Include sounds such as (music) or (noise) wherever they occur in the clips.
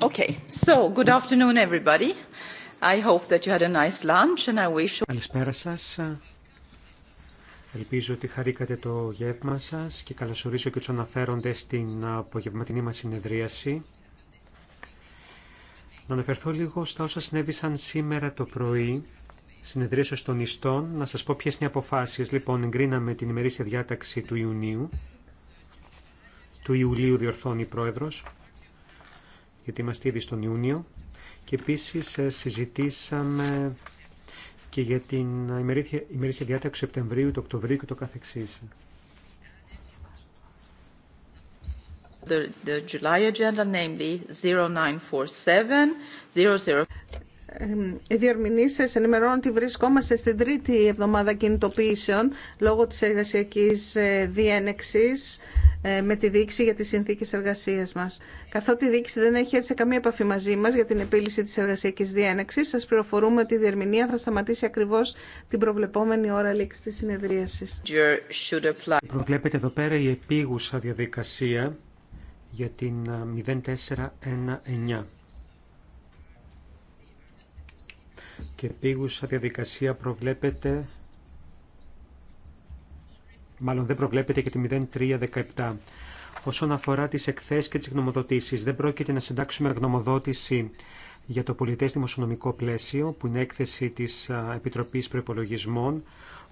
Okay, so good afternoon everybody. I hope that you had a nice lunch and I wish... Καλησπέρα σας. Ελπίζω ότι χαρήκατε το γεύμα σας και καλωσορίζω και του αναφέροντες στην απογευματινή μας συνεδρίαση. Να αναφερθώ λίγο στα όσα συνέβησαν σήμερα το πρωί συνεδρίασης των ιστών, να σας πω ποιες είναι οι αποφάσεις. Λοιπόν, εγκρίναμε την ημερήσια διάταξη του Ιουνίου, του Ιουλίου διορθώνει η Πρόεδρος γιατί είμαστε ήδη στον Ιούνιο. Και επίσης ε, συζητήσαμε και για την ημερήσια διάταξη Σεπτεμβρίου, το Οκτωβρίου και το καθεξής. The, the July agenda, namely 0947, 00 οι ε, διερμηνείς σας ενημερώνουν ότι βρισκόμαστε στην τρίτη εβδομάδα κινητοποιήσεων λόγω της εργασιακή ε, διένεξη ε, με τη δίκηση για τις συνθήκες εργασίας μας. Καθότι η δίκηση δεν έχει έρθει σε καμία επαφή μαζί μα για την επίλυση τη εργασιακή διένεξη, σα πληροφορούμε ότι η διερμηνία θα σταματήσει ακριβώ την προβλεπόμενη ώρα λήξη της συνεδρίασης. Προβλέπεται εδώ πέρα η επίγουσα διαδικασία για την 0419. και πήγουσα διαδικασία προβλέπεται μάλλον δεν προβλέπεται και τη 0317. Όσον αφορά τις εκθέσεις και τις γνωμοδοτήσεις, δεν πρόκειται να συντάξουμε γνωμοδότηση για το πολιτές δημοσιονομικό πλαίσιο, που είναι έκθεση της Επιτροπής Προπολογισμών,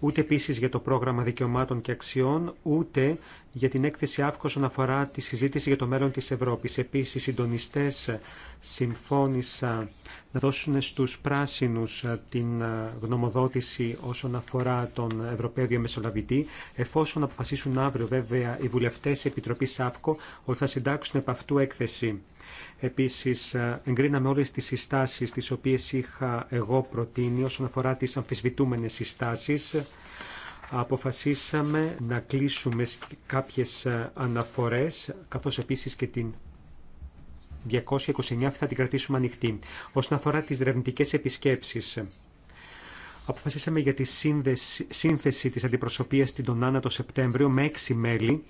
ούτε επίσης για το πρόγραμμα δικαιωμάτων και αξιών, ούτε για την έκθεση ΑΦΚΟ όσον αφορά τη συζήτηση για το μέλλον της Ευρώπης. Επίσης, οι συντονιστές συμφώνησαν να δώσουν στους πράσινους την γνωμοδότηση όσον αφορά τον Ευρωπαίο Διαμεσολαβητή, εφόσον αποφασίσουν αύριο βέβαια οι βουλευτές της Επιτροπής ΑΦΚΟ ότι θα συντάξουν επ' αυτού έκθεση. Επίσης, ε, εγκρίναμε όλες τις συστάσεις τις οποίες είχα εγώ προτείνει όσον αφορά τις αμφισβητούμενες συστάσεις. Αποφασίσαμε να κλείσουμε κάποιες ε, αναφορές, καθώς επίσης και την 229 θα την κρατήσουμε ανοιχτή. Όσον αφορά τις ρευνητικές επισκέψεις, αποφασίσαμε για τη σύνδεση, σύνθεση της αντιπροσωπείας στην Άννα το Σεπτέμβριο με έξι μέλη,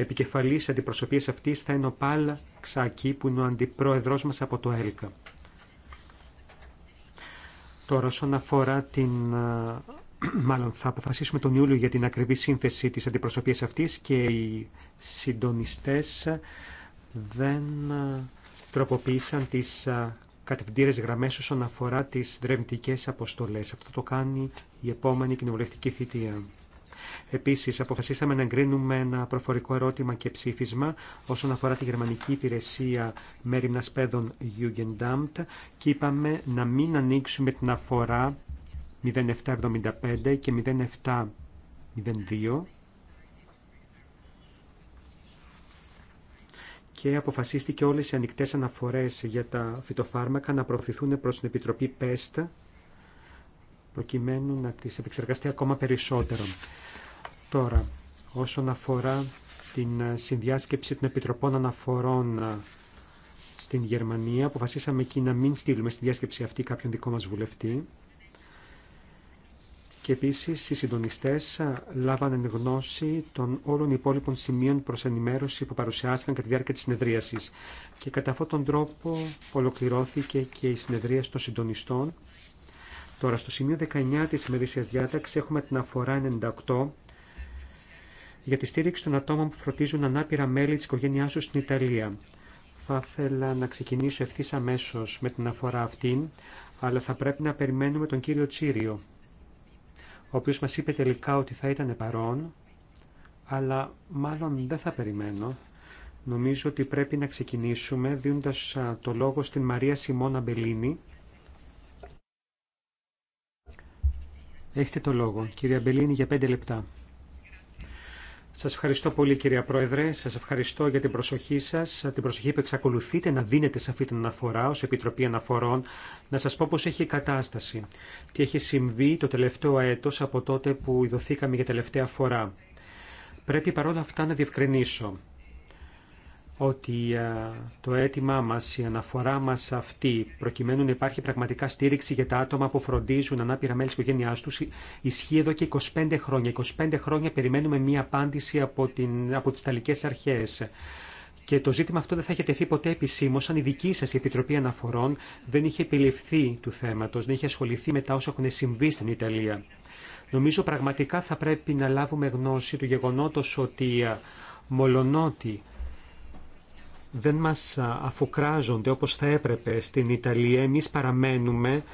επικεφαλής αντιπροσωπεία αυτή θα είναι ο Πάλ Ξακή που είναι ο αντιπρόεδρός μας από το ΕΛΚΑ. Τώρα όσον αφορά την... (clears throat) Μάλλον θα αποφασίσουμε τον Ιούλιο για την ακριβή σύνθεση της αντιπροσωπείας αυτής και οι συντονιστές δεν τροποποίησαν τις κατευθυντήρες γραμμές όσον αφορά τις δρευνητικές αποστολές. Αυτό το κάνει η επόμενη κοινοβουλευτική θητεία. Επίσης, αποφασίσαμε να εγκρίνουμε ένα προφορικό ερώτημα και ψήφισμα όσον αφορά τη γερμανική υπηρεσία μέρημνας παιδών Jugendamt και είπαμε να μην ανοίξουμε την αφορά 0775 και 0702 και αποφασίστηκε όλες οι ανοιχτές αναφορές για τα φυτοφάρμακα να προωθηθούν προς την Επιτροπή ΠΕΣΤ προκειμένου να τις επεξεργαστεί ακόμα περισσότερο. Τώρα, όσον αφορά την ε, συνδιάσκεψη των Επιτροπών Αναφορών ε, στην Γερμανία, αποφασίσαμε εκεί να μην στείλουμε στη διάσκεψη αυτή κάποιον δικό μας βουλευτή. Και επίσης οι συντονιστές ε, λάβανε γνώση των όλων υπόλοιπων σημείων προς ενημέρωση που παρουσιάστηκαν κατά τη διάρκεια της συνεδρίασης. Και κατά αυτόν τον τρόπο ολοκληρώθηκε και η συνεδρία των συντονιστών. Τώρα στο σημείο 19 της ημερήσιας διάταξης έχουμε την αφορά 98 για τη στήριξη των ατόμων που φροντίζουν ανάπηρα μέλη της οικογένειάς τους στην Ιταλία. Θα ήθελα να ξεκινήσω ευθύ αμέσω με την αφορά αυτήν, αλλά θα πρέπει να περιμένουμε τον κύριο Τσίριο, ο οποίος μας είπε τελικά ότι θα ήταν παρόν, αλλά μάλλον δεν θα περιμένω. Νομίζω ότι πρέπει να ξεκινήσουμε δίνοντας το λόγο στην Μαρία Σιμώνα Μπελίνη. Έχετε το λόγο, κυρία Μπελίνη, για πέντε λεπτά. Σας ευχαριστώ πολύ κυρία Πρόεδρε, σας ευχαριστώ για την προσοχή σας, την προσοχή που εξακολουθείτε να δίνετε σε αυτή την αναφορά ως Επιτροπή Αναφορών, να σας πω πώς έχει η κατάσταση, τι έχει συμβεί το τελευταίο έτος από τότε που ειδωθήκαμε για τελευταία φορά. Πρέπει παρόλα αυτά να διευκρινίσω ότι το αίτημά μας, η αναφορά μας αυτή, προκειμένου να υπάρχει πραγματικά στήριξη για τα άτομα που φροντίζουν ανάπηρα μέλη της οικογένειάς τους, ισχύει εδώ και 25 χρόνια. 25 χρόνια περιμένουμε μία απάντηση από, την, από τις ταλικές Αρχές. Και το ζήτημα αυτό δεν θα είχε τεθεί ποτέ επισήμω αν η δική σα Επιτροπή Αναφορών δεν είχε επιληφθεί του θέματο, δεν είχε ασχοληθεί με τα όσα έχουν συμβεί στην Ιταλία. Νομίζω πραγματικά θα πρέπει να λάβουμε γνώση του γεγονότος ότι μολονότι δεν μας αφουκράζονται όπως θα έπρεπε στην Ιταλία. Εμείς παραμένουμε,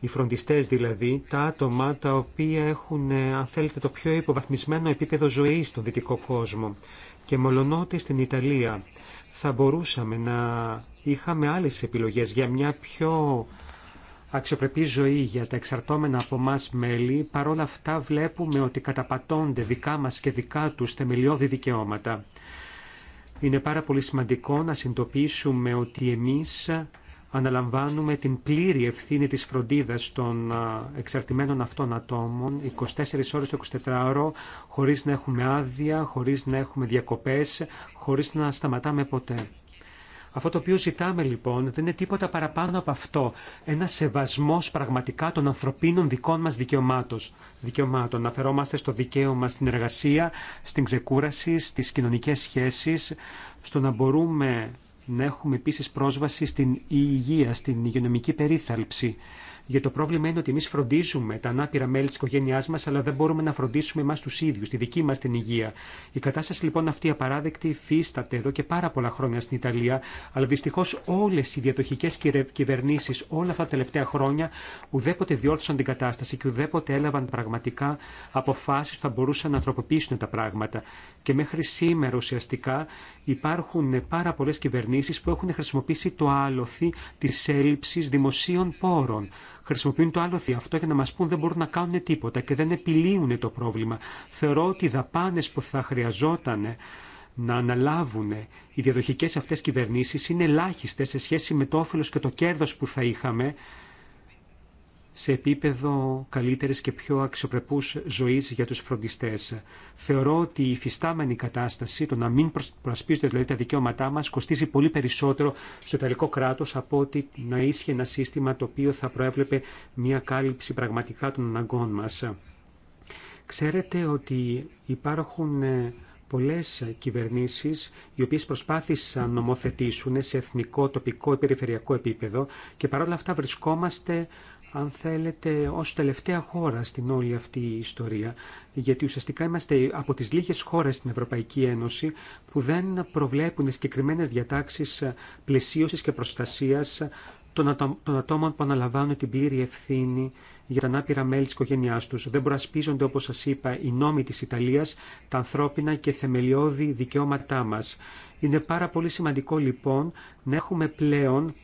οι φροντιστές δηλαδή, τα άτομα τα οποία έχουν, ε, αν θέλετε, το πιο υποβαθμισμένο επίπεδο ζωής στον δυτικό κόσμο. Και μολονότι στην Ιταλία θα μπορούσαμε να είχαμε άλλες επιλογές για μια πιο αξιοπρεπή ζωή για τα εξαρτώμενα από εμά μέλη, παρόλα αυτά βλέπουμε ότι καταπατώνται δικά μας και δικά τους θεμελιώδη δικαιώματα είναι πάρα πολύ σημαντικό να συνειδητοποιήσουμε ότι εμείς αναλαμβάνουμε την πλήρη ευθύνη της φροντίδας των εξαρτημένων αυτών ατόμων 24 ώρες το 24ωρο χωρίς να έχουμε άδεια, χωρίς να έχουμε διακοπές, χωρίς να σταματάμε ποτέ. Αυτό το οποίο ζητάμε λοιπόν δεν είναι τίποτα παραπάνω από αυτό. Ένα σεβασμό πραγματικά των ανθρωπίνων δικών μα δικαιωμάτων. Αναφερόμαστε στο δικαίωμα στην εργασία, στην ξεκούραση, στι κοινωνικέ σχέσει, στο να μπορούμε να έχουμε επίση πρόσβαση στην υγεία, στην υγειονομική περίθαλψη. Γιατί το πρόβλημα είναι ότι εμεί φροντίζουμε τα ανάπηρα μέλη τη οικογένειά μα, αλλά δεν μπορούμε να φροντίσουμε εμά του ίδιου, τη δική μα την υγεία. Η κατάσταση λοιπόν αυτή απαράδεκτη υφίσταται εδώ και πάρα πολλά χρόνια στην Ιταλία, αλλά δυστυχώ όλε οι διατοχικέ κυβερνήσει όλα αυτά τα τελευταία χρόνια ουδέποτε διόρθωσαν την κατάσταση και ουδέποτε έλαβαν πραγματικά αποφάσει που θα μπορούσαν να τροποποιήσουν τα πράγματα και μέχρι σήμερα ουσιαστικά υπάρχουν πάρα πολλέ κυβερνήσει που έχουν χρησιμοποιήσει το άλοθη τη έλλειψη δημοσίων πόρων. Χρησιμοποιούν το άλοθη αυτό για να μα πούν δεν μπορούν να κάνουν τίποτα και δεν επιλύουν το πρόβλημα. Θεωρώ ότι οι δαπάνε που θα χρειαζόταν να αναλάβουν οι διαδοχικές αυτές κυβερνήσεις είναι ελάχιστε σε σχέση με το όφελος και το κέρδος που θα είχαμε σε επίπεδο καλύτερη και πιο αξιοπρεπού ζωή για του φροντιστέ. Θεωρώ ότι η φυστάμενη κατάσταση, το να μην προασπίζονται δηλαδή τα δικαιώματά μα, κοστίζει πολύ περισσότερο στο Ιταλικό κράτο από ότι να ίσχυε ένα σύστημα το οποίο θα προέβλεπε μια κάλυψη πραγματικά των αναγκών μα. Ξέρετε ότι υπάρχουν ε, πολλές κυβερνήσεις οι οποίες προσπάθησαν να νομοθετήσουν σε εθνικό, τοπικό ή περιφερειακό επίπεδο και παρόλα αυτά βρισκόμαστε αν θέλετε, ως τελευταία χώρα στην όλη αυτή η ιστορία. Γιατί ουσιαστικά είμαστε από τις λίγες χώρες στην Ευρωπαϊκή Ένωση που δεν προβλέπουν συγκεκριμένε διατάξεις πλαισίωσης και προστασίας των, των ατόμων που αναλαμβάνουν την πλήρη ευθύνη για τα ανάπηρα μέλη τη οικογένειά του. Δεν προασπίζονται, όπω σα είπα, οι νόμοι τη Ιταλία, τα ανθρώπινα και θεμελιώδη δικαιώματά μα. Είναι πάρα πολύ σημαντικό, λοιπόν, να έχουμε πλέον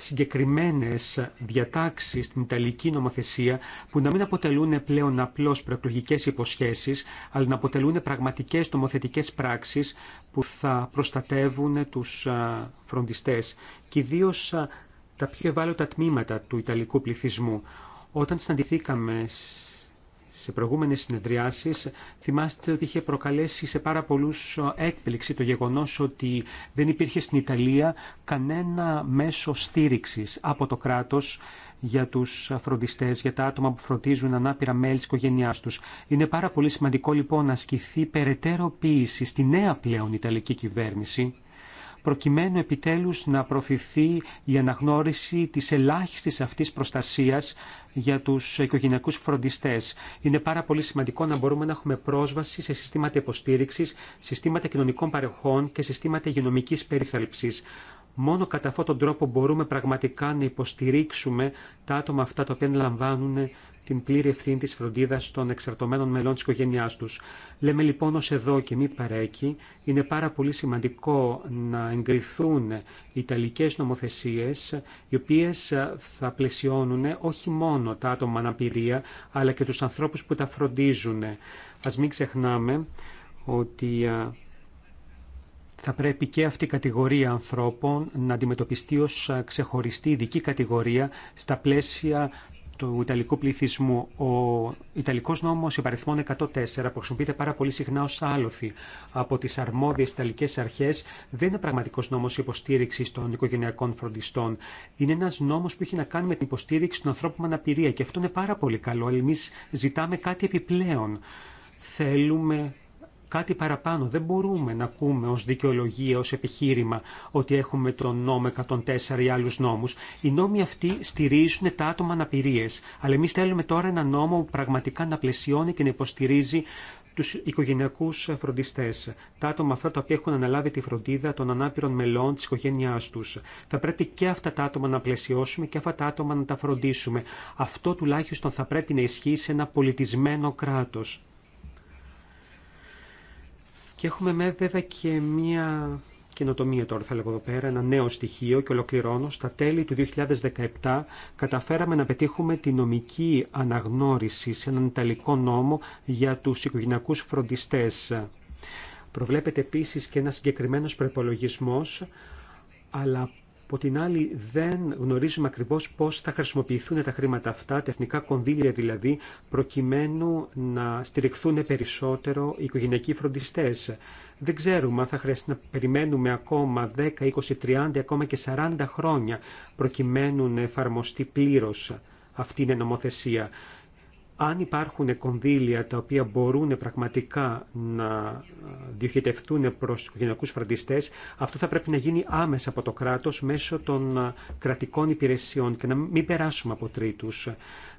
συγκεκριμένες διατάξεις στην Ιταλική νομοθεσία που να μην αποτελούν πλέον απλώς προεκλογικές υποσχέσεις, αλλά να αποτελούν πραγματικές νομοθετικές πράξεις που θα προστατεύουν τους φροντιστές και ιδίω τα πιο ευάλωτα τμήματα του Ιταλικού πληθυσμού. Όταν συναντηθήκαμε σε προηγούμενε συνεδριάσεις θυμάστε ότι είχε προκαλέσει σε πάρα πολλού ε, έκπληξη το γεγονός ότι δεν υπήρχε στην Ιταλία κανένα μέσο στήριξης από το κράτος για τους φροντιστέ, για τα άτομα που φροντίζουν ανάπηρα μέλη τη οικογένειά τους. Είναι πάρα πολύ σημαντικό λοιπόν να ασκηθεί περαιτέρω ποιηση στη νέα πλέον Ιταλική κυβέρνηση προκειμένου επιτέλους να προφηθεί η αναγνώριση της ελάχιστης αυτής προστασίας για τους οικογενειακούς φροντιστές. Είναι πάρα πολύ σημαντικό να μπορούμε να έχουμε πρόσβαση σε συστήματα υποστήριξης, συστήματα κοινωνικών παρεχών και συστήματα υγειονομικής περιθαλψής. Μόνο κατά αυτόν τον τρόπο μπορούμε πραγματικά να υποστηρίξουμε τα άτομα αυτά τα οποία λαμβάνουν την πλήρη ευθύνη τη φροντίδα των εξαρτωμένων μελών τη οικογένειά του. Λέμε λοιπόν ω εδώ και μη παρέκει, είναι πάρα πολύ σημαντικό να εγκριθούν ιταλικέ νομοθεσίε, οι οποίε θα πλαισιώνουν όχι μόνο τα άτομα αναπηρία, αλλά και του ανθρώπου που τα φροντίζουν. Α μην ξεχνάμε ότι θα πρέπει και αυτή η κατηγορία ανθρώπων να αντιμετωπιστεί ως ξεχωριστή ειδική κατηγορία στα πλαίσια του Ιταλικού πληθυσμού. Ο Ιταλικό νόμο υπαριθμών 104 που χρησιμοποιείται πάρα πολύ συχνά ω άλοθη από τι αρμόδιε Ιταλικέ αρχέ, δεν είναι πραγματικό νόμος υποστήριξη των οικογενειακών φροντιστών. Είναι ένα νόμο που έχει να κάνει με την υποστήριξη των ανθρώπων με αναπηρία και αυτό είναι πάρα πολύ καλό. Εμεί ζητάμε κάτι επιπλέον. Θέλουμε κάτι παραπάνω. Δεν μπορούμε να ακούμε ως δικαιολογία, ως επιχείρημα ότι έχουμε τον νόμο 104 ή άλλους νόμους. Οι νόμοι αυτοί στηρίζουν τα άτομα αναπηρίες. Αλλά εμείς θέλουμε τώρα ένα νόμο που πραγματικά να πλαισιώνει και να υποστηρίζει του οικογενειακού φροντιστέ, τα άτομα αυτά τα οποία έχουν αναλάβει τη φροντίδα των ανάπηρων μελών τη οικογένειά του. Θα πρέπει και αυτά τα άτομα να πλαισιώσουμε και αυτά τα άτομα να τα φροντίσουμε. Αυτό τουλάχιστον θα πρέπει να ισχύει σε ένα πολιτισμένο κράτο. Και έχουμε βέβαια και μία καινοτομία τώρα θα λέγω εδώ πέρα, ένα νέο στοιχείο και ολοκληρώνω. Στα τέλη του 2017 καταφέραμε να πετύχουμε τη νομική αναγνώριση σε έναν Ιταλικό νόμο για τους οικογενειακούς φροντιστές. Προβλέπεται επίσης και ένα συγκεκριμένος προπολογισμό, αλλά από την άλλη δεν γνωρίζουμε ακριβώ πώ θα χρησιμοποιηθούν τα χρήματα αυτά, τα εθνικά κονδύλια δηλαδή, προκειμένου να στηριχθούν περισσότερο οι οικογενειακοί φροντιστέ. Δεν ξέρουμε αν θα χρειαστεί να περιμένουμε ακόμα 10, 20, 30, ακόμα και 40 χρόνια προκειμένου να εφαρμοστεί πλήρω αυτή η νομοθεσία αν υπάρχουν κονδύλια τα οποία μπορούν πραγματικά να ε, διοχετευτούν του οικογενειακού φραντιστές αυτό θα πρέπει να γίνει άμεσα από το κράτο μέσω των ε, κρατικών υπηρεσιών και να μην περάσουμε από τρίτου.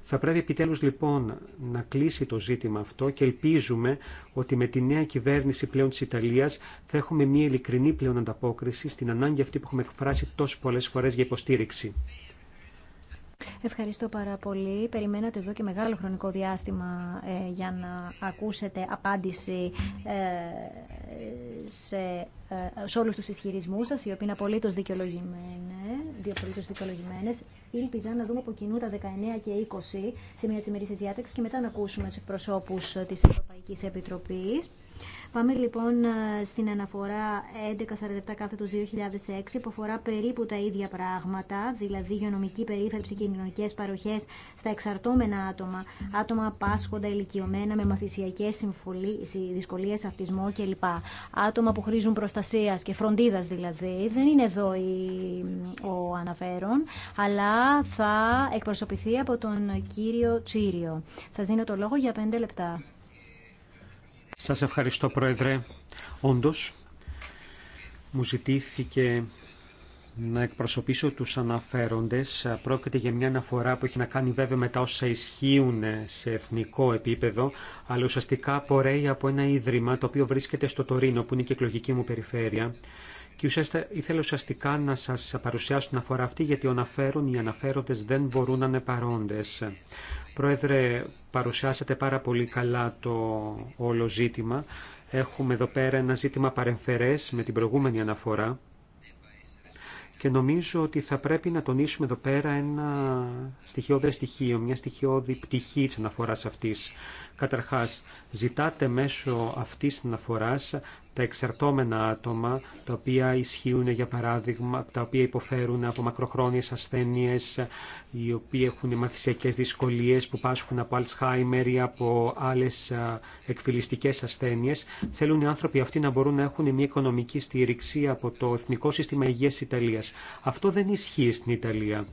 Θα πρέπει επιτέλους λοιπόν να κλείσει το ζήτημα αυτό και ελπίζουμε ότι με τη νέα κυβέρνηση πλέον της Ιταλίας θα έχουμε μια ειλικρινή πλέον ανταπόκριση στην ανάγκη αυτή που έχουμε εκφράσει τόσο πολλές φορές για υποστήριξη. Ευχαριστώ πάρα πολύ. Περιμένατε εδώ και μεγάλο χρονικό διάστημα ε, για να ακούσετε απάντηση ε, σε, ε, σε όλους τους ισχυρισμούς σας, οι οποίοι είναι απολύτως δικαιολογημένες. Ήλπιζα να δούμε από κοινού τα 19 και 20 σε μια ημερήσης διάταξη και μετά να ακούσουμε τους προσώπους της Ευρωπαϊκής Επιτροπής. Πάμε λοιπόν ε, στην αναφορά 1147 κάθετος 2006 που αφορά περίπου τα ίδια πράγματα, δηλαδή υγειονομική περίθαλψη και κοινωνικέ παροχέ στα εξαρτώμενα άτομα, άτομα πάσχοντα, ηλικιωμένα, με μαθησιακέ δυσκολίε αυτισμό κλπ. Άτομα που χρήζουν προστασία και φροντίδα δηλαδή. Δεν είναι εδώ ο αναφέρον, αλλά θα εκπροσωπηθεί από τον κύριο Τσίριο. Σα δίνω το λόγο για 5 λεπτά. Σας ευχαριστώ Πρόεδρε. Όντως, μου ζητήθηκε να εκπροσωπήσω τους αναφέροντες. Πρόκειται για μια αναφορά που έχει να κάνει βέβαια με τα όσα ισχύουν σε εθνικό επίπεδο, αλλά ουσιαστικά απορρέει από ένα ίδρυμα το οποίο βρίσκεται στο Τωρίνο, που είναι και η εκλογική μου περιφέρεια. Και ουσιαστικά, ήθελα ουσιαστικά να σας παρουσιάσω την αφορά αυτή, γιατί αναφέρον, οι αναφέροντες δεν μπορούν να είναι παρόντες. Πρόεδρε, παρουσιάσατε πάρα πολύ καλά το όλο ζήτημα. Έχουμε εδώ πέρα ένα ζήτημα παρεμφερές με την προηγούμενη αναφορά και νομίζω ότι θα πρέπει να τονίσουμε εδώ πέρα ένα στοιχειώδη στοιχείο, μια στοιχειώδη πτυχή της αναφοράς αυτής. Καταρχάς, ζητάτε μέσω αυτής της αναφοράς τα εξαρτώμενα άτομα, τα οποία ισχύουν, για παράδειγμα, τα οποία υποφέρουν από μακροχρόνιες ασθένειες, οι οποίοι έχουν μαθησιακές δυσκολίες που πάσχουν από Αλτσχάιμερ ή από άλλες εκφυλιστικές ασθένειες. Θέλουν οι άνθρωποι αυτοί να μπορούν να έχουν μια οικονομική στήριξη από το Εθνικό Σύστημα Υγείας Ιταλίας. Αυτό δεν ισχύει στην Ιταλία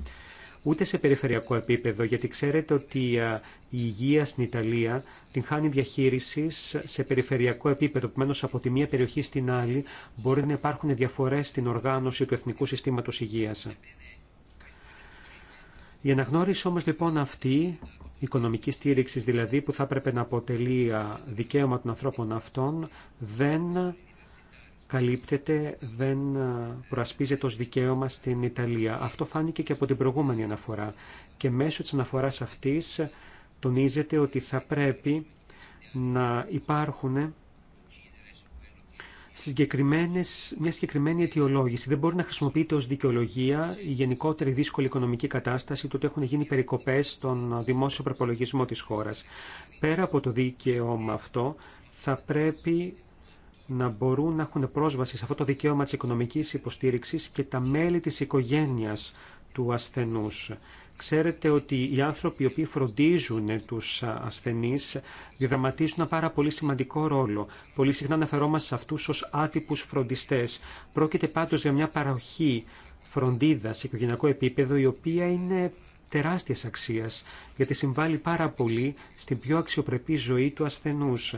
ούτε σε περιφερειακό επίπεδο, γιατί ξέρετε ότι ε, η υγεία στην Ιταλία την χάνει διαχείριση σε περιφερειακό επίπεδο, που μένω από τη μία περιοχή στην άλλη μπορεί να υπάρχουν διαφορές στην οργάνωση του Εθνικού Συστήματος Υγείας. Η αναγνώριση όμω λοιπόν αυτή, οικονομική στήριξη δηλαδή, που θα έπρεπε να αποτελεί ε, δικαίωμα των ανθρώπων αυτών, δεν καλύπτεται, δεν ε, προασπίζεται ως δικαίωμα στην Ιταλία. Αυτό φάνηκε και από την προηγούμενη αναφορά. Και μέσω της αναφοράς αυτής τονίζεται ότι θα πρέπει να υπάρχουν συγκεκριμένες, μια συγκεκριμένη αιτιολόγηση. Δεν μπορεί να χρησιμοποιείται ως δικαιολογία η γενικότερη δύσκολη οικονομική κατάσταση του ότι έχουν γίνει περικοπές στον δημόσιο προπολογισμό της χώρας. Πέρα από το δίκαιο αυτό, θα πρέπει να μπορούν να έχουν πρόσβαση σε αυτό το δικαίωμα της οικονομικής υποστήριξης και τα μέλη της οικογένειας του ασθενούς. Ξέρετε ότι οι άνθρωποι οι οποίοι φροντίζουν τους ασθενείς διαδραματίζουν ένα πάρα πολύ σημαντικό ρόλο. Πολύ συχνά αναφερόμαστε σε αυτούς ως άτυπους φροντιστές. Πρόκειται πάντως για μια παροχή φροντίδα σε οικογενειακό επίπεδο η οποία είναι τεράστια αξίας γιατί συμβάλλει πάρα πολύ στην πιο αξιοπρεπή ζωή του ασθενούς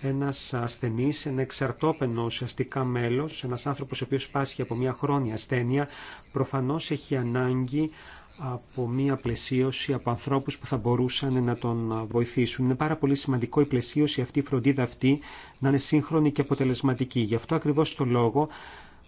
ένας ασθενής, ένα εξαρτόπαινο ουσιαστικά μέλος, ένας άνθρωπος ο οποίος πάσχει από μια χρόνια ασθένεια, προφανώς έχει ανάγκη από μια πλαισίωση, από ανθρώπους που θα μπορούσαν να τον βοηθήσουν. Είναι πάρα πολύ σημαντικό η πλαισίωση αυτή, η φροντίδα αυτή, να είναι σύγχρονη και αποτελεσματική. Γι' αυτό ακριβώς το λόγο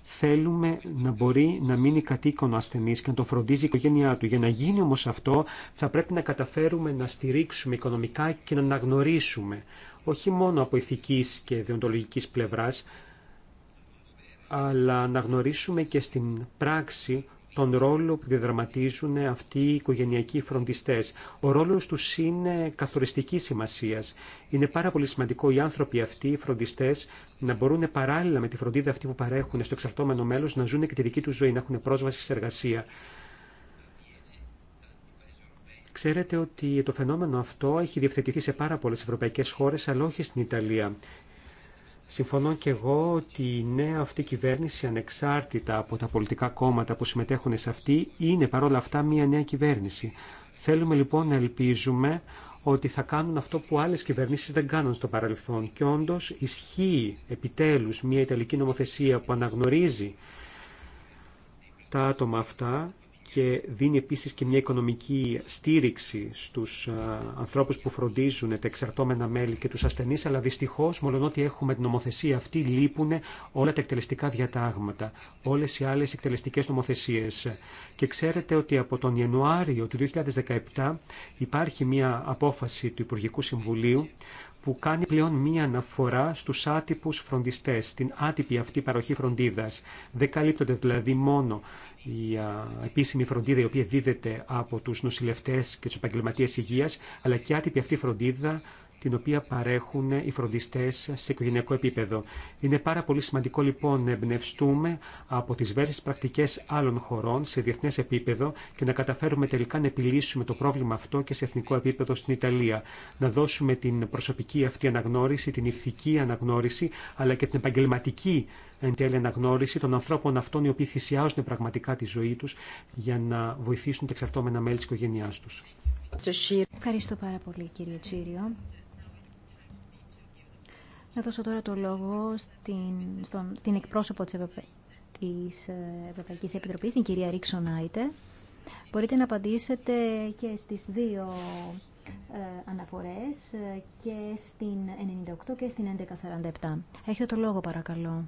θέλουμε να μπορεί να μείνει κατοίκον ο ασθενή και να τον φροντίζει η οικογένειά του. Για να γίνει όμω αυτό, θα πρέπει να καταφέρουμε να στηρίξουμε οικονομικά και να αναγνωρίσουμε όχι μόνο από ηθικής και διοντολογικής πλευράς, αλλά να γνωρίσουμε και στην πράξη τον ρόλο που διαδραματίζουν αυτοί οι οικογενειακοί φροντιστές. Ο ρόλος τους είναι καθοριστική σημασίας. Είναι πάρα πολύ σημαντικό οι άνθρωποι αυτοί, οι φροντιστές, να μπορούν παράλληλα με τη φροντίδα αυτή που παρέχουν στο εξαρτώμενο μέλος να ζουν και τη δική τους ζωή, να έχουν πρόσβαση σε εργασία. Ξέρετε ότι το φαινόμενο αυτό έχει διευθετηθεί σε πάρα πολλές ευρωπαϊκές χώρες, αλλά όχι στην Ιταλία. Συμφωνώ και εγώ ότι η νέα αυτή κυβέρνηση, ανεξάρτητα από τα πολιτικά κόμματα που συμμετέχουν σε αυτή, είναι παρόλα αυτά μια νέα κυβέρνηση. Θέλουμε λοιπόν να ελπίζουμε ότι θα κάνουν αυτό που άλλες κυβερνήσεις δεν κάνουν στο παρελθόν. Και όντω ισχύει επιτέλους μια Ιταλική νομοθεσία που αναγνωρίζει τα άτομα αυτά και δίνει επίσης και μια οικονομική στήριξη στους ανθρώπους που φροντίζουν τα εξαρτώμενα μέλη και τους ασθενείς, αλλά δυστυχώς, μόλον ότι έχουμε την νομοθεσία αυτή, λείπουν όλα τα εκτελεστικά διατάγματα, όλες οι άλλες εκτελεστικές νομοθεσίες. Και ξέρετε ότι από τον Ιανουάριο του 2017 υπάρχει μια απόφαση του Υπουργικού Συμβουλίου που κάνει πλέον μία αναφορά στους άτυπους φροντιστές, στην άτυπη αυτή παροχή φροντίδας. Δεν καλύπτονται δηλαδή μόνο η επίσημη φροντίδα η οποία δίδεται από τους νοσηλευτές και τους επαγγελματίε υγείας, αλλά και άτυπη αυτή φροντίδα την οποία παρέχουν οι φροντιστέ σε οικογενειακό επίπεδο. Είναι πάρα πολύ σημαντικό λοιπόν να εμπνευστούμε από τις βέρσει πρακτικέ άλλων χωρών σε διεθνέ επίπεδο και να καταφέρουμε τελικά να επιλύσουμε το πρόβλημα αυτό και σε εθνικό επίπεδο στην Ιταλία. Να δώσουμε την προσωπική αυτή αναγνώριση, την ηθική αναγνώριση, αλλά και την επαγγελματική εν τέλει αναγνώριση των ανθρώπων αυτών οι οποίοι θυσιάζουν πραγματικά τη ζωή του για να βοηθήσουν τα εξαρτώμενα μέλη τη οικογένεια του. Ευχαριστώ πάρα πολύ κύριε Τσίριο. Να δώσω τώρα το λόγο στην, στον, στην εκπρόσωπο της, Ευρωπα... της ε, Ευρωπαϊκής Επιτροπής, την κυρία Ρίξον Άιτε. Μπορείτε να απαντήσετε και στις δύο ε, αναφορές ε, και στην 98 και στην 1147. Έχετε το λόγο παρακαλώ.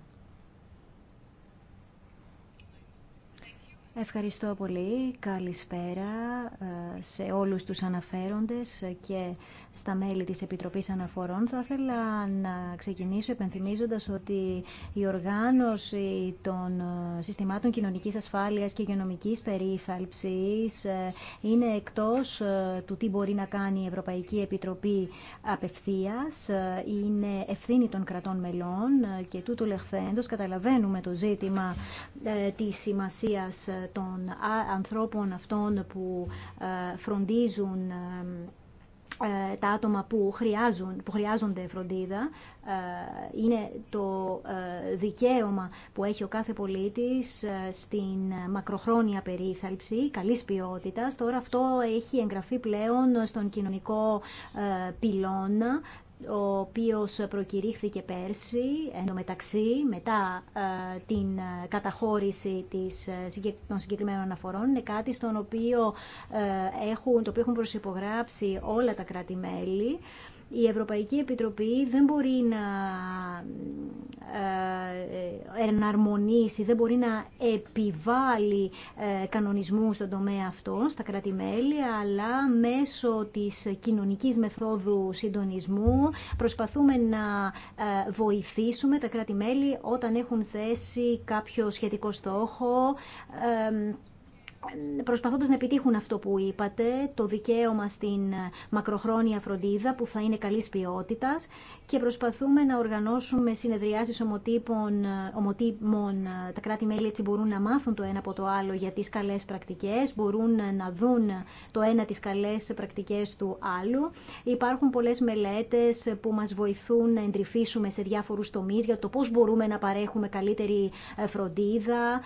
Ευχαριστώ πολύ. Καλησπέρα ε, σε όλους τους αναφέροντες και στα μέλη της Επιτροπής Αναφορών. Θα ήθελα να ξεκινήσω επενθυμίζοντας ότι η οργάνωση των ε, συστημάτων κοινωνικής ασφάλειας και υγειονομικής περίθαλψης ε, είναι εκτός του τι μπορεί να κάνει η Ευρωπαϊκή Επιτροπή απευθείας. Είναι ευθύνη των κρατών μελών και τούτου λεχθέντος καταλαβαίνουμε το ζήτημα της σημασίας των ανθρώπων αυτών που ε, φροντίζουν ε, ε, τα άτομα που, χρειάζονται φροντίδα είναι το δικαίωμα που έχει ο κάθε πολίτης στην μακροχρόνια περίθαλψη καλής ποιότητας. Τώρα αυτό έχει εγγραφεί πλέον στον κοινωνικό πυλώνα ο οποίος προκηρύχθηκε πέρσι, ενώ μεταξύ, μετά ε, την ε, καταχώρηση της, ε, των συγκεκριμένων αναφορών, είναι κάτι στον οποίο, έχουν, το οποίο έχουν προσυπογράψει όλα τα κράτη-μέλη η Ευρωπαϊκή Επιτροπή δεν μπορεί να ε, ε, εναρμονίσει, δεν μπορεί να επιβάλλει ε, κανονισμού στον τομέα αυτό, στα κρατη αλλά μέσω της κοινωνικής μεθόδου συντονισμού προσπαθούμε να βοηθήσουμε τα κράτη-μέλη όταν έχουν θέσει κάποιο σχετικό στόχο προσπαθώντας να επιτύχουν αυτό που είπατε, το δικαίωμα στην μακροχρόνια φροντίδα που θα είναι καλής ποιότητας και προσπαθούμε να οργανώσουμε συνεδριάσεις ομοτύπων, ομοτύπων τα κράτη-μέλη έτσι μπορούν να μάθουν το ένα από το άλλο για τις καλές πρακτικές, μπορούν να δουν το ένα τις καλές πρακτικές του άλλου. Υπάρχουν πολλές μελέτες που μας βοηθούν να εντρυφήσουμε σε διάφορους τομείς για το πώς μπορούμε να παρέχουμε καλύτερη ε, φροντίδα.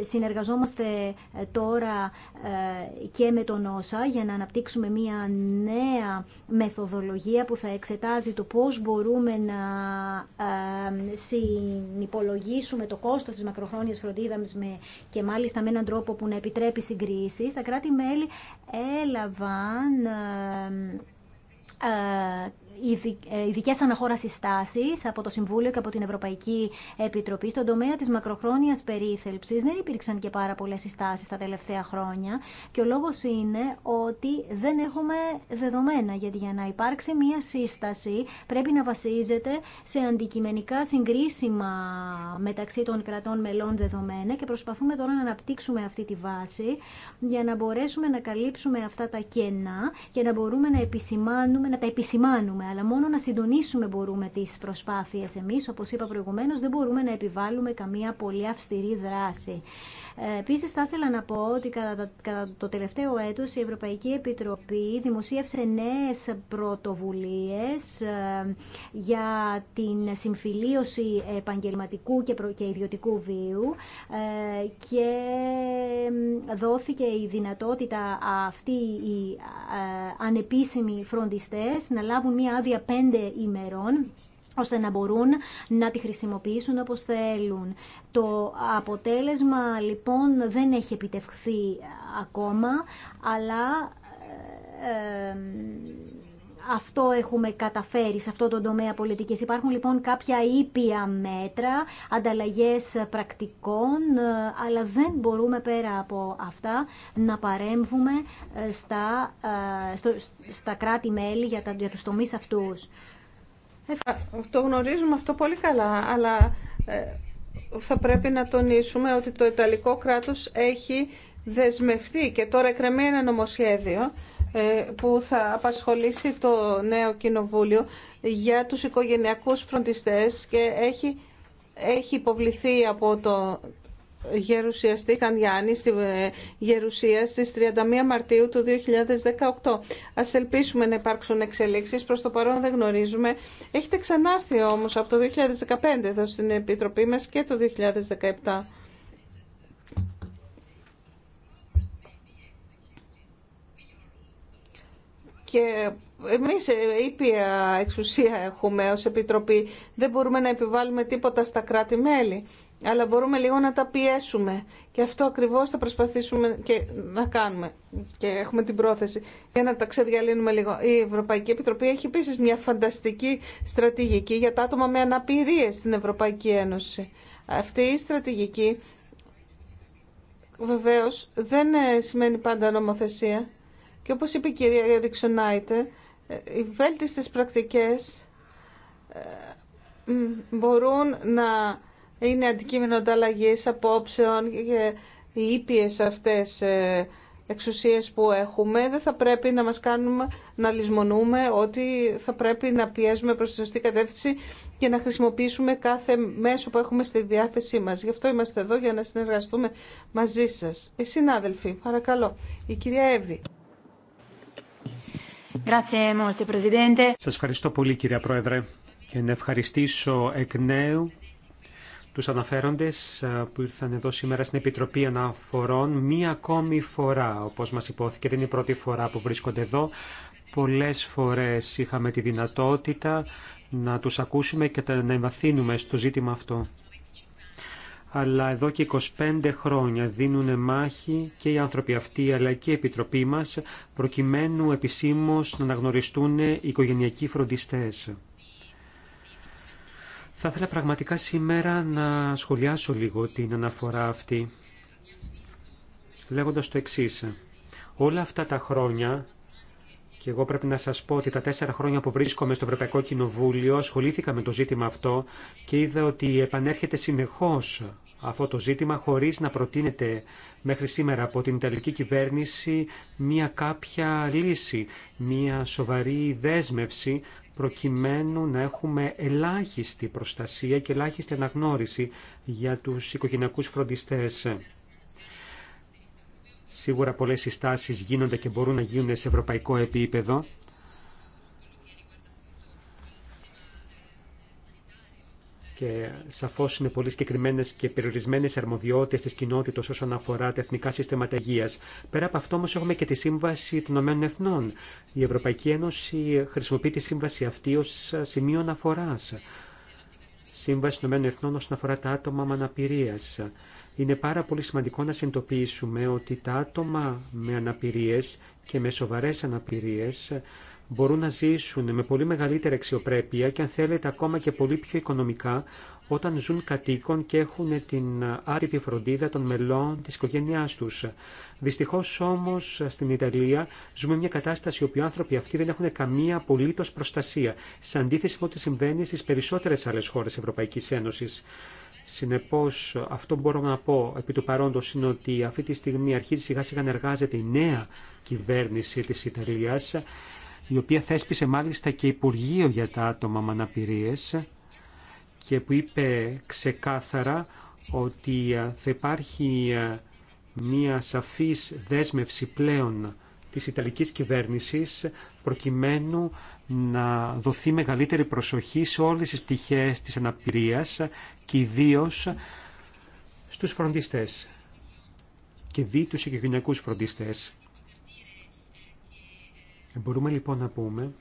Ε, συνεργαζόμαστε ε, τώρα ε, και με τον Όσα για να αναπτύξουμε μία νέα μεθοδολογία που θα εξετάζει το πώς μπορούμε να ε, συνυπολογίσουμε το κόστος της μακροχρόνιας φροντίδας και μάλιστα με έναν τρόπο που να επιτρέπει συγκρίσεις. Τα κράτη-μέλη έλαβαν ε, ειδικέ αναχώρασει τάση από το Συμβούλιο και από την Ευρωπαϊκή Επιτροπή. Στον τομέα τη μακροχρόνια περίθελψη δεν υπήρξαν και πάρα πολλέ συστάσει τα τελευταία χρόνια. Και ο λόγο είναι ότι δεν έχουμε δεδομένα. Γιατί για να υπάρξει μία σύσταση πρέπει να βασίζεται σε αντικειμενικά συγκρίσιμα μεταξύ των κρατών μελών δεδομένα και προσπαθούμε τώρα να αναπτύξουμε αυτή τη βάση για να μπορέσουμε να καλύψουμε αυτά τα κενά και να μπορούμε να, επισημάνουμε, να τα επισημάνουμε αλλά μόνο να συντονίσουμε μπορούμε τις προσπάθειες. Εμείς, όπως είπα προηγουμένως, δεν μπορούμε να επιβάλλουμε καμία πολύ αυστηρή δράση. Ε, Επίση, θα ήθελα να πω ότι κατά το τελευταίο έτος η Ευρωπαϊκή Επιτροπή δημοσίευσε νέες πρωτοβουλίες ε, για την συμφιλίωση επαγγελματικού και ιδιωτικού βίου ε, και δόθηκε η δυνατότητα αυτοί οι ανεπίσημοι φροντιστές να λάβουν μία άδεια πέντε ημερών ώστε να μπορούν να τη χρησιμοποιήσουν όπως θέλουν. Το αποτέλεσμα λοιπόν δεν έχει επιτευχθεί ακόμα, αλλά ε, ε, αυτό έχουμε καταφέρει σε αυτό το τομέα πολιτικής. Υπάρχουν λοιπόν κάποια ήπια μέτρα, ανταλλαγές πρακτικών, ε, αλλά δεν μπορούμε πέρα από αυτά να παρέμβουμε στα, στα κράτη-μέλη για, τα, για τους τομείς αυτούς. Το γνωρίζουμε αυτό πολύ καλά, αλλά ε, θα πρέπει να τονίσουμε ότι το Ιταλικό κράτος έχει δεσμευτεί και τώρα εκρεμεί ένα νομοσχέδιο ε, που θα απασχολήσει το νέο κοινοβούλιο για τους οικογενειακούς φροντιστές και έχει, έχει υποβληθεί από το γερουσιαστήκαν Γιάννη στη ε, Γερουσία στις 31 Μαρτίου του 2018. Ας ελπίσουμε να υπάρξουν εξελίξεις, προς το παρόν δεν γνωρίζουμε. Έχετε ξανάρθει όμως από το 2015 εδώ στην Επιτροπή μας και το 2017. Και εμείς ε, ήπια εξουσία έχουμε ως Επιτροπή. Δεν μπορούμε να επιβάλλουμε τίποτα στα κράτη-μέλη αλλά μπορούμε λίγο να τα πιέσουμε. Και αυτό ακριβώς θα προσπαθήσουμε και να κάνουμε. Και έχουμε την πρόθεση για να τα ξεδιαλύνουμε λίγο. Η Ευρωπαϊκή Επιτροπή έχει επίση μια φανταστική στρατηγική για τα άτομα με αναπηρίες στην Ευρωπαϊκή Ένωση. Αυτή η στρατηγική βεβαίως δεν ε, σημαίνει πάντα νομοθεσία. Και όπως είπε η κυρία Ριξονάιτε, ε, οι βέλτιστες πρακτικές ε, μπορούν να είναι αντικείμενο ανταλλαγή απόψεων και οι ήπιες αυτές ε, εξουσίες που έχουμε δεν θα πρέπει να μας κάνουμε να λησμονούμε ότι θα πρέπει να πιέζουμε προς τη σωστή κατεύθυνση και να χρησιμοποιήσουμε κάθε μέσο που έχουμε στη διάθεσή μας. Γι' αυτό είμαστε εδώ για να συνεργαστούμε μαζί σας. Οι ε, συνάδελφοι, παρακαλώ. Η κυρία Εύη. Σας ευχαριστώ πολύ κυρία Πρόεδρε και να ευχαριστήσω εκ νέου τους αναφέροντες ε, που ήρθαν εδώ σήμερα στην Επιτροπή Αναφορών μία ακόμη φορά, όπως μας υπόθηκε. Δεν είναι η πρώτη φορά που βρίσκονται εδώ. Πολλές φορές είχαμε τη δυνατότητα να τους ακούσουμε και να εμβαθύνουμε στο ζήτημα αυτό. Αλλά εδώ και 25 χρόνια δίνουν μάχη και οι άνθρωποι αυτοί αλλά και η Επιτροπή μας προκειμένου επισήμως να αναγνωριστούν οι οικογενειακοί φροντιστές. Θα ήθελα πραγματικά σήμερα να σχολιάσω λίγο την αναφορά αυτή, λέγοντας το εξής. Όλα αυτά τα χρόνια και εγώ πρέπει να σας πω ότι τα τέσσερα χρόνια που βρίσκομαι στο Ευρωπαϊκό Κοινοβούλιο ασχολήθηκα με το ζήτημα αυτό και είδα ότι επανέρχεται συνεχώς αυτό το ζήτημα χωρίς να προτείνεται μέχρι σήμερα από την Ιταλική κυβέρνηση μία κάποια λύση, μία σοβαρή δέσμευση προκειμένου να έχουμε ελάχιστη προστασία και ελάχιστη αναγνώριση για τους οικογενειακούς φροντιστές. Σίγουρα πολλές συστάσεις γίνονται και μπορούν να γίνουν σε ευρωπαϊκό επίπεδο και σαφώ είναι πολύ συγκεκριμένε και περιορισμένε αρμοδιότητε τη κοινότητα όσον αφορά τα εθνικά συστήματα υγεία. Πέρα από αυτό όμω έχουμε και τη Σύμβαση των Ηνωμένων Εθνών. Η Ευρωπαϊκή Ένωση χρησιμοποιεί τη σύμβαση αυτή ω σημείο αναφορά. Σύμβαση των Ηνωμένων Εθνών όσον αφορά τα άτομα με αναπηρία. Είναι πάρα πολύ σημαντικό να συνειδητοποιήσουμε ότι τα άτομα με αναπηρίε και με σοβαρέ αναπηρίε μπορούν να ζήσουν με πολύ μεγαλύτερη αξιοπρέπεια και αν θέλετε ακόμα και πολύ πιο οικονομικά όταν ζουν κατοίκων και έχουν την άτυπη φροντίδα των μελών της οικογένειάς τους. Δυστυχώς όμως στην Ιταλία ζούμε μια κατάσταση όπου οι άνθρωποι αυτοί δεν έχουν καμία απολύτως προστασία, σε αντίθεση με ό,τι συμβαίνει στις περισσότερες άλλες χώρες Ευρωπαϊκής Ένωσης. Συνεπώς αυτό που μπορώ να πω επί του παρόντος είναι ότι αυτή τη στιγμή αρχίζει σιγά σιγά να εργάζεται η νέα κυβέρνηση της Ιταλίας η οποία θέσπισε μάλιστα και Υπουργείο για τα άτομα με αναπηρίες και που είπε ξεκάθαρα ότι ε, θα υπάρχει ε, μία σαφής δέσμευση πλέον της Ιταλικής κυβέρνησης προκειμένου να δοθεί μεγαλύτερη προσοχή σε όλες τις πτυχές της αναπηρίας και ιδίω στους φροντιστές και δι τους οικογενειακούς φροντιστές. Ε, μπορούμε λοιπόν να πούμε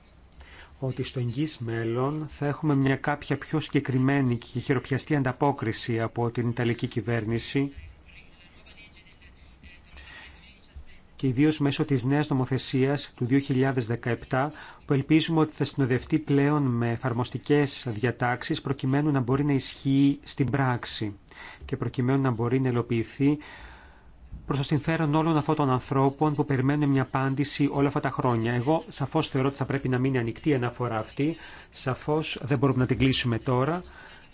ότι στο εγγύς μέλλον θα έχουμε μια κάποια πιο συγκεκριμένη και χειροπιαστή ανταπόκριση από την Ιταλική κυβέρνηση και ιδίω μέσω της νέας νομοθεσίας του 2017 που ελπίζουμε ότι θα συνοδευτεί πλέον με εφαρμοστικέ διατάξεις προκειμένου να μπορεί να ισχύει στην πράξη και προκειμένου να μπορεί να ελοποιηθεί προ το συμφέρον όλων αυτών των ανθρώπων που περιμένουν μια απάντηση όλα αυτά τα χρόνια. Εγώ σαφώ θεωρώ ότι θα πρέπει να μείνει ανοιχτή η αναφορά αυτή. Σαφώ δεν μπορούμε να την κλείσουμε τώρα,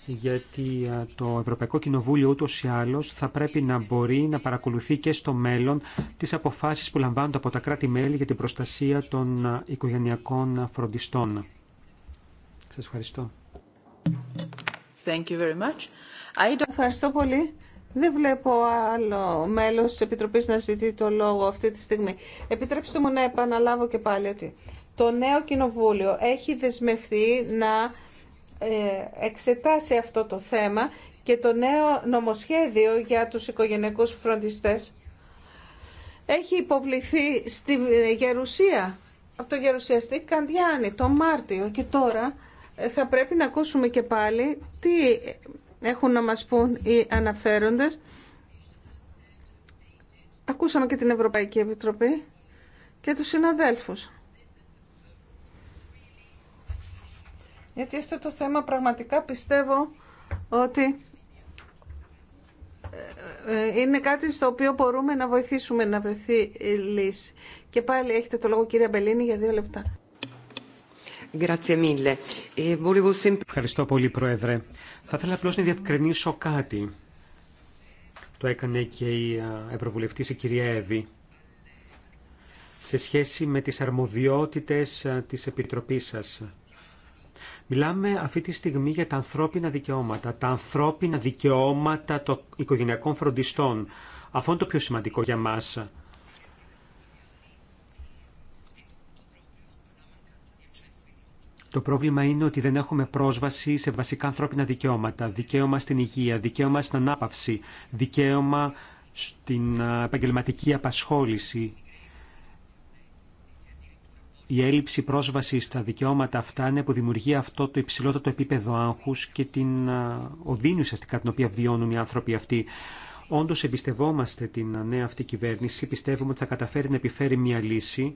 γιατί το Ευρωπαϊκό Κοινοβούλιο ούτω ή άλλω θα πρέπει να μπορεί να παρακολουθεί και στο μέλλον τι αποφάσει που λαμβάνονται από τα κράτη-μέλη για την προστασία των οικογενειακών φροντιστών. Σα ευχαριστώ. Thank you very much. I don't... Δεν βλέπω άλλο μέλο τη επιτροπή να ζητεί το λόγο αυτή τη στιγμή. Επιτρέψτε μου να επαναλάβω και πάλι ότι το νέο Κοινοβούλιο έχει δεσμευτεί να ε, εξετάσει αυτό το θέμα και το νέο νομοσχέδιο για τους οικογενειακούς φροντιστές έχει υποβληθεί στη Γερουσία, από το Γερουσιαστή Καντιάνη, το Μάρτιο και τώρα ε, θα πρέπει να ακούσουμε και πάλι τι έχουν να μας πούν οι αναφέροντες. Ακούσαμε και την Ευρωπαϊκή Επιτροπή και τους συναδέλφους. Γιατί αυτό το θέμα πραγματικά πιστεύω ότι ε, ε, είναι κάτι στο οποίο μπορούμε να βοηθήσουμε να βρεθεί λύση. Και πάλι έχετε το λόγο κυρία Μπελίνη για δύο λεπτά. E Ευχαριστώ πολύ, Πρόεδρε. Θα ήθελα απλώ να διευκρινίσω κάτι. Το έκανε και η Ευρωβουλευτή, η κυρία Εύη, σε σχέση με τις αρμοδιότητες της Επιτροπής σας. Μιλάμε αυτή τη στιγμή για τα ανθρώπινα δικαιώματα, τα ανθρώπινα δικαιώματα των οικογενειακών φροντιστών. Αυτό είναι το πιο σημαντικό για μας. Το πρόβλημα είναι ότι δεν έχουμε πρόσβαση σε βασικά ανθρώπινα δικαιώματα. Δικαίωμα στην υγεία, δικαίωμα στην ανάπαυση, δικαίωμα στην επαγγελματική απασχόληση. Η έλλειψη πρόσβαση στα δικαιώματα αυτά είναι που δημιουργεί αυτό το υψηλότερο επίπεδο άγχου και την οδύνη ουσιαστικά την οποία βιώνουν οι άνθρωποι αυτοί. Όντω εμπιστευόμαστε την νέα αυτή κυβέρνηση, πιστεύουμε ότι θα καταφέρει να επιφέρει μια λύση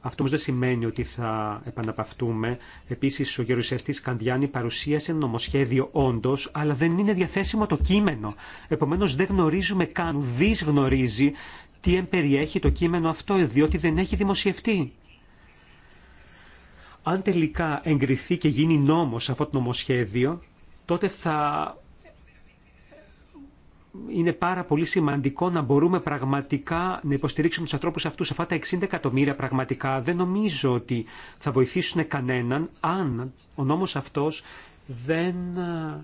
αυτό όμω δεν σημαίνει ότι θα επαναπαυτούμε. Επίση, ο γερουσιαστή Καντιάνη παρουσίασε ένα νομοσχέδιο όντω, αλλά δεν είναι διαθέσιμο το κείμενο. Επομένω, δεν γνωρίζουμε καν, δυσγνωρίζει γνωρίζει τι εμπεριέχει το κείμενο αυτό, διότι δεν έχει δημοσιευτεί. Αν τελικά εγκριθεί και γίνει νόμος αυτό το νομοσχέδιο, τότε θα είναι πάρα πολύ σημαντικό να μπορούμε πραγματικά να υποστηρίξουμε τους ανθρώπους αυτούς. Αυτά τα 60 εκατομμύρια πραγματικά δεν νομίζω ότι θα βοηθήσουν κανέναν αν ο νόμος αυτός δεν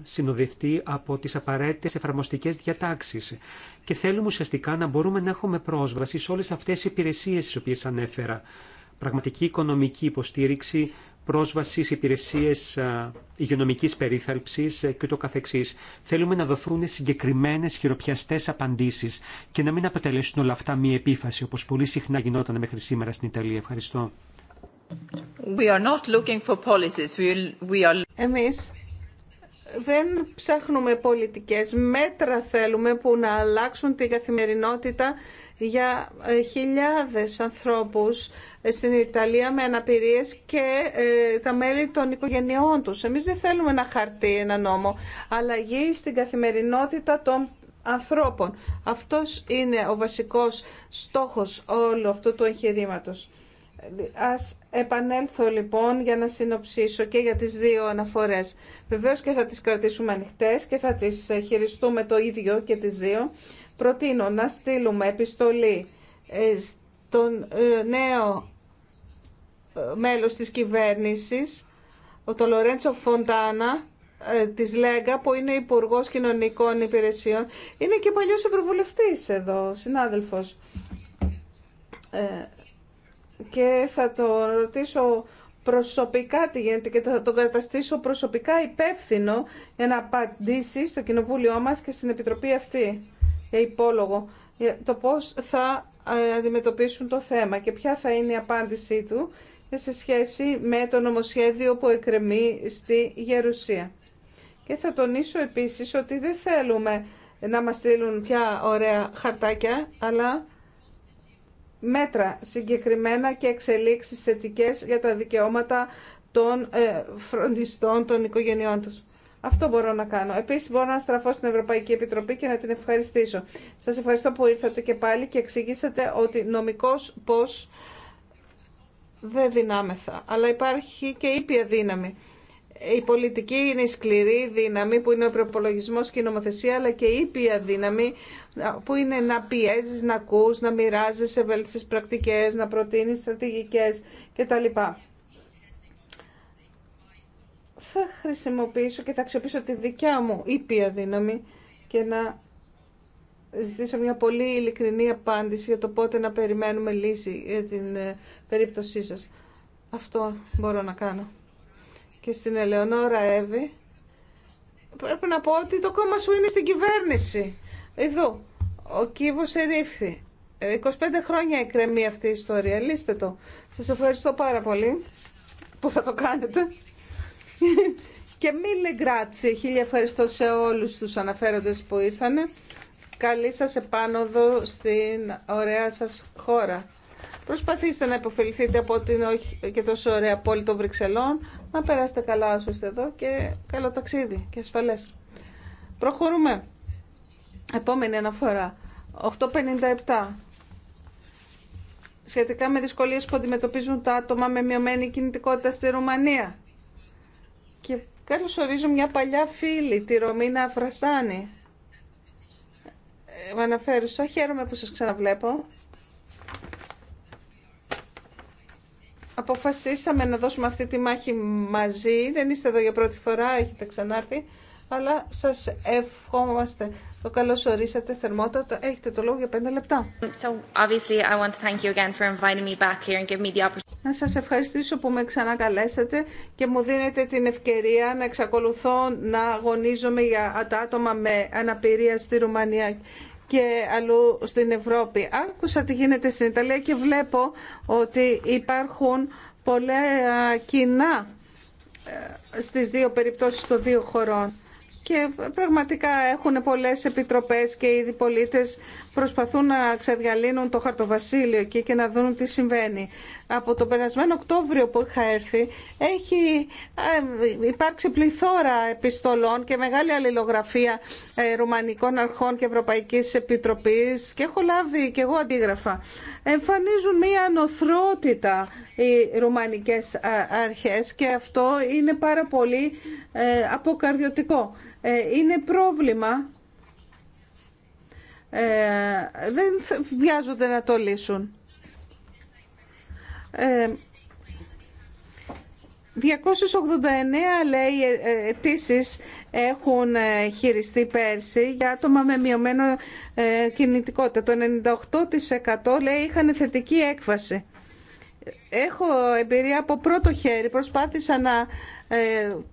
συνοδευτεί από τις απαραίτητες εφαρμοστικές διατάξεις. Και θέλουμε ουσιαστικά να μπορούμε να έχουμε πρόσβαση σε όλες αυτές τις υπηρεσίες τις οποίες ανέφερα. Πραγματική οικονομική υποστήριξη, πρόσβαση σε υπηρεσίες υγειονομικής περίθαλψης ε, και το καθεξής. Θέλουμε να δοθούν συγκεκριμένες χειροπιαστέ απαντήσεις και να μην αποτελέσουν όλα αυτά μία επίφαση, όπως πολύ συχνά γινόταν μέχρι σήμερα στην Ιταλία. Ευχαριστώ. We are not looking for policies. We are δεν ψάχνουμε πολιτικές μέτρα θέλουμε που να αλλάξουν την καθημερινότητα για ε, χιλιάδες ανθρώπους ε, στην Ιταλία με αναπηρίες και ε, τα μέλη των οικογενειών τους. Εμείς δεν θέλουμε ένα χαρτί, ένα νόμο, αλλαγή στην καθημερινότητα των ανθρώπων. Αυτός είναι ο βασικός στόχος όλου αυτού του εγχειρήματος. Ας επανέλθω λοιπόν για να συνοψίσω και για τις δύο αναφορές. Βεβαίως και θα τις κρατήσουμε ανοιχτέ και θα τις χειριστούμε το ίδιο και τις δύο. Προτείνω να στείλουμε επιστολή ε, στον ε, νέο ε, μέλος της κυβέρνησης, το Λορέντσο Φοντάνα, της ΛΕΓΑ που είναι υπουργό Κοινωνικών Υπηρεσιών είναι και παλιός ευρωβουλευτής εδώ, συνάδελφος και θα το ρωτήσω προσωπικά τι γίνεται και θα τον καταστήσω προσωπικά υπεύθυνο για να απαντήσει στο κοινοβούλιο μας και στην Επιτροπή αυτή για υπόλογο το πώς θα ε, αντιμετωπίσουν το θέμα και ποια θα είναι η απάντησή του σε σχέση με το νομοσχέδιο που εκκρεμεί στη Γερουσία. Και θα τονίσω επίσης ότι δεν θέλουμε να μας στείλουν πια ωραία χαρτάκια, αλλά μέτρα συγκεκριμένα και εξελίξεις θετικέ για τα δικαιώματα των ε, φροντιστών των οικογενειών τους. Αυτό μπορώ να κάνω. Επίσης μπορώ να στραφώ στην Ευρωπαϊκή Επιτροπή και να την ευχαριστήσω. Σας ευχαριστώ που ήρθατε και πάλι και εξηγήσατε ότι νομικός πώς δεν δυνάμεθα, αλλά υπάρχει και ήπια δύναμη η πολιτική είναι η σκληρή δύναμη που είναι ο προπολογισμό και η νομοθεσία, αλλά και η ήπια δύναμη που είναι να πιέζει, να ακού, να μοιράζει ευέλικτε πρακτικές, να προτείνει στρατηγικές κτλ. Θα χρησιμοποιήσω και θα αξιοποιήσω τη δικιά μου ήπια δύναμη και να ζητήσω μια πολύ ειλικρινή απάντηση για το πότε να περιμένουμε λύση για την ε, περίπτωσή σας. Αυτό μπορώ να κάνω και στην Ελεονόρα Εύη, πρέπει να πω ότι το κόμμα σου είναι στην κυβέρνηση. Εδώ, ο κύβος ερήφθη. 25 ε, χρόνια εκκρεμεί αυτή η ιστορία. Λύστε το. Σας ευχαριστώ πάρα πολύ που θα το κάνετε. (laughs) και μίλε γκράτσι. Χίλια ευχαριστώ σε όλους τους αναφέροντες που ήρθανε. Καλή σας επάνωδο στην ωραία σας χώρα. Προσπαθήστε να υποφεληθείτε από την όχι και τόσο ωραία πόλη των Βρυξελών, να περάσετε καλά όσο είστε εδώ και καλό ταξίδι και ασφαλές. Προχωρούμε. Επόμενη αναφορά. 857. Σχετικά με δυσκολίες που αντιμετωπίζουν τα άτομα με μειωμένη κινητικότητα στη Ρουμανία. Και καλώ ορίζουν μια παλιά φίλη, τη Ρωμίνα Αφρασάνη. Ε, με αναφέρουσα. Χαίρομαι που σας ξαναβλέπω. αποφασίσαμε να δώσουμε αυτή τη μάχη μαζί. Δεν είστε εδώ για πρώτη φορά, έχετε ξανάρθει. Αλλά σας ευχόμαστε. Το καλώ ορίσατε θερμότατα. Έχετε το λόγο για πέντε λεπτά. Να σας ευχαριστήσω που με ξανακαλέσατε και μου δίνετε την ευκαιρία να εξακολουθώ να αγωνίζομαι για τα άτομα με αναπηρία στη Ρουμανία και αλλού στην Ευρώπη. Άκουσα τι γίνεται στην Ιταλία και βλέπω ότι υπάρχουν πολλά κοινά ε, στις δύο περιπτώσεις των δύο χωρών. Και πραγματικά έχουν πολλές επιτροπές και οι πολίτες προσπαθούν να ξεδιαλύνουν το χαρτοβασίλειο εκεί και να δουν τι συμβαίνει. Από τον περασμένο Οκτώβριο που είχα έρθει έχει ε, υπάρξει πληθώρα επιστολών και μεγάλη αλληλογραφία ε, Ρουμανικών Αρχών και Ευρωπαϊκής Επιτροπής και έχω λάβει και εγώ αντίγραφα. Εμφανίζουν μία ανοθρότητα οι Ρουμανικές ε, Αρχές και αυτό είναι πάρα πολύ αποκαρδιωτικό. Είναι πρόβλημα ε, δεν βιάζονται να το λύσουν. 289 ε, λέει ε, αιτήσει έχουν χειριστεί πέρσι για άτομα με μειωμένο κινητικότητα. Το 98% λέει είχαν θετική έκβαση. Έχω εμπειρία από πρώτο χέρι. Προσπάθησα να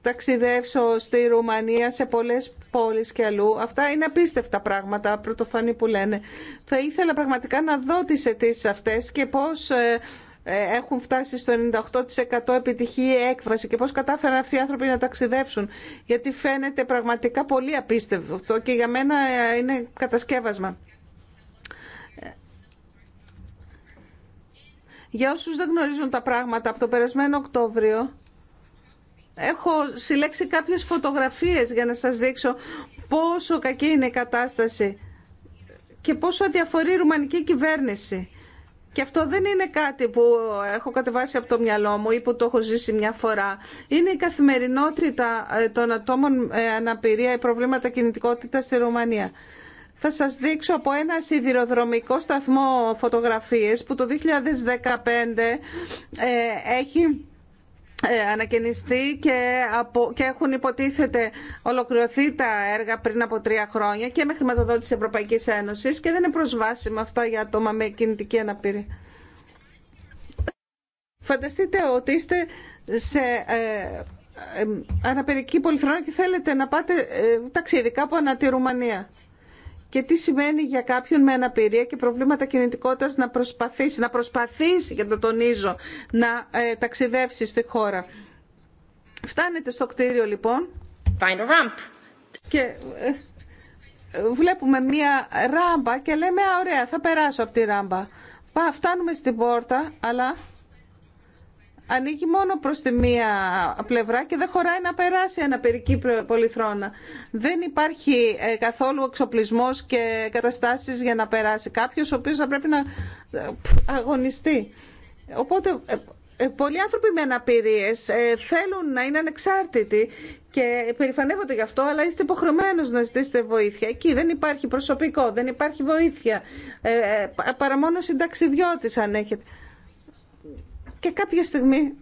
ταξιδεύσω στη Ρουμανία σε πολλές πόλεις και αλλού. Αυτά είναι απίστευτα πράγματα, πρωτοφανή που λένε. Θα ήθελα πραγματικά να δω τις αιτήσει αυτές και πώς ε, ε, έχουν φτάσει στο 98% επιτυχή έκβαση και πώς κατάφεραν αυτοί οι άνθρωποι να ταξιδεύσουν. Γιατί φαίνεται πραγματικά πολύ απίστευτο αυτό και για μένα ε, είναι κατασκεύασμα. Για όσους δεν γνωρίζουν τα πράγματα, από το περασμένο Οκτώβριο Έχω συλλέξει κάποιες φωτογραφίες για να σας δείξω πόσο κακή είναι η κατάσταση και πόσο αδιαφορεί η ρουμανική κυβέρνηση. Και αυτό δεν είναι κάτι που έχω κατεβάσει από το μυαλό μου ή που το έχω ζήσει μια φορά. Είναι η καθημερινότητα ε, των ατόμων ε, αναπηρία, ή προβλήματα κινητικότητα στη Ρουμανία. Θα σας δείξω από ένα σιδηροδρομικό σταθμό φωτογραφίες που το 2015 ε, έχει ε, ανακαινιστεί και, έχουν υποτίθεται ολοκληρωθεί τα έργα πριν από τρία χρόνια και με χρηματοδότηση Ευρωπαϊκής Ένωσης και δεν είναι προσβάσιμα αυτά για άτομα με κινητική αναπηρία. Φανταστείτε ότι είστε σε ε, ε αναπηρική πολυθρόνα και θέλετε να πάτε ε, ταξίδι κάπου ανά τη Ρουμανία και τι σημαίνει για κάποιον με αναπηρία και προβλήματα κινητικότητας να προσπαθήσει, να προσπαθήσει να το τονίζω, να ε, ταξιδεύσει στη χώρα. Φτάνετε στο κτίριο λοιπόν Find a ramp. και ε, βλέπουμε μία ράμπα και λέμε «Α, ωραία, θα περάσω από τη ράμπα». φτάνουμε στην πόρτα, αλλά ανοίγει μόνο προς τη μία πλευρά και δεν χωράει να περάσει ένα περική πολυθρόνα. Δεν υπάρχει ε, καθόλου εξοπλισμός και καταστάσεις για να περάσει κάποιος ο οποίος θα πρέπει να ε, αγωνιστεί. Οπότε ε, πολλοί άνθρωποι με αναπηρίες θέλουν να είναι ανεξάρτητοι και περηφανεύονται γι' αυτό, αλλά είστε υποχρεωμένος να ζητήσετε βοήθεια. Εκεί δεν υπάρχει προσωπικό, δεν υπάρχει βοήθεια, παρά μόνο συνταξιδιώτης αν έχετε και κάποια στιγμή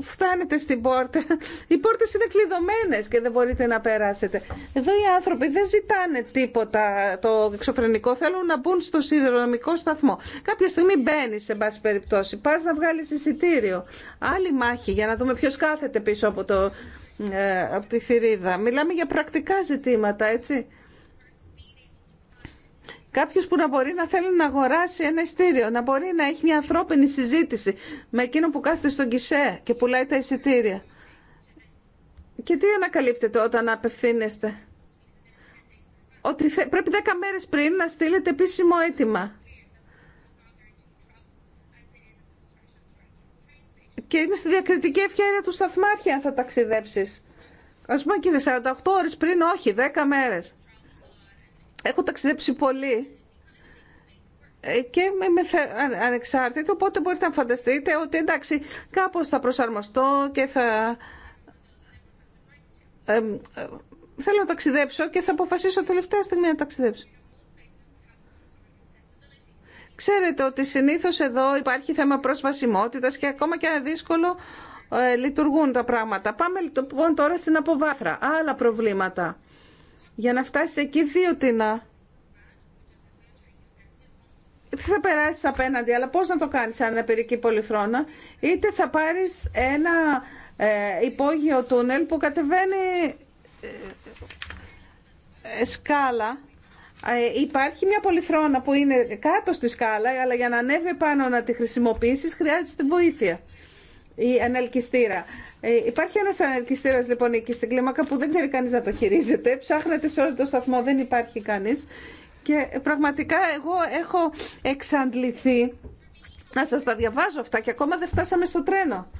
φτάνετε στην πόρτα. Οι πόρτες είναι κλειδωμένες και δεν μπορείτε να περάσετε. Εδώ οι άνθρωποι δεν ζητάνε τίποτα το εξωφρενικό. Θέλουν να μπουν στο σιδηροδρομικό σταθμό. Κάποια στιγμή μπαίνει, σε πάση περιπτώσει. Πας να βγάλεις εισιτήριο. Άλλη μάχη για να δούμε ποιο κάθεται πίσω από, το, ε, από τη θηρίδα. Μιλάμε για πρακτικά ζητήματα, έτσι. Κάποιο που να μπορεί να θέλει να αγοράσει ένα ειστήριο, να μπορεί να έχει μια ανθρώπινη συζήτηση με εκείνο που κάθεται στον Κισέ και πουλάει τα εισιτήρια. Και τι ανακαλύπτεται όταν απευθύνεστε. Ότι πρέπει 10 μέρες πριν να στείλετε επίσημο αίτημα. Και είναι στη διακριτική ευχαίρεια του σταθμάρχη αν θα ταξιδέψεις. Ας πούμε και σε 48 ώρες πριν, όχι, 10 μέρες. Έχω ταξιδέψει πολύ ε, και με ανεξάρτητο, οπότε μπορείτε να φανταστείτε ότι εντάξει κάπως θα προσαρμοστώ και θα ε, θέλω να ταξιδέψω και θα αποφασίσω τελευταία στιγμή να ταξιδέψω. Ξέρετε ότι συνήθως εδώ υπάρχει θέμα προσβασιμότητας και ακόμα και αν δύσκολο ε, λειτουργούν τα πράγματα. Πάμε λοιπόν τώρα στην αποβάθρα. Άλλα προβλήματα για να φτάσει εκεί δύο τεινά. Θα περάσει απέναντι, αλλά πώς να το κάνεις αν είναι περική πολυθρόνα. Είτε θα πάρεις ένα ε, υπόγειο τούνελ που κατεβαίνει ε, ε, σκάλα. υπάρχει μια πολυθρόνα που είναι κάτω στη σκάλα, αλλά για να ανέβει πάνω να τη χρησιμοποιήσεις χρειάζεται βοήθεια ή αναλκυστήρα. Ε, υπάρχει ένας αναλκυστήρα λοιπόν εκεί στην κλίμακα που δεν ξέρει κανεί να το χειρίζεται. ψάχνεται σε όλο το σταθμό, δεν υπάρχει κανείς. Και πραγματικά εγώ έχω εξαντληθεί να σας τα διαβάζω αυτά και ακόμα δεν φτάσαμε στο τρένο.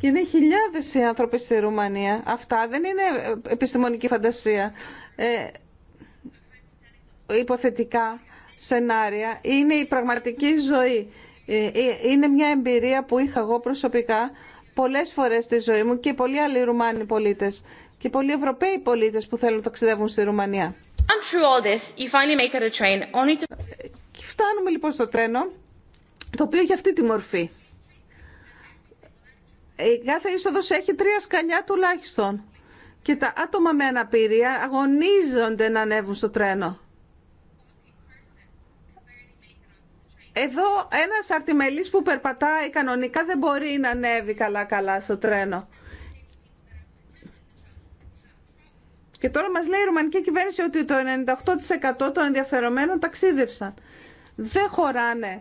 Και είναι χιλιάδες οι άνθρωποι στη Ρουμανία. Αυτά δεν είναι επιστημονική φαντασία. Ε, υποθετικά σενάρια. Είναι η πραγματική ζωή. Ε, είναι μια εμπειρία που είχα εγώ προσωπικά πολλές φορές στη ζωή μου και πολλοί άλλοι Ρουμάνοι πολίτες και πολλοί Ευρωπαίοι πολίτες που θέλουν να ταξιδεύουν στη Ρουμανία. Φτάνουμε λοιπόν στο τρένο, το οποίο έχει αυτή τη μορφή. κάθε είσοδος έχει τρία σκαλιά τουλάχιστον. Και τα άτομα με αναπηρία αγωνίζονται να ανέβουν στο τρένο. Εδώ ένα αρτιμελής που περπατάει κανονικά δεν μπορεί να ανέβει καλά-καλά στο τρένο. Και τώρα μας λέει η Ρουμανική κυβέρνηση ότι το 98% των ενδιαφερομένων ταξίδευσαν. Δεν χωράνε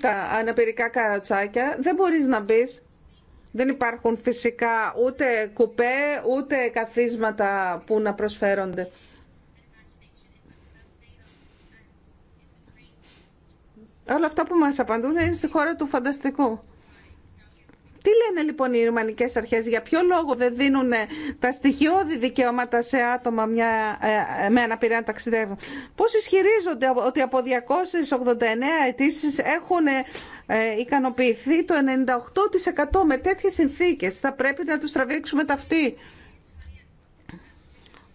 τα αναπηρικά καρατσάκια, δεν μπορείς να μπει. Δεν υπάρχουν φυσικά ούτε κουπέ, ούτε καθίσματα που να προσφέρονται. Όλα αυτά που μας απαντούν είναι στη χώρα του φανταστικού. Τι λένε λοιπόν οι Ρουμανικές αρχές, για ποιο λόγο δεν δίνουν ε, τα στοιχειώδη δικαιώματα σε άτομα μια, ε, ε, με αναπηρία να ταξιδεύουν. Πώς ισχυρίζονται ότι από 289 αιτήσει έχουν ικανοποιηθεί το 98% με τέτοιες συνθήκες. Θα πρέπει να τους τραβήξουμε ταυτή.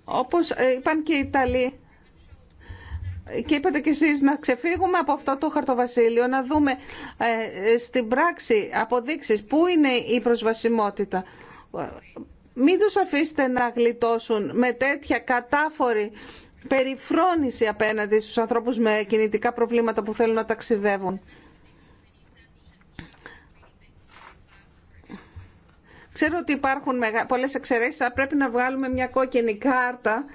Όπως είπαν και οι Ιταλοί, και είπατε κι εσείς να ξεφύγουμε από αυτό το χαρτοβασίλειο, να δούμε ε, στην πράξη αποδείξεις πού είναι η προσβασιμότητα. Μην τους αφήσετε να γλιτώσουν με τέτοια κατάφορη περιφρόνηση απέναντι στους ανθρώπους με κινητικά προβλήματα που θέλουν να ταξιδεύουν. Ξέρω ότι υπάρχουν πολλές εξαιρέσεις, αλλά πρέπει να βγάλουμε μια κόκκινη κάρτα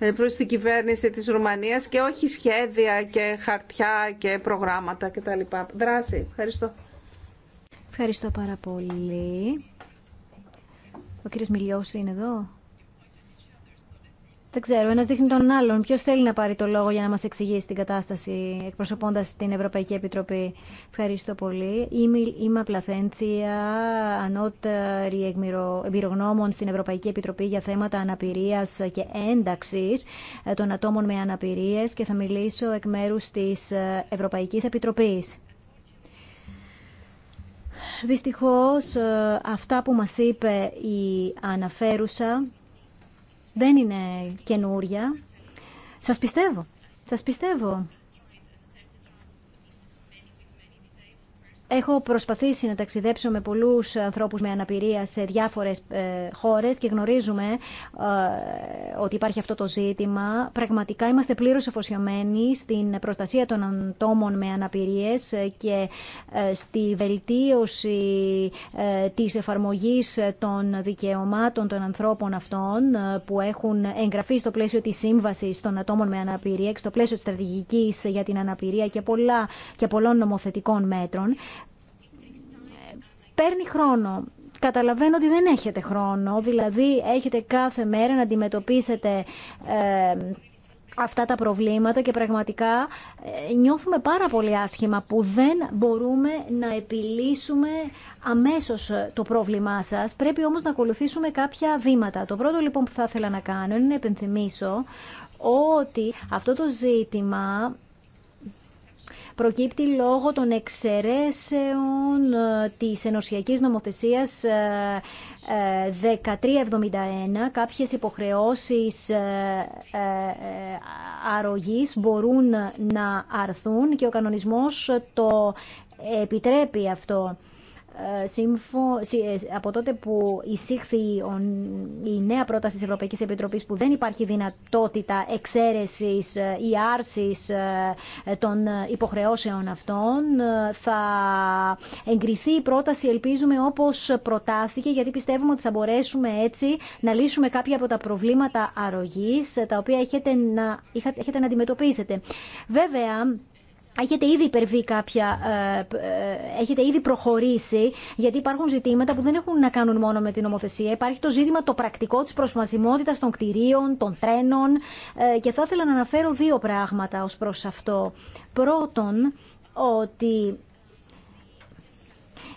ε, προς την κυβέρνηση της Ρουμανίας και όχι σχέδια και χαρτιά και προγράμματα κτλ. Δράση. Ευχαριστώ. Ευχαριστώ πάρα πολύ. Ο κύριος Μιλιώση είναι εδώ. Δεν ξέρω, ένα δείχνει τον άλλον. Ποιο θέλει να πάρει το λόγο για να μα εξηγήσει την κατάσταση εκπροσωπώντα την Ευρωπαϊκή Επιτροπή. Ευχαριστώ πολύ. Είμαι, είμαι Πλαθένθια, ανώτερη εμπειρογνώμων στην Ευρωπαϊκή Επιτροπή για θέματα αναπηρία και ένταξη ε, των ατόμων με αναπηρίε και θα μιλήσω εκ μέρου τη ε, Ευρωπαϊκή Επιτροπή. Δυστυχώς ε, αυτά που μας είπε η αναφέρουσα δεν είναι καινούρια. Σας πιστεύω. Σας πιστεύω. Έχω προσπαθήσει να ταξιδέψω με πολλούς ανθρώπους με αναπηρία σε διάφορες ε, χώρες και γνωρίζουμε ε, ότι υπάρχει αυτό το ζήτημα. Πραγματικά είμαστε πλήρως αφοσιωμένοι στην προστασία των ατόμων με αναπηρίες ε, και στη βελτίωση της εφαρμογής των δικαιωμάτων των ανθρώπων αυτών που έχουν εγγραφεί στο πλαίσιο της σύμβασης των ατόμων με αναπηρία και στο πλαίσιο της στρατηγικής για την αναπηρία και, πολλά, και πολλών νομοθετικών μέτρων παίρνει χρόνο. Καταλαβαίνω ότι δεν έχετε χρόνο, δηλαδή έχετε κάθε μέρα να αντιμετωπίσετε ε, αυτά τα προβλήματα και πραγματικά ε, νιώθουμε πάρα πολύ άσχημα που δεν μπορούμε να επιλύσουμε αμέσως ε, το πρόβλημά σας. Πρέπει όμως να ακολουθήσουμε κάποια βήματα. Το πρώτο λοιπόν που θα ήθελα να κάνω είναι να επενθυμίσω ότι αυτό το ζήτημα προκύπτει λόγω των εξαιρέσεων ε, της ενωσιακής νομοθεσίας 1371 ε, ε, κάποιες υποχρεώσεις αρρωγής μπορούν να αρθούν και ο κανονισμός το επιτρέπει αυτό. Ε, από τότε που εισήχθη η νέα πρόταση της Ευρωπαϊκής Επιτροπής που δεν υπάρχει δυνατότητα εξαίρεσης ε, ή άρσης ε, των υποχρεώσεων αυτών θα εγκριθεί η πρόταση ελπίζουμε όπως προτάθηκε γιατί πιστεύουμε ότι θα μπορέσουμε έτσι να λύσουμε κάποια από τα προβλήματα αρρωγής τα οποία έχετε να, έχετε να αντιμετωπίσετε. Βέβαια, έχετε ήδη υπερβεί κάποια, ε, ε, προχωρήσει, γιατί υπάρχουν ζητήματα που δεν έχουν να κάνουν μόνο με την νομοθεσία. Υπάρχει το ζήτημα το πρακτικό της προσπασιμότητας των κτηρίων, των τρένων ε, και θα ήθελα να αναφέρω δύο πράγματα ως προς αυτό. Πρώτον, ότι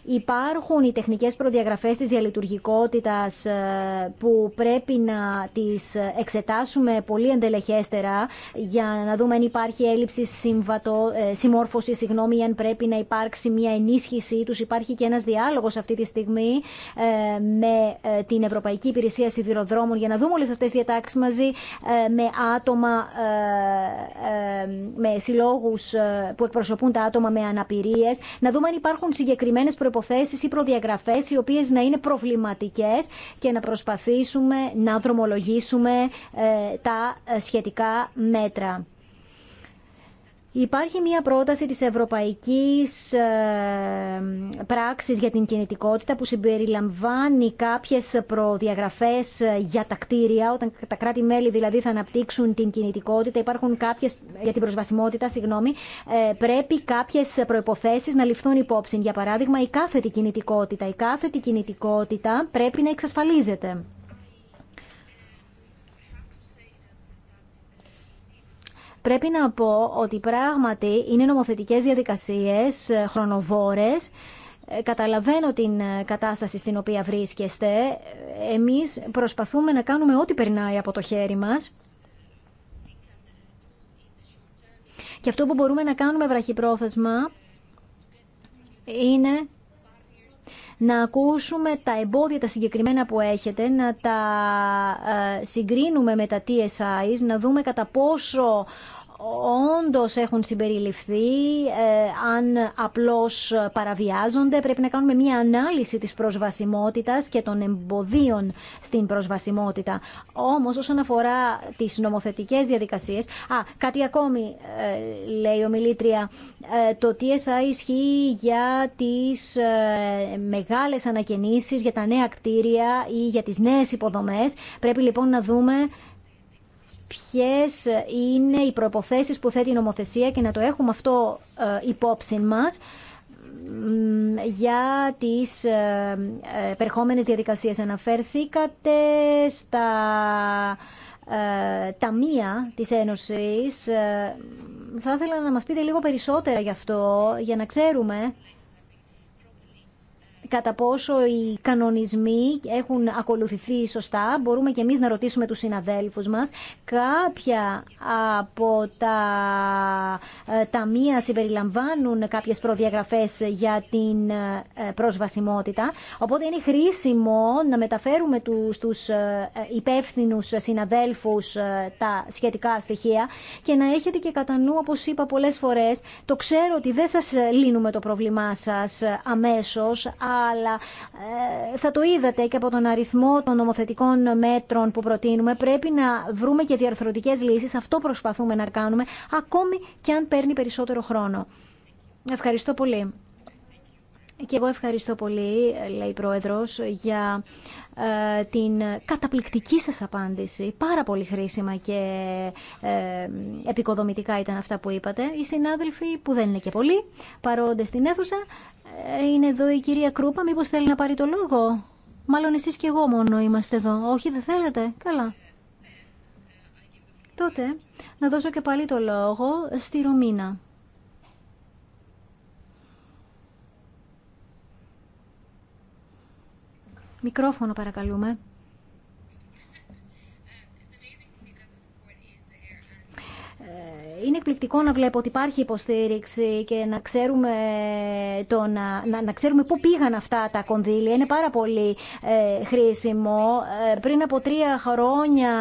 Υπάρχουν οι τεχνικές προδιαγραφές της διαλειτουργικότητας ε, που πρέπει να τις εξετάσουμε πολύ εντελεχέστερα για να δούμε αν υπάρχει έλλειψη συμβατο... Ε, συμμόρφωση, συγγνώμη, αν πρέπει να υπάρξει μια ενίσχυση τους. Υπάρχει και ένας διάλογος αυτή τη στιγμή ε, με την Ευρωπαϊκή Υπηρεσία Σιδηροδρόμων για να δούμε όλες αυτές τις διατάξεις μαζί με άτομα, με συλλόγους που εκπροσωπούν τα άτομα με αναπηρίες, να δούμε αν υπάρχουν συγκεκριμένες προποθέσει ή προδιαγραφέ οι οποίε να είναι προβληματικέ και να προσπαθήσουμε να δρομολογήσουμε ε, τα ε, σχετικά μέτρα. Υπάρχει μια πρόταση της Ευρωπαϊκής ε, Πράξης για την Κινητικότητα που συμπεριλαμβάνει κάποιες προδιαγραφές ε, για τα κτίρια, όταν τα κράτη-μέλη δηλαδή θα αναπτύξουν την κινητικότητα, υπάρχουν κάποιες, για την προσβασιμότητα, συγγνώμη, ε, πρέπει κάποιες προϋποθέσεις να ληφθούν υπόψη. Για παράδειγμα, η κάθετη κινητικότητα. Η κάθετη κινητικότητα πρέπει να εξασφαλίζεται. Πρέπει να πω ότι πράγματι είναι νομοθετικές διαδικασίες ε, χρονοβόρες ε, καταλαβαίνω την ε, κατάσταση στην οποία βρίσκεστε. Εμείς προσπαθούμε να κάνουμε ό,τι περνάει από το χέρι μας. Και αυτό που μπορούμε να κάνουμε βραχυπρόθεσμα είναι να ακούσουμε τα εμπόδια τα συγκεκριμένα που έχετε, να τα ε, συγκρίνουμε με τα TSIs, να δούμε κατά πόσο όντως έχουν συμπεριληφθεί, ε, αν απλώς παραβιάζονται. Πρέπει να κάνουμε μία ανάλυση της προσβασιμότητας και των εμποδίων στην προσβασιμότητα. Όμως, όσον αφορά τις νομοθετικές διαδικασίες... Α, κάτι ακόμη, ε, λέει ο Μιλήτρια. Ε, το TSA ισχύει για τις μεγάλες ανακαινήσεις, για τα νέα κτίρια ή για τις νέες υποδομές. Πρέπει λοιπόν να δούμε Ποιε είναι οι προποθέσει που θέτει η νομοθεσία και να το έχουμε αυτό ε, υπόψη μας για τις ε, ε, περχόμενες διαδικασίες. Αναφέρθηκατε στα ταμεία της Ένωσης. Θα ήθελα να μας πείτε λίγο περισσότερα γι' αυτό, για να ξέρουμε κατά πόσο οι κανονισμοί έχουν ακολουθηθεί σωστά. Μπορούμε και εμείς να ρωτήσουμε τους συναδέλφους μας. Κάποια από τα ε, ταμεία συμπεριλαμβάνουν κάποιες προδιαγραφές για την ε, προσβασιμότητα. Οπότε είναι χρήσιμο να μεταφέρουμε τους, τους ε, υπεύθυνους συναδέλφους τα σχετικά στοιχεία και να έχετε και κατά νου, όπως είπα πολλές φορές, το ξέρω ότι δεν σας λύνουμε το πρόβλημά σας αμέσως, αλλά ε, θα το είδατε και από τον αριθμό των νομοθετικών μέτρων που προτείνουμε. Πρέπει να βρούμε και διαρθρωτικές λύσει. Αυτό προσπαθούμε να κάνουμε, ακόμη και αν παίρνει περισσότερο χρόνο. Ευχαριστώ πολύ. Και εγώ ευχαριστώ πολύ, λέει η Πρόεδρος, για ε, την καταπληκτική σας απάντηση. Πάρα πολύ χρήσιμα και ε, επικοδομητικά ήταν αυτά που είπατε. Οι συνάδελφοι, που δεν είναι και πολλοί, παρόντες στην αίθουσα, ε, είναι εδώ η κυρία Κρούπα, μήπως θέλει να πάρει το λόγο. Μάλλον εσείς και εγώ μόνο είμαστε εδώ. Όχι, δεν θέλετε. Καλά. Τότε να δώσω και πάλι το λόγο στη Ρωμίνα. Μικρόφωνο παρακαλούμε. είναι εκπληκτικό να βλέπω ότι υπάρχει υποστήριξη και να ξέρουμε, το, να, να, ξέρουμε πού πήγαν αυτά τα κονδύλια. Είναι πάρα πολύ ε, χρήσιμο. Ε, πριν από τρία χρόνια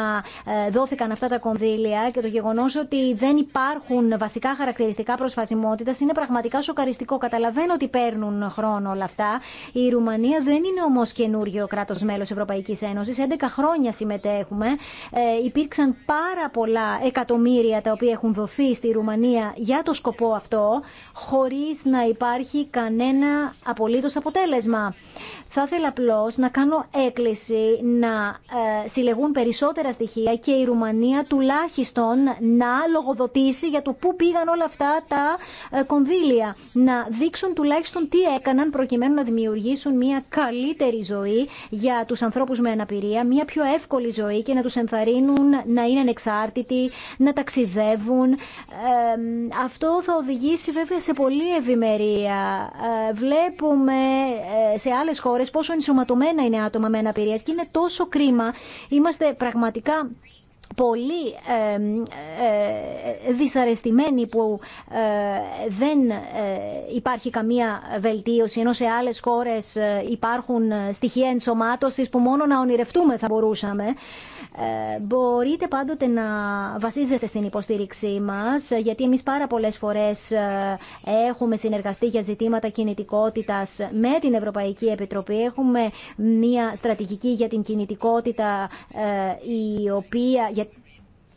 ε, δόθηκαν αυτά τα κονδύλια και το γεγονό ότι δεν υπάρχουν βασικά χαρακτηριστικά προσφασιμότητα είναι πραγματικά σοκαριστικό. Καταλαβαίνω ότι παίρνουν χρόνο όλα αυτά. Η Ρουμανία δεν είναι όμω καινούριο κράτο μέλο Ευρωπαϊκή Ένωση. 11 χρόνια συμμετέχουμε. Ε, υπήρξαν πάρα πολλά εκατομμύρια τα οποία έχουν δοθεί δοθεί στη Ρουμανία για το σκοπό αυτό, χωρίς να υπάρχει κανένα απολύτως αποτέλεσμα. Θα ήθελα απλώ να κάνω έκκληση να ε, συλλεγούν περισσότερα στοιχεία και η Ρουμανία τουλάχιστον να λογοδοτήσει για το πού πήγαν όλα αυτά τα ε, κονδύλια. Να δείξουν τουλάχιστον τι έκαναν προκειμένου να δημιουργήσουν μια καλύτερη ζωή για του ανθρώπου με αναπηρία, μια πιο εύκολη ζωή και να του ενθαρρύνουν να είναι ανεξάρτητοι, να ταξιδεύουν. Αυτό θα οδηγήσει βέβαια σε πολλή ευημερία. Ε, βλέπουμε σε άλλε πόσο ενσωματωμένα είναι άτομα με αναπηρία και είναι τόσο κρίμα. Είμαστε πραγματικά πολύ ε, δυσαρεστημένοι που ε, δεν ε, υπάρχει καμία βελτίωση, ενώ σε άλλες χώρες υπάρχουν στοιχεία ενσωμάτωσης που μόνο να ονειρευτούμε θα μπορούσαμε. Μπορείτε πάντοτε να βασίζεστε στην υποστήριξή μας, γιατί εμείς πάρα πολλές φορές έχουμε συνεργαστεί για ζητήματα κινητικότητας με την Ευρωπαϊκή Επιτροπή. Έχουμε μια στρατηγική για την κινητικότητα η οποία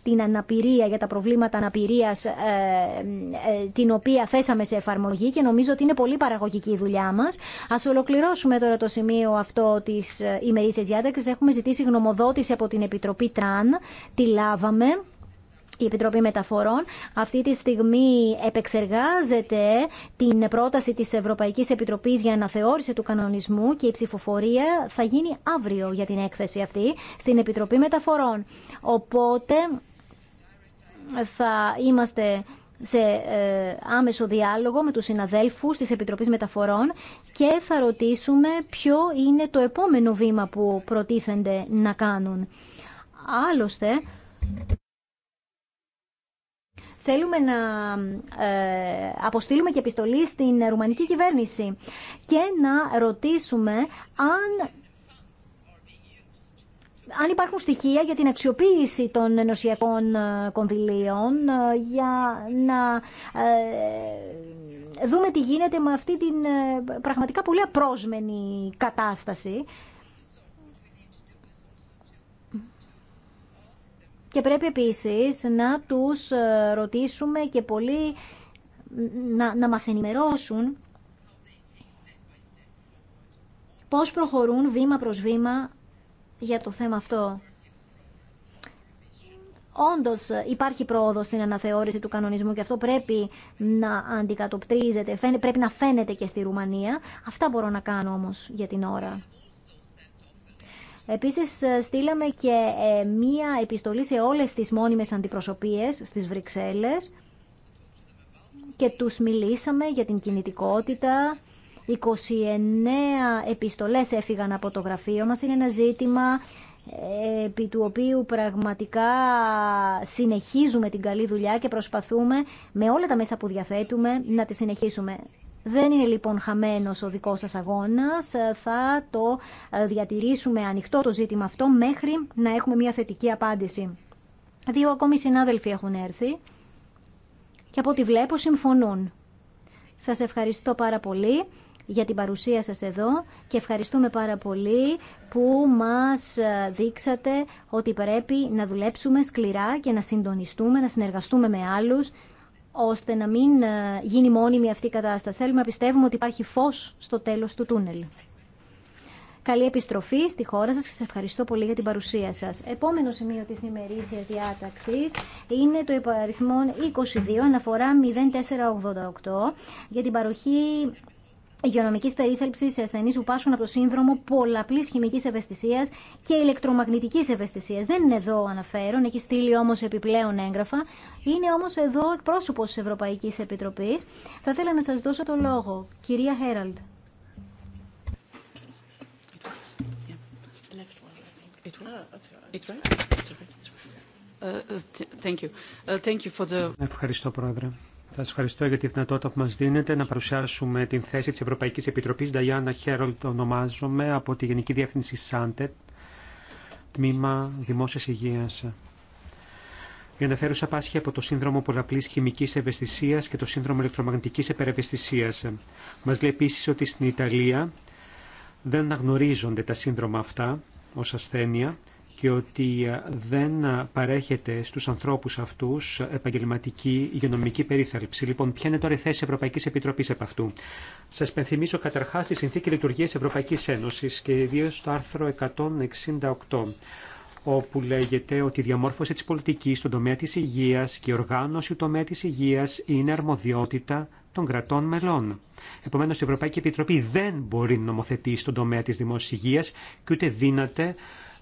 την αναπηρία, για τα προβλήματα αναπηρίας ε, ε, την οποία θέσαμε σε εφαρμογή και νομίζω ότι είναι πολύ παραγωγική η δουλειά μας. Ας ολοκληρώσουμε τώρα το σημείο αυτό της ε, ημερήσια διάταξη. Έχουμε ζητήσει γνωμοδότηση από την Επιτροπή Τραν. Τη λάβαμε η Επιτροπή Μεταφορών αυτή τη στιγμή επεξεργάζεται την πρόταση της Ευρωπαϊκής Επιτροπής για αναθεώρηση του κανονισμού και η ψηφοφορία θα γίνει αύριο για την έκθεση αυτή στην Επιτροπή Μεταφορών. Οπότε θα είμαστε σε ε, άμεσο διάλογο με τους συναδέλφους της Επιτροπής Μεταφορών και θα ρωτήσουμε ποιο είναι το επόμενο βήμα που προτίθενται να κάνουν. Άλλωστε, θέλουμε να ε, αποστείλουμε και επιστολή στην ρουμανική κυβέρνηση και να ρωτήσουμε αν αν υπάρχουν στοιχεία για την αξιοποίηση των ενωσιακών ε, κονδυλίων, ε, για να ε, δούμε τι γίνεται με αυτή την πραγματικά πολύ απρόσμενη κατάσταση. Και πρέπει επίσης να τους ρωτήσουμε και πολύ να, να μας ενημερώσουν πώς προχωρούν βήμα προς βήμα για το θέμα αυτό. Όντως υπάρχει πρόοδο στην αναθεώρηση του κανονισμού και αυτό πρέπει να αντικατοπτρίζεται, πρέπει να φαίνεται και στη Ρουμανία. Αυτά μπορώ να κάνω όμως για την ώρα. Επίσης στείλαμε και ε, μία επιστολή σε όλες τις μόνιμες αντιπροσωπείες στις Βρυξέλλες και τους μιλήσαμε για την κινητικότητα, 29 επιστολές έφυγαν από το γραφείο μας. Είναι ένα ζήτημα ε, επί του οποίου πραγματικά συνεχίζουμε την καλή δουλειά και προσπαθούμε με όλα τα μέσα που διαθέτουμε να τη συνεχίσουμε. Δεν είναι λοιπόν χαμένος ο δικός σας αγώνας, θα το ε, διατηρήσουμε ανοιχτό το ζήτημα αυτό μέχρι να έχουμε μια θετική απάντηση. Δύο ακόμη συνάδελφοι έχουν έρθει και από ό,τι βλέπω συμφωνούν. Σας ευχαριστώ πάρα πολύ για την παρουσία σας εδώ και ευχαριστούμε πάρα πολύ που μας ε, δείξατε ότι πρέπει να δουλέψουμε σκληρά και να συντονιστούμε, να συνεργαστούμε με άλλους ώστε να μην ε, γίνει μόνιμη αυτή η κατάσταση. Θέλουμε να πιστεύουμε ότι υπάρχει φως στο τέλος του τούνελ. Καλή επιστροφή στη χώρα σας και σας ευχαριστώ πολύ για την παρουσία σας. Επόμενο σημείο της ημερήσιας διάταξης είναι το υπαριθμό 22 αναφορά 0488 για την παροχή υγειονομική περίθαλψη σε ασθενεί που πάσχουν από το σύνδρομο πολλαπλή χημική ευαισθησία και ηλεκτρομαγνητική ευαισθησία. Δεν είναι εδώ αναφέρον, έχει στείλει όμω επιπλέον έγγραφα. Είναι όμω εδώ εκπρόσωπο τη Ευρωπαϊκή Επιτροπή. Θα ήθελα να σα δώσω το λόγο. Κυρία Χέραλντ. Ευχαριστώ, Πρόεδρε. Σας ευχαριστώ για τη δυνατότητα που μα δίνετε να παρουσιάσουμε την θέση της Ευρωπαϊκής Επιτροπής. Νταϊάννα Χέρολτ ονομάζομαι από τη Γενική Διεύθυνση ΣΑΝΤΕΤ, Τμήμα Δημόσια Υγεία. Η αναφέρουσα πάσχει από το σύνδρομο πολλαπλή χημική ευαισθησία και το σύνδρομο ηλεκτρομαγνητική υπερευαισθησία. Μα λέει επίση ότι στην Ιταλία δεν αναγνωρίζονται τα σύνδρομα αυτά ω ασθένεια και ότι ε, δεν ε, παρέχεται στους ανθρώπους αυτούς επαγγελματική υγειονομική περίθαλψη. Λοιπόν, ποια είναι τώρα η θέση Ευρωπαϊκής Επιτροπής επ' αυτού. Σας πενθυμίσω καταρχάς τη Συνθήκη Λειτουργίας Ευρωπαϊκής Ένωσης και ιδίω το άρθρο 168 όπου λέγεται ότι η διαμόρφωση της πολιτικής στον τομέα της υγείας και η οργάνωση του τομέα της υγείας είναι αρμοδιότητα των κρατών μελών. Επομένως, η Ευρωπαϊκή Επιτροπή δεν μπορεί να νομοθετήσει στον τομέα της δημόσιας υγείας και ούτε δύναται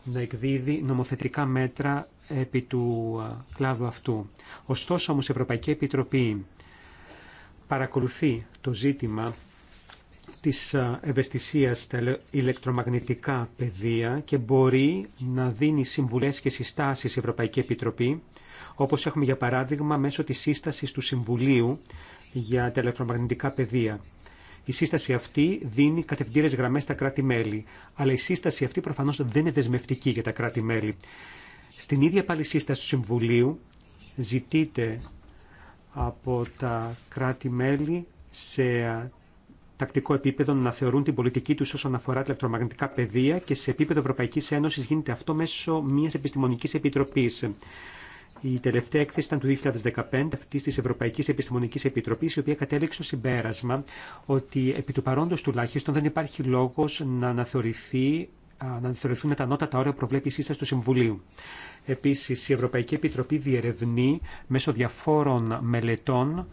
να εκδίδει νομοθετικά μέτρα επί του κλάδου αυτού. Ωστόσο όμως η Ευρωπαϊκή Επιτροπή παρακολουθεί το ζήτημα της ευαισθησίας στα ηλεκτρομαγνητικά πεδία και μπορεί να δίνει συμβουλές και συστάσεις η Ευρωπαϊκή Επιτροπή, όπως έχουμε για παράδειγμα μέσω της σύστασης του Συμβουλίου για τα ηλεκτρομαγνητικά πεδία. Η σύσταση αυτή δίνει κατευθυντήρες γραμμέ στα κράτη-μέλη. Αλλά η σύσταση αυτή προφανώ δεν είναι δεσμευτική για τα κράτη-μέλη. Στην ίδια πάλι σύσταση του Συμβουλίου ζητείται από τα κράτη-μέλη σε τακτικό επίπεδο να θεωρούν την πολιτική του όσον αφορά τα ηλεκτρομαγνητικά πεδία και σε επίπεδο Ευρωπαϊκή Ένωση γίνεται αυτό μέσω μια επιστημονική επιτροπή. Η τελευταία έκθεση ήταν του 2015 αυτή τη Ευρωπαϊκή Επιστημονική Επιτροπή, η οποία κατέληξε στο συμπέρασμα ότι επί του παρόντο τουλάχιστον δεν υπάρχει λόγο να αναθεωρηθεί να αναθεωρηθούν τα ανώτατα όρια προβλέπησή σα του Συμβουλίου. Επίση, η Ευρωπαϊκή Επιτροπή διερευνεί μέσω διαφόρων μελετών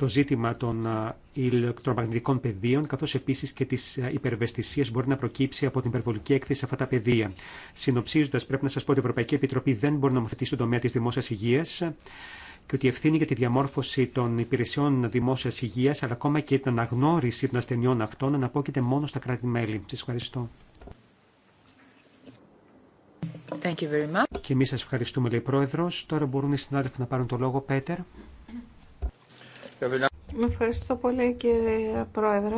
το ζήτημα των ηλεκτρομαγνητικών πεδίων, καθώ επίση και τι υπερβεστησίε μπορεί να προκύψει από την υπερβολική έκθεση σε αυτά τα πεδία. Συνοψίζοντα, πρέπει να σα πω ότι η Ευρωπαϊκή Επιτροπή δεν μπορεί να νομοθετήσει στον τομέα τη δημόσια υγεία και ότι η ευθύνη για τη διαμόρφωση των υπηρεσιών δημόσια υγεία, αλλά ακόμα και την αναγνώριση των ασθενειών αυτών, αναπόκειται μόνο στα κράτη-μέλη. Σα ευχαριστώ. Thank you very much. Και εμεί σα ευχαριστούμε, λέει Πρόεδρο. Τώρα μπορούν οι συνάδελφοι να πάρουν το λόγο, Πέτερ ευχαριστώ πολύ κύριε Πρόεδρε.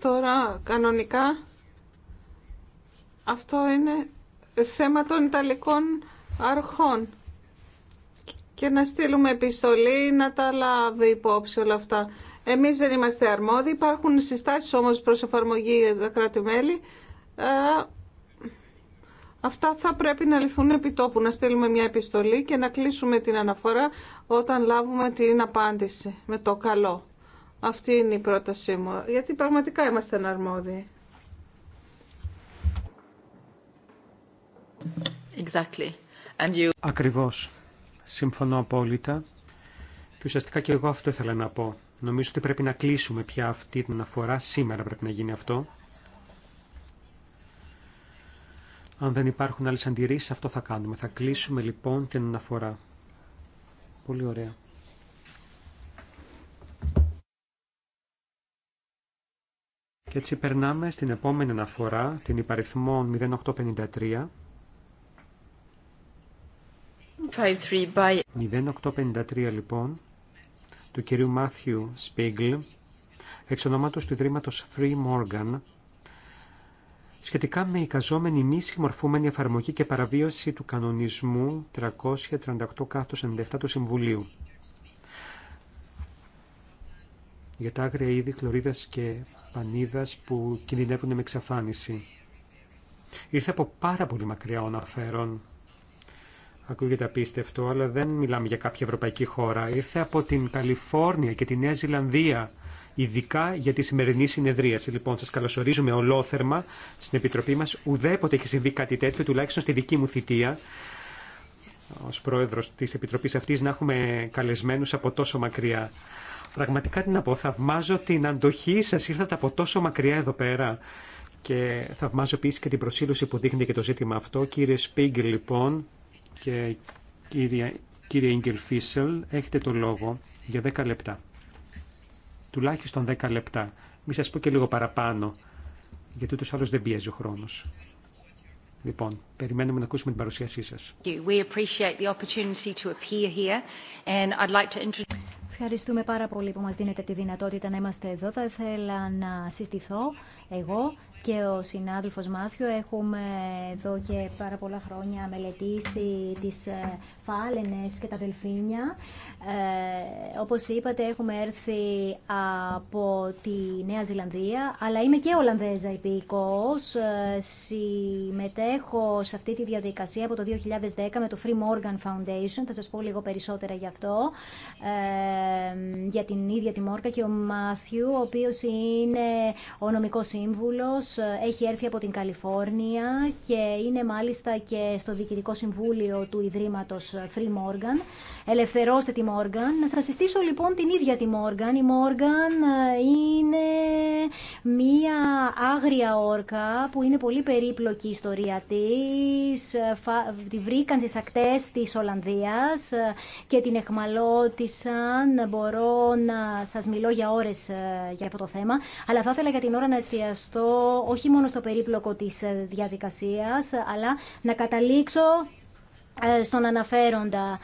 Τώρα κανονικά αυτό είναι θέμα των Ιταλικών αρχών και να στείλουμε επιστολή να τα λάβει υπόψη όλα αυτά. Εμείς δεν είμαστε αρμόδιοι, υπάρχουν συστάσεις όμως προς εφαρμογή τα κράτη-μέλη Αυτά θα πρέπει να λυθούν επί τόπου, να στείλουμε μια επιστολή και να κλείσουμε την αναφορά όταν λάβουμε την απάντηση με το καλό. Αυτή είναι η πρότασή μου, γιατί πραγματικά είμαστε αναρμόδιοι. Exactly. Ακριβώς. Συμφωνώ απόλυτα. Και ουσιαστικά και εγώ αυτό ήθελα να πω. Νομίζω ότι πρέπει να κλείσουμε πια αυτή την αναφορά. Σήμερα πρέπει να γίνει αυτό. Αν δεν υπάρχουν άλλες αντιρρήσεις, αυτό θα κάνουμε. Θα κλείσουμε λοιπόν την αναφορά. Πολύ ωραία. Και έτσι περνάμε στην επόμενη αναφορά, την υπαριθμό 0853. 0853 λοιπόν, του κυρίου Μάθιου Σπίγκλ, εξ ονόματος του Ιδρύματος Free Morgan, σχετικά με εικαζόμενη μη συμμορφούμενη εφαρμογή και παραβίωση του κανονισμού 338-97 του Συμβουλίου. για τα άγρια είδη χλωρίδας και πανίδας που κινδυνεύουν με εξαφάνιση. Ήρθε από πάρα πολύ μακριά ο αναφέρον. Ακούγεται απίστευτο, αλλά δεν μιλάμε για κάποια ευρωπαϊκή χώρα. Ήρθε από την Καλιφόρνια και τη Νέα Ζηλανδία ειδικά για τη σημερινή συνεδρίαση. Λοιπόν, σα καλωσορίζουμε ολόθερμα στην Επιτροπή μα. Ουδέποτε έχει συμβεί κάτι τέτοιο, τουλάχιστον στη δική μου θητεία, ω πρόεδρο τη Επιτροπή αυτή, να έχουμε καλεσμένου από τόσο μακριά. Πραγματικά τι να πω, θαυμάζω την αντοχή σα. Ήρθατε από τόσο μακριά εδώ πέρα. Και θαυμάζω επίση και την προσήλωση που δείχνει και το ζήτημα αυτό. Κύριε Σπίγκελ, λοιπόν, και κύριε, κύριε Φίσελ, έχετε το λόγο για 10 λεπτά τουλάχιστον 10 λεπτά. Μην σας πω και λίγο παραπάνω, γιατί ούτως άλλως δεν πιέζει ο χρόνος. Λοιπόν, περιμένουμε να ακούσουμε την παρουσίασή σας. Ευχαριστούμε πάρα πολύ που μας δίνετε τη δυνατότητα να είμαστε εδώ. Θα ήθελα να συστηθώ εγώ και ο συνάδελφος Μάθιο έχουμε εδώ και πάρα πολλά χρόνια μελετήσει τις ε, φάλαινες και τα δελφίνια. Ε, όπως είπατε έχουμε έρθει από τη Νέα Ζηλανδία, αλλά είμαι και Ολλανδέζα υπηκός. Ε, συμμετέχω σε αυτή τη διαδικασία από το 2010 με το Free Morgan Foundation. Θα σας πω λίγο περισσότερα γι' αυτό, ε, για την ίδια τη Μόρκα και ο Μάθιου, ο οποίος είναι ο νομικός σύμβουλος ε, έχει έρθει από την Καλιφόρνια και είναι μάλιστα και στο Διοικητικό Συμβούλιο του Ιδρύματος ε, Free Morgan ελευθερώστε τη Μόργαν. Να σας συστήσω λοιπόν την ίδια τη Μόργαν. Η Μόργαν ε, είναι μία άγρια όρκα που είναι πολύ περίπλοκη η ιστορία της. Ε, τη βρήκαν στις ακτές της Ολλανδίας ε, και την εχμαλώτησαν. Μπορώ να σας μιλώ για ώρες για αυτό το θέμα. Αλλά θα ήθελα για την ώρα να εστιαστώ όχι μόνο στο περίπλοκο της διαδικασίας, αλλά να καταλήξω στον αναφέροντα.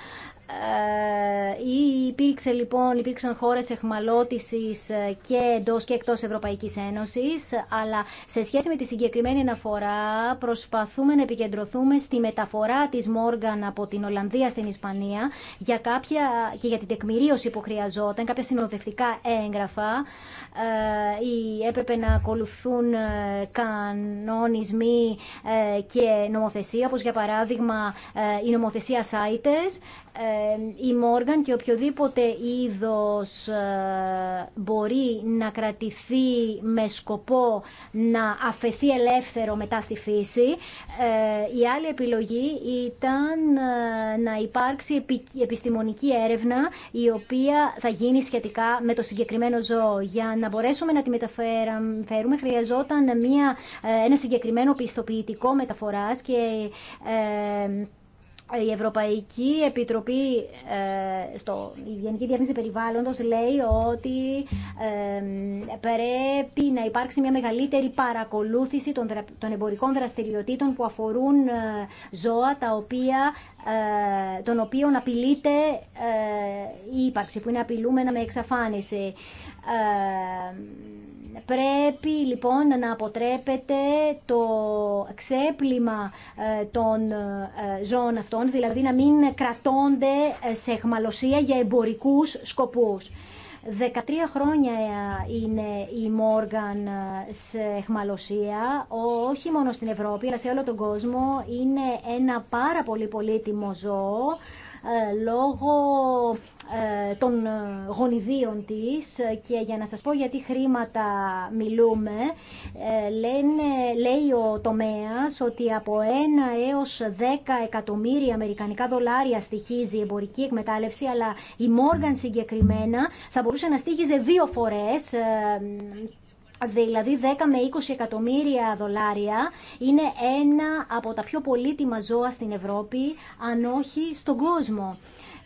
Ε, ή λοιπόν, υπήρξαν χώρες εχμαλώτησης ε, και εντός και εκτός Ευρωπαϊκής Ένωσης, αλλά σε σχέση με τη συγκεκριμένη αναφορά προσπαθούμε να επικεντρωθούμε στη μεταφορά της Μόργαν από την Ολλανδία στην Ισπανία για κάποια, και για την τεκμηρίωση που χρειαζόταν, κάποια συνοδευτικά έγγραφα ή ε, έπρεπε να ακολουθούν κανονισμοί και νομοθεσία, όπως για παράδειγμα η νομοθεσία σάιτες, η Μόργαν και οποιοδήποτε είδος ε, μπορεί να κρατηθεί με σκοπό να αφαιθεί ελεύθερο μετά στη φύση. Ε, η άλλη επιλογή ήταν ε, να υπάρξει επιστημονική έρευνα η οποία θα γίνει σχετικά με το συγκεκριμένο ζώο. Για να μπορέσουμε να τη μεταφέρουμε χρειαζόταν μια, ένα συγκεκριμένο πιστοποιητικό μεταφοράς και η Ευρωπαϊκή Επιτροπή ε, στο η Γενική Διεύθυνση Περιβάλλοντος λέει ότι πρέπει να υπάρξει μια μεγαλύτερη παρακολούθηση των, των εμπορικών δραστηριοτήτων που αφορούν ε, ζώα τα οποία, ε, των οποίων απειλείται ε, η ύπαρξη, που είναι απειλούμενα με εξαφάνιση. Ε, Πρέπει λοιπόν να αποτρέπεται το ξέπλυμα ε, των ε, ζώων αυτών, δηλαδή να μην κρατώνται ε, σε εχμαλωσία για εμπορικούς σκοπούς. 13 χρόνια είναι η Μόργαν σε εχμαλωσία, όχι μόνο στην Ευρώπη αλλά σε όλο τον κόσμο. Είναι ένα πάρα πολύ πολύτιμο ζώο ε, λόγω ε, των ε, γονιδίων της και για να σας πω γιατί χρήματα μιλούμε λένε, λέει ο τομέας ότι από 1 έως 10 εκατομμύρια αμερικανικά δολάρια στοιχίζει η εμπορική εκμετάλλευση αλλά η Μόργαν συγκεκριμένα θα μπορούσε να στοιχίζει δύο φορές Δηλαδή 10 με 20 εκατομμύρια δολάρια είναι ένα από τα πιο πολύτιμα ζώα στην Ευρώπη, αν όχι στον κόσμο.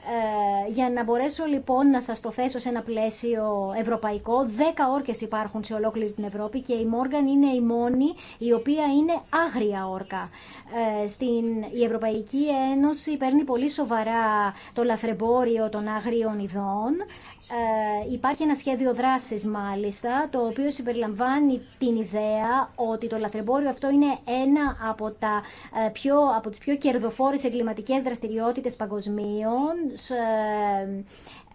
Ε, για να μπορέσω λοιπόν να σας το θέσω σε ένα πλαίσιο ευρωπαϊκό, 10 όρκες υπάρχουν σε ολόκληρη την Ευρώπη και η Μόργαν είναι η μόνη η οποία είναι άγρια όρκα. Ε, στην, η Ευρωπαϊκή Ένωση παίρνει πολύ σοβαρά το λαθρεμπόριο των άγριων ειδών. Ε, υπάρχει ένα σχέδιο δράσης μάλιστα, το οποίο συμπεριλαμβάνει την ιδέα ότι το λαθρεμπόριο αυτό είναι ένα από, τα, ε, πιο, από τις πιο κερδοφόρες εγκληματικές δραστηριότητες παγκοσμίων.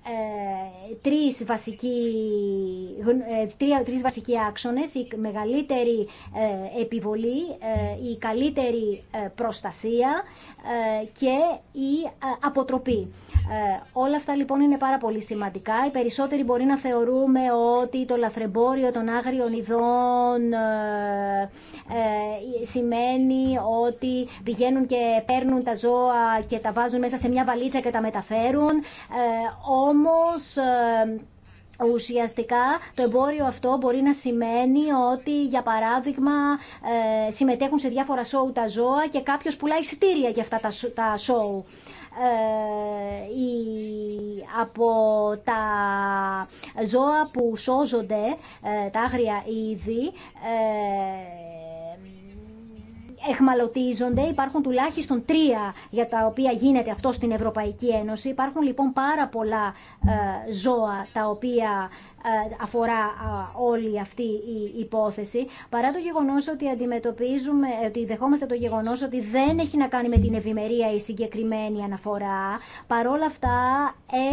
Ε, τρεις βασικοί, τρία, τρεις βασικοί άξονες, η μεγαλύτερη επιβολή, η καλύτερη προστασία ε, και η ε, αποτροπή. Ε, όλα αυτά λοιπόν είναι πάρα πολύ σημαντικά. Οι περισσότεροι μπορεί να θεωρούμε ότι το λαθρεμπόριο των άγριων ειδών σημαίνει ότι πηγαίνουν και παίρνουν τα ζώα και τα βάζουν μέσα σε μια βαλίτσα και τα μεταφέρουν. Όμως Ουσιαστικά το εμπόριο αυτό μπορεί να σημαίνει ότι για παράδειγμα ε, συμμετέχουν σε διάφορα σόου τα ζώα και κάποιος πουλάει εισιτήρια για αυτά τα σόου. Ε, από τα ζώα που σώζονται, ε, τα άγρια είδη, ε, εχμαλωτίζονται. Υπάρχουν τουλάχιστον τρία για τα οποία γίνεται αυτό στην Ευρωπαϊκή Ένωση. Υπάρχουν λοιπόν πάρα πολλά ε, ζώα τα οποία ε, αφορά όλη αυτή η υπόθεση, παρά το γεγονό ότι αντιμετωπίζουμε, ότι δεχόμαστε το γεγονό ότι δεν έχει να κάνει με την ευημερία η συγκεκριμένη αναφορά, παρόλα αυτά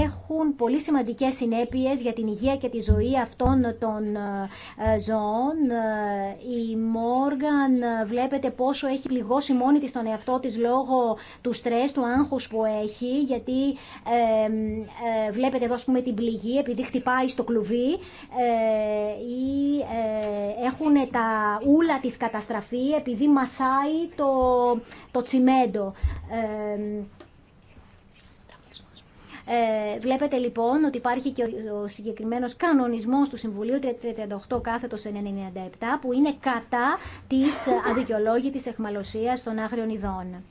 έχουν πολύ σημαντικέ συνέπειε για την υγεία και τη ζωή αυτών των ε, ζώων. Ε, η Μόργαν βλέπετε πόσο έχει πληγώσει μόνη της τον εαυτό τη λόγω του στρε, του άγχου που έχει, γιατί βλέπετε εδώ πούμε την πληγή επειδή χτυπάει στο κλουβί ή ε, ε, έχουν τα ούλα της καταστραφή επειδή μασάει το, το τσιμέντο. Ε, βλέπετε λοιπόν ότι υπάρχει και ο συγκεκριμένος κανονισμός του Συμβουλίου 338 κάθετο 97 που είναι κατά τη αδικαιολόγητης εχμαλωσίας των άγριων ειδών.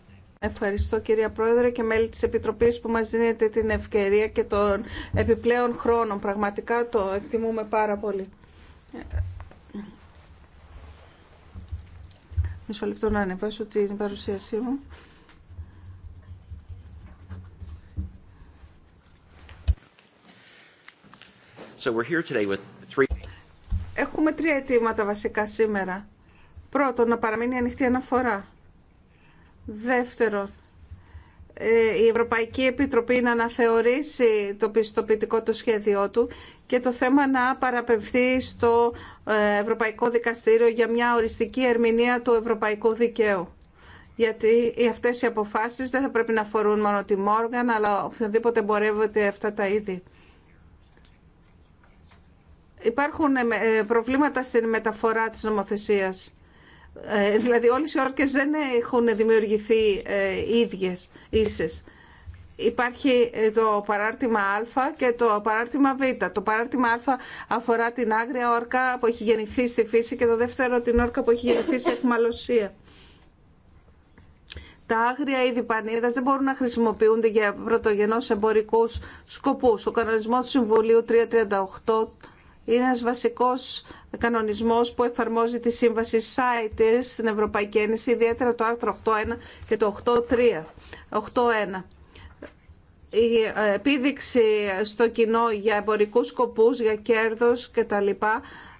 Ευχαριστώ κυρία Πρόεδρε και μέλη της Επιτροπής που μας δίνετε την ευκαιρία και τον επιπλέον χρόνο. Πραγματικά το εκτιμούμε πάρα πολύ. Μισό λεπτό να ανεβάσω την παρουσίασή μου. So we're here today with three... Έχουμε τρία αιτήματα βασικά σήμερα. Πρώτον, να παραμείνει ανοιχτή αναφορά. Δεύτερον, ε, η Ευρωπαϊκή Επιτροπή να αναθεωρήσει το πιστοποιητικό του σχέδιό του και το θέμα να παραπευθεί στο ε, Ευρωπαϊκό Δικαστήριο για μια οριστική ερμηνεία του ευρωπαϊκού δικαίου. Γιατί αυτές οι αποφάσεις δεν θα πρέπει να αφορούν μόνο τη Μόργαν, αλλά οποιοδήποτε εμπορεύεται αυτά τα είδη. Υπάρχουν ε, προβλήματα στην μεταφορά της νομοθεσίας ε, δηλαδή όλες οι όρκες δεν έχουν δημιουργηθεί ε, ίδιες, ίσες. Υπάρχει ε, το παράρτημα Α και το παράρτημα Β. Το παράρτημα Α αφορά την άγρια όρκα που έχει γεννηθεί στη φύση και το δεύτερο την όρκα που έχει γεννηθεί σε εχμαλωσία. Τα άγρια είδη πανίδα δεν μπορούν να χρησιμοποιούνται για πρωτογενώ εμπορικού σκοπού. Ο κανονισμό του Συμβουλίου 338 είναι ένας βασικός κανονισμός που εφαρμόζει τη σύμβαση CITES στην Ευρωπαϊκή Ένωση, ιδιαίτερα το άρθρο 8.1 και το 8.3. 8.1. Η ε, επίδειξη στο κοινό για εμπορικούς σκοπούς, για κέρδος κτλ ε,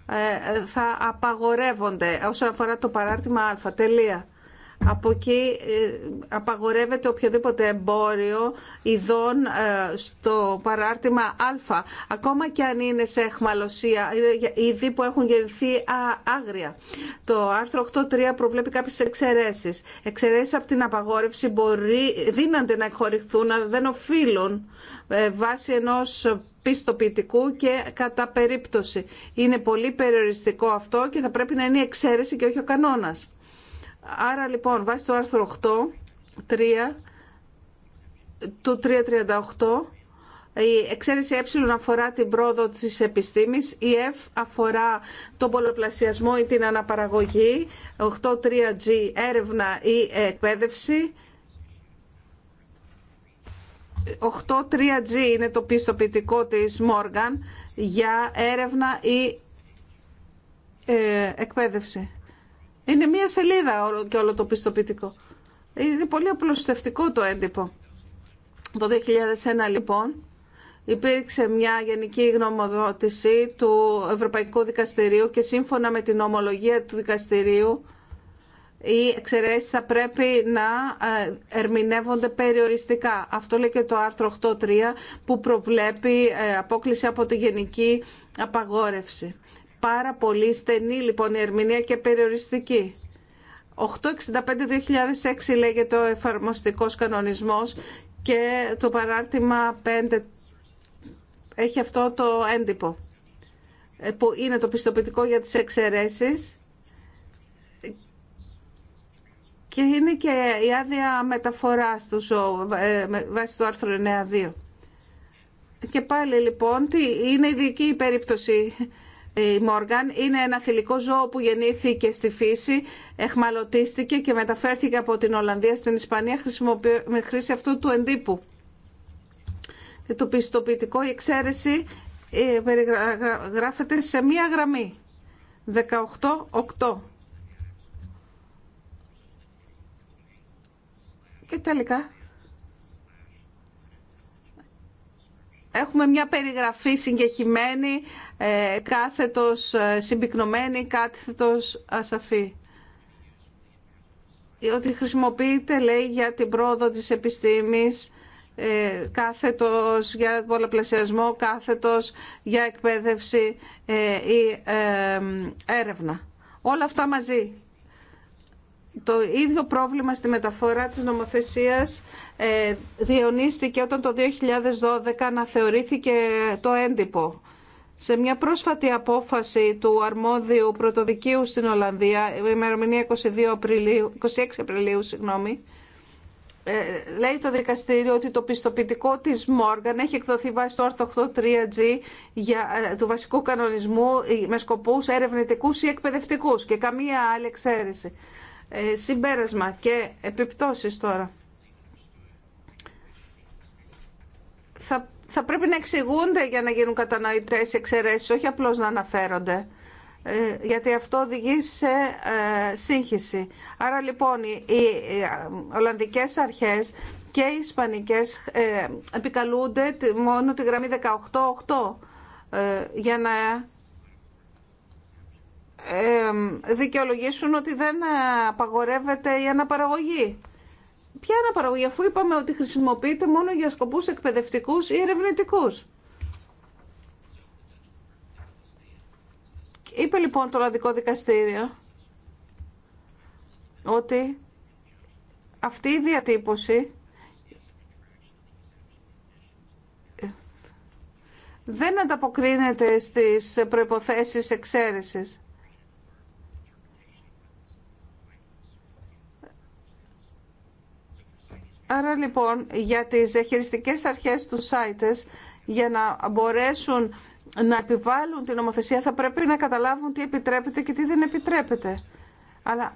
ε, θα απαγορεύονται όσον αφορά το παράρτημα α. Τελεία. Από εκεί ε, απαγορεύεται οποιοδήποτε εμπόριο ειδών ε, στο παράρτημα Α, ακόμα και αν είναι σε εχμαλωσία, είδη που έχουν γεννηθεί άγρια. Το άρθρο 8.3 προβλέπει κάποιες εξαιρέσει. Εξαιρέσει από την απαγόρευση μπορεί, δύνανται να εκχωρηθούν, δεν οφείλουν ε, βάσει ενό πιστοποιητικού και κατά περίπτωση. Είναι πολύ περιοριστικό αυτό και θα πρέπει να είναι η εξαίρεση και όχι ο κανόνας. Άρα λοιπόν βάσει το άρθρο 8, του 338, η εξαίρεση ε αφορά την πρόοδο της επιστήμης, η F ε αφορά τον πολλοπλασιασμό ή την αναπαραγωγή, 8.3G έρευνα ή εκπαίδευση, 8.3G είναι το πιστοποιητικό της Morgan για έρευνα ή ε, εκπαίδευση. Είναι μία σελίδα όλο και όλο το πιστοποιητικό. Είναι πολύ απλωστευτικό το έντυπο. Το 2001 λοιπόν υπήρξε μια γενική γνωμοδότηση του Ευρωπαϊκού Δικαστηρίου και σύμφωνα με την ομολογία του δικαστηρίου οι εξαιρέσεις θα πρέπει να ε, ερμηνεύονται περιοριστικά. Αυτό λέει και το άρθρο 8.3 που προβλέπει ε, απόκληση από τη γενική απαγόρευση πάρα πολύ στενή λοιπόν η ερμηνεία και περιοριστική. 865-2006 λέγεται ο εφαρμοστικός κανονισμός και το παράρτημα 5 έχει αυτό το έντυπο ε, που είναι το πιστοποιητικό για τις εξαιρέσεις και είναι και η άδεια μεταφορά του ε, βάσει του άρθρου 9.2. Και πάλι λοιπόν, τι είναι ειδική η περίπτωση η Μόργαν είναι ένα θηλυκό ζώο που γεννήθηκε στη φύση, εχμαλωτίστηκε και μεταφέρθηκε από την Ολλανδία στην Ισπανία με χρήση αυτού του εντύπου. Και το πιστοποιητικό, η εξαίρεση ε, περιγράφεται σε μία γραμμή. 18-8. Και τελικά έχουμε μια περιγραφή συγκεχημένη, ε, κάθετος ε, συμπυκνωμένη, κάθετος ασαφή. Ότι χρησιμοποιείται, λέει, για την πρόοδο της επιστήμης, ε, κάθετος για πολλαπλασιασμό, κάθετος για εκπαίδευση ή έρευνα. Όλα αυτά μαζί το ίδιο πρόβλημα στη μεταφορά της νομοθεσίας ε, διαιωνίστηκε όταν το 2012 αναθεωρήθηκε το έντυπο. Σε μια πρόσφατη απόφαση του αρμόδιου πρωτοδικίου στην Ολλανδία, η ημερομηνία 22 Απριλίου, 26 Απριλίου, ε, λέει το δικαστήριο ότι το πιστοποιητικό της Μόργαν έχει εκδοθεί βάσει το άρθρο 8.3G ε, του βασικού κανονισμού ε, με σκοπούς ερευνητικούς ή εκπαιδευτικούς και καμία άλλη εξαίρεση. Ε, συμπέρασμα και επιπτώσεις τώρα. Θα, θα πρέπει να εξηγούνται για να γίνουν κατανοητές εξαιρέσεις, όχι απλώς να αναφέρονται. Ε, γιατί αυτό οδηγεί σε ε, σύγχυση. Άρα λοιπόν οι, Ολλανδικές αρχές και οι Ισπανικές επικαλούνται μόνο τη γραμμή 18-8 για να δικαιολογήσουν ότι δεν απαγορεύεται η αναπαραγωγή. Ποια αναπαραγωγή, αφού είπαμε ότι χρησιμοποιείται μόνο για σκοπούς εκπαιδευτικούς ή ερευνητικούς. Είπε λοιπόν το Ραδικό Δικαστήριο ότι αυτή η διατύπωση δεν ανταποκρίνεται στις προϋποθέσεις εξαίρεσης. Άρα λοιπόν για τις χειριστικές αρχές του σάιτες, για να μπορέσουν να επιβάλλουν την νομοθεσία θα πρέπει να καταλάβουν τι επιτρέπεται και τι δεν επιτρέπεται. Αλλά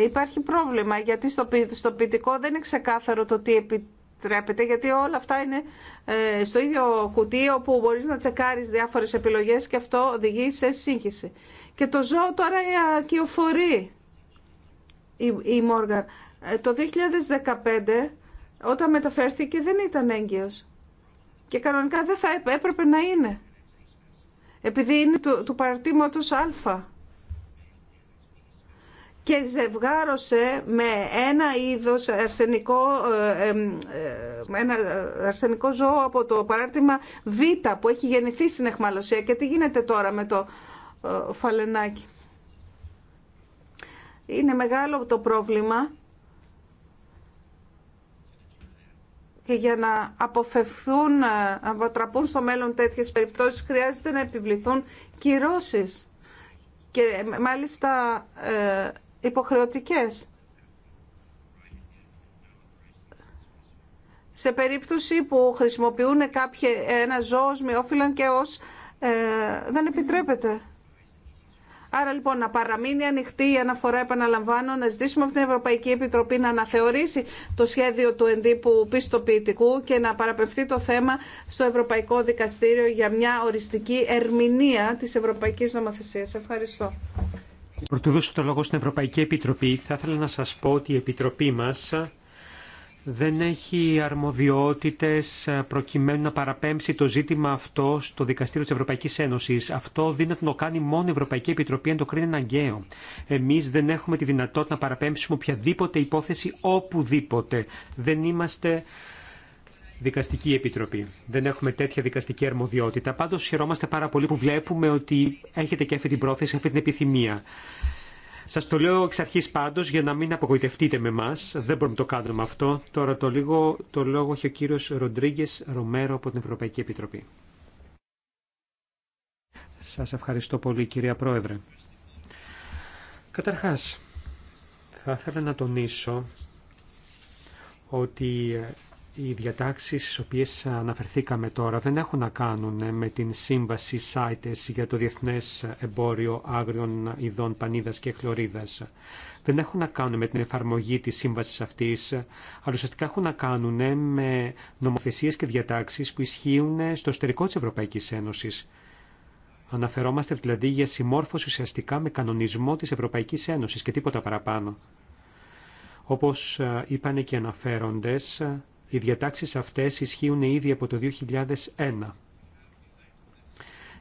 ε, υπάρχει πρόβλημα γιατί στο ποιητικό δεν είναι ξεκάθαρο το τι επιτρέπεται γιατί όλα αυτά είναι ε, στο ίδιο κουτί όπου μπορείς να τσεκάρεις διάφορες επιλογές και αυτό οδηγεί σε σύγχυση. Και το ζώο τώρα ακιοφορεί, η Μόργαν. Ε, το 2015 όταν μεταφέρθηκε δεν ήταν έγκυος. Και κανονικά δεν θα έπρεπε να είναι. Επειδή είναι του, του παρατήματος Α. Και ζευγάρωσε με ένα είδος αρσενικό, ε, ε, ε, ένα αρσενικό ζώο από το παράρτημα Β που έχει γεννηθεί στην εχμαλωσία. Και τι γίνεται τώρα με το φαλενάκι. Είναι μεγάλο το πρόβλημα και για να αποφευθούν, ε, να αποτραπούν στο μέλλον τέτοιες περιπτώσεις χρειάζεται να επιβληθούν κυρώσεις και μάλιστα ε, υποχρεωτικές. Σε περίπτωση που χρησιμοποιούν κάποιοι ένα ζώο με και ως ε, δεν επιτρέπεται. Άρα λοιπόν να παραμείνει ανοιχτή η αναφορά, επαναλαμβάνω, να ζητήσουμε από την Ευρωπαϊκή Επιτροπή να αναθεωρήσει το σχέδιο του εντύπου πιστοποιητικού και να παραπευθεί το θέμα στο Ευρωπαϊκό Δικαστήριο για μια οριστική ερμηνεία της Ευρωπαϊκής Νομοθεσίας. Ευχαριστώ. Πρωτού δώσω το λόγο στην Ευρωπαϊκή Επιτροπή, θα ήθελα να σας πω ότι η Επιτροπή μας δεν έχει αρμοδιότητες ε, προκειμένου να παραπέμψει το ζήτημα αυτό στο Δικαστήριο της Ευρωπαϊκής Ένωσης. Αυτό δύνατο να το κάνει μόνο η Ευρωπαϊκή Επιτροπή αν το κρίνει αναγκαίο. Εμείς δεν έχουμε τη δυνατότητα να παραπέμψουμε οποιαδήποτε υπόθεση οπουδήποτε. Δεν είμαστε δικαστική επιτροπή. Δεν έχουμε τέτοια δικαστική αρμοδιότητα. Πάντως χαιρόμαστε πάρα πολύ που βλέπουμε ότι έχετε και αυτή την πρόθεση, αυτή την επιθυμία. Σα το λέω εξ αρχή πάντω για να μην απογοητευτείτε με εμά. Δεν μπορούμε να το κάνουμε αυτό. Τώρα το, λίγο, το λόγο έχει ο κύριο Ροντρίγκε Ρομέρο από την Ευρωπαϊκή Επιτροπή. Σα ευχαριστώ πολύ, κυρία Πρόεδρε. Καταρχά, θα ήθελα να τονίσω ότι οι διατάξεις στις οποίες αναφερθήκαμε τώρα δεν έχουν να κάνουν με την σύμβαση ΣΑΙΤΕΣ για το Διεθνές Εμπόριο Άγριων Ειδών Πανίδας και Χλωρίδας. Δεν έχουν να κάνουν με την εφαρμογή της σύμβασης αυτής, αλλά ουσιαστικά έχουν να κάνουν με νομοθεσίες και διατάξεις που ισχύουν στο εσωτερικό της Ευρωπαϊκής Ένωσης. Αναφερόμαστε δηλαδή για συμμόρφωση ουσιαστικά με κανονισμό της Ευρωπαϊκής Ένωσης και τίποτα παραπάνω. Όπως ε, είπαν και αναφέροντες, οι διατάξεις αυτές ισχύουν ήδη από το 2001.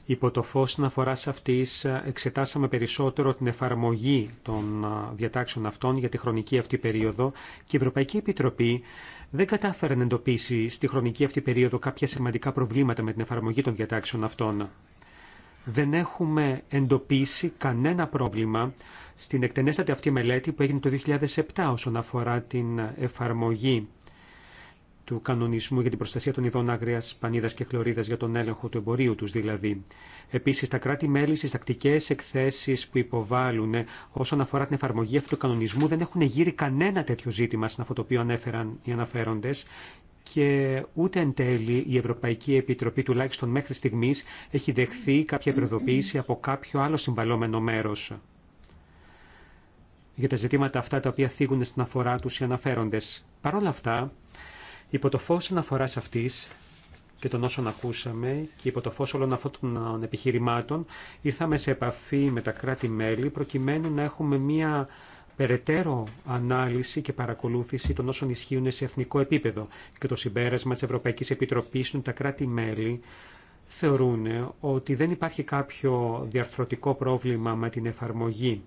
Υπό το φως αφορά σε αυτής εξετάσαμε περισσότερο την εφαρμογή των διατάξεων αυτών για τη χρονική αυτή περίοδο και η Ευρωπαϊκή Επιτροπή δεν κατάφερε να εντοπίσει στη χρονική αυτή περίοδο κάποια σημαντικά προβλήματα με την εφαρμογή των διατάξεων αυτών. Δεν έχουμε εντοπίσει κανένα πρόβλημα στην εκτενέστατη αυτή μελέτη που έγινε το 2007 όσον αφορά την εφαρμογή του κανονισμού για την προστασία των ειδών άγρια πανίδα και χλωρίδα για τον έλεγχο του εμπορίου του δηλαδή. Επίση, τα κράτη-μέλη στι τακτικέ εκθέσει που υποβάλλουν ε, όσον αφορά την εφαρμογή αυτού του κανονισμού δεν έχουν γύρει κανένα τέτοιο ζήτημα στην αυτό το οποίο ανέφεραν οι αναφέροντε και ούτε εν τέλει η Ευρωπαϊκή Επιτροπή, τουλάχιστον μέχρι στιγμή, έχει δεχθεί κάποια υπερδοποίηση από κάποιο άλλο συμβαλόμενο μέρο. Για τα ζητήματα αυτά τα οποία θίγουν στην αφορά του οι αναφέροντε. Παρ' αυτά, Υπό το φως αναφοράς αυτής και των όσων ακούσαμε και υπό το φως όλων αυτών των επιχειρημάτων ήρθαμε σε επαφή με τα κράτη-μέλη προκειμένου να έχουμε μία περαιτέρω ανάλυση και παρακολούθηση των όσων ισχύουν σε εθνικό επίπεδο και το συμπέρασμα της Ευρωπαϊκής Επιτροπής είναι τα κράτη-μέλη θεωρούν ότι δεν υπάρχει κάποιο διαρθρωτικό πρόβλημα με την εφαρμογή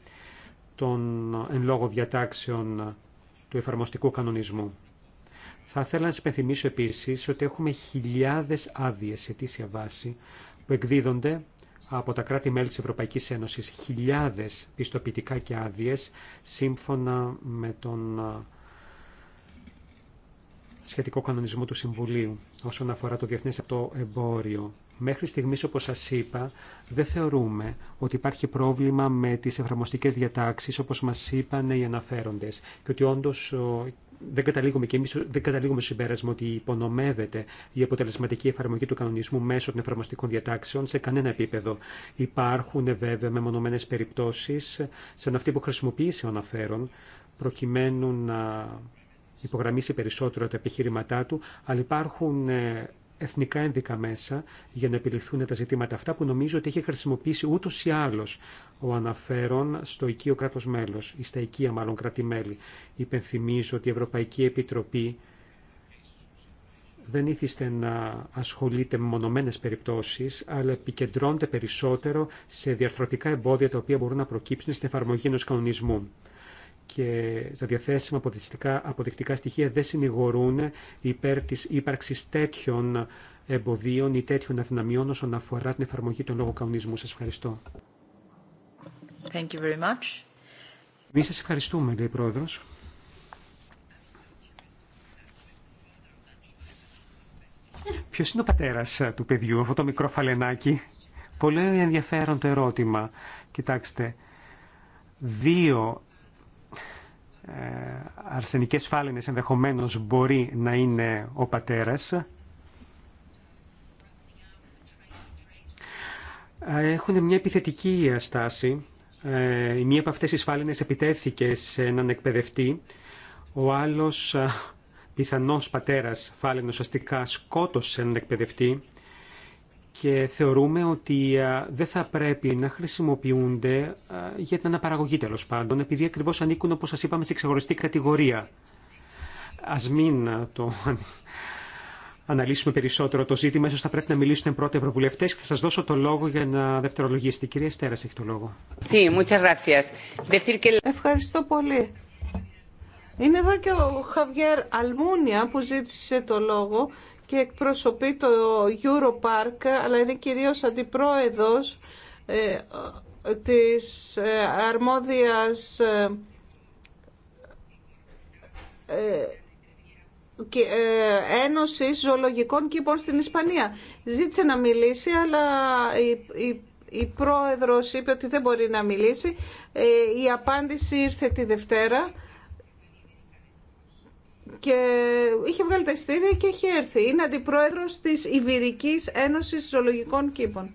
των εν λόγω διατάξεων του εφαρμοστικού κανονισμού. Θα ήθελα να σα υπενθυμίσω επίση ότι έχουμε χιλιάδε άδειε σε αιτήσια βάση που εκδίδονται από τα κράτη-μέλη της Ευρωπαϊκής Ένωσης χιλιάδες πιστοποιητικά και άδειε σύμφωνα με τον σχετικό κανονισμό του Συμβουλίου όσον αφορά το διεθνές αυτό εμπόριο. Μέχρι στιγμής, όπως σας είπα, δεν θεωρούμε ότι υπάρχει πρόβλημα με τις εφαρμοστικές διατάξεις, όπως μας είπαν οι αναφέροντες, και ότι όντως δεν καταλήγουμε και εμείς, δεν καταλήγουμε στο συμπέρασμα ότι υπονομεύεται η αποτελεσματική εφαρμογή του κανονισμού μέσω των εφαρμοστικών διατάξεων σε κανένα επίπεδο. Υπάρχουν βέβαια μεμονωμένε περιπτώσει σαν αυτή που χρησιμοποιήσει ο αναφέρον, προκειμένου να υπογραμμίσει περισσότερο τα επιχείρηματά του, αλλά υπάρχουν ε, εθνικά ένδικα μέσα για να επιληθούν τα ζητήματα αυτά που νομίζω ότι έχει χρησιμοποιήσει ούτω ή άλλω ο αναφέρον στο οικείο κράτο μέλο ή στα οικεία μάλλον κράτη-μέλη. Υπενθυμίζω ότι η αλλω ο αναφερον στο οικειο κρατο μελος η στα Επιτροπή δεν ήθιστε να ασχολείται με μονομένες περιπτώσεις, αλλά επικεντρώνεται περισσότερο σε διαρθρωτικά εμπόδια τα οποία μπορούν να προκύψουν στην εφαρμογή ενός κανονισμού και τα διαθέσιμα αποδεικτικά στοιχεία δεν συνηγορούν υπέρ της ύπαρξης τέτοιων εμποδίων ή τέτοιων αδυναμιών όσον αφορά την εφαρμογή των λόγων καονισμού. Σας ευχαριστώ. Thank you Εμείς σας ευχαριστούμε, λέει Πρόεδρος. Ποιο είναι ο πατέρα του παιδιού, αυτό το μικρό φαλενάκι. Πολύ ενδιαφέρον το ερώτημα. Κοιτάξτε, δύο ε, αρσενικές φάλαινες ενδεχομένως μπορεί να είναι ο πατέρας. Ε, έχουν μια επιθετική στάση. Ε, η μία από αυτές τις φάλαινες επιτέθηκε σε έναν εκπαιδευτή. Ο άλλος πιθανός πατέρας φάλαινος αστικά σκότωσε έναν εκπαιδευτή και θεωρούμε ότι δεν θα πρέπει να χρησιμοποιούνται για την αναπαραγωγή τέλο πάντων, επειδή ακριβώ ανήκουν, όπω σα είπαμε, σε ξεχωριστή κατηγορία. Α μην το αναλύσουμε περισσότερο το ζήτημα. Ίσως θα πρέπει να μιλήσουν πρώτα ευρωβουλευτέ και θα σα δώσω το λόγο για να δευτερολογήσετε. Η κυρία Στέρα έχει το λόγο. Ευχαριστώ πολύ. Είναι εδώ και ο Χαβιέρ Αλμούνια που ζήτησε το λόγο και εκπροσωπεί το Europark, αλλά είναι κυρίως αντιπρόεδρος ε, της ε, αρμόδιας ε, και, ε, Ένωση Ζωολογικών Κήπων στην Ισπανία. Ζήτησε να μιλήσει, αλλά η, η, πρόεδρος είπε ότι δεν μπορεί να μιλήσει. η απάντηση ήρθε τη Δευτέρα και είχε βγάλει τα ειστήρια και έχει έρθει. Είναι αντιπρόεδρο της Ιβυρική Ένωσης Ζωολογικών Κήπων.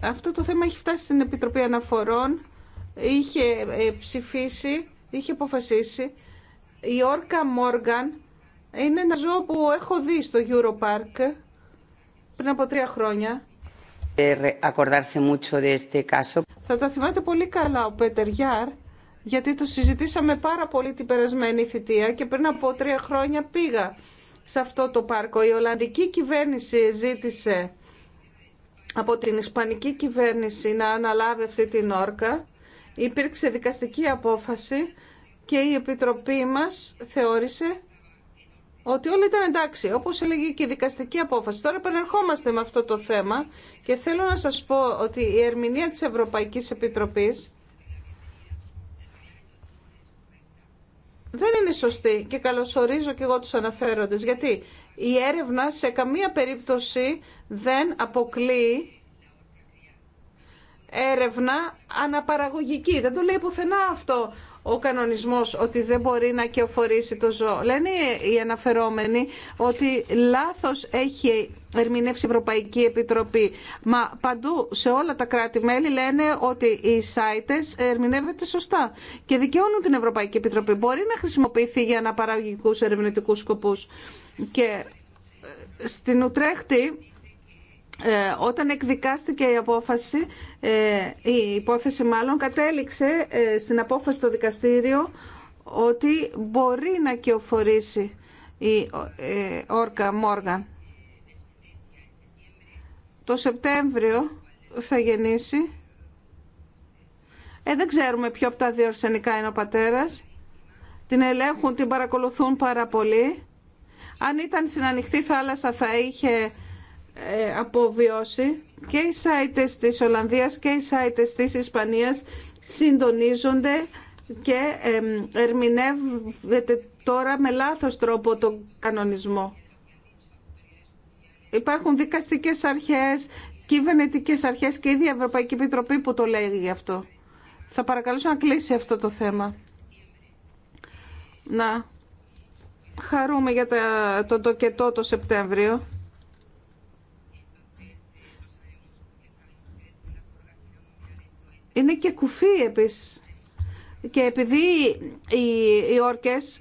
Αυτό το θέμα έχει φτάσει στην Επιτροπή Αναφορών, είχε ε, ψηφίσει, είχε αποφασίσει. Η Όρκα Μόργαν είναι ένα ζώο που έχω δει στο Europark πριν από τρία χρόνια. Ε, Θα τα θυμάται πολύ καλά ο Πέτερ Γιάρ γιατί το συζητήσαμε πάρα πολύ την περασμένη θητεία και πριν από τρία χρόνια πήγα σε αυτό το πάρκο. Η Ολλανδική κυβέρνηση ζήτησε από την Ισπανική κυβέρνηση να αναλάβει αυτή την όρκα. Υπήρξε δικαστική απόφαση και η Επιτροπή μας θεώρησε ότι όλα ήταν εντάξει, όπως έλεγε και η δικαστική απόφαση. Τώρα επανερχόμαστε με αυτό το θέμα και θέλω να σας πω ότι η ερμηνεία της Ευρωπαϊκής Επιτροπής δεν είναι σωστή και καλωσορίζω και εγώ τους αναφέροντες γιατί η έρευνα σε καμία περίπτωση δεν αποκλείει έρευνα αναπαραγωγική. Δεν το λέει πουθενά αυτό ο κανονισμός ότι δεν μπορεί να κεωφορήσει το ζώο. Λένε οι αναφερόμενοι ότι λάθος έχει ερμηνεύσει η Ευρωπαϊκή Επιτροπή. Μα παντού σε όλα τα κράτη-μέλη λένε ότι οι σάιτες ερμηνεύεται σωστά και δικαιώνουν την Ευρωπαϊκή Επιτροπή. Μπορεί να χρησιμοποιηθεί για αναπαραγωγικούς ερευνητικούς σκοπούς. Και ε, στην Ουτρέχτη ε, όταν εκδικάστηκε η απόφαση, ε, η υπόθεση μάλλον, κατέληξε ε, στην απόφαση το δικαστήριο ότι μπορεί να κυοφορήσει η Όρκα Μόργαν. Το Σεπτέμβριο θα γεννήσει. Ε, δεν ξέρουμε ποιο από τα δύο αρσενικά είναι ο πατέρας. Την ελέγχουν, την παρακολουθούν πάρα πολύ. Αν ήταν στην ανοιχτή θάλασσα θα είχε ε, αποβιώσει και οι σάιτες της Ολλανδίας και οι σάιτες της Ισπανίας συντονίζονται και ερμηνεύεται τώρα με λάθος τρόπο τον κανονισμό. Υπάρχουν δικαστικές αρχές, κυβερνητικές αρχές και η ίδια Ευρωπαϊκή Επιτροπή που το λέει γι' αυτό. Θα παρακαλούσα να κλείσει αυτό το θέμα. Να χαρούμε για τον τοκετό το Σεπτέμβριο. Είναι και κουφή επίσης. Και επειδή οι, όρκες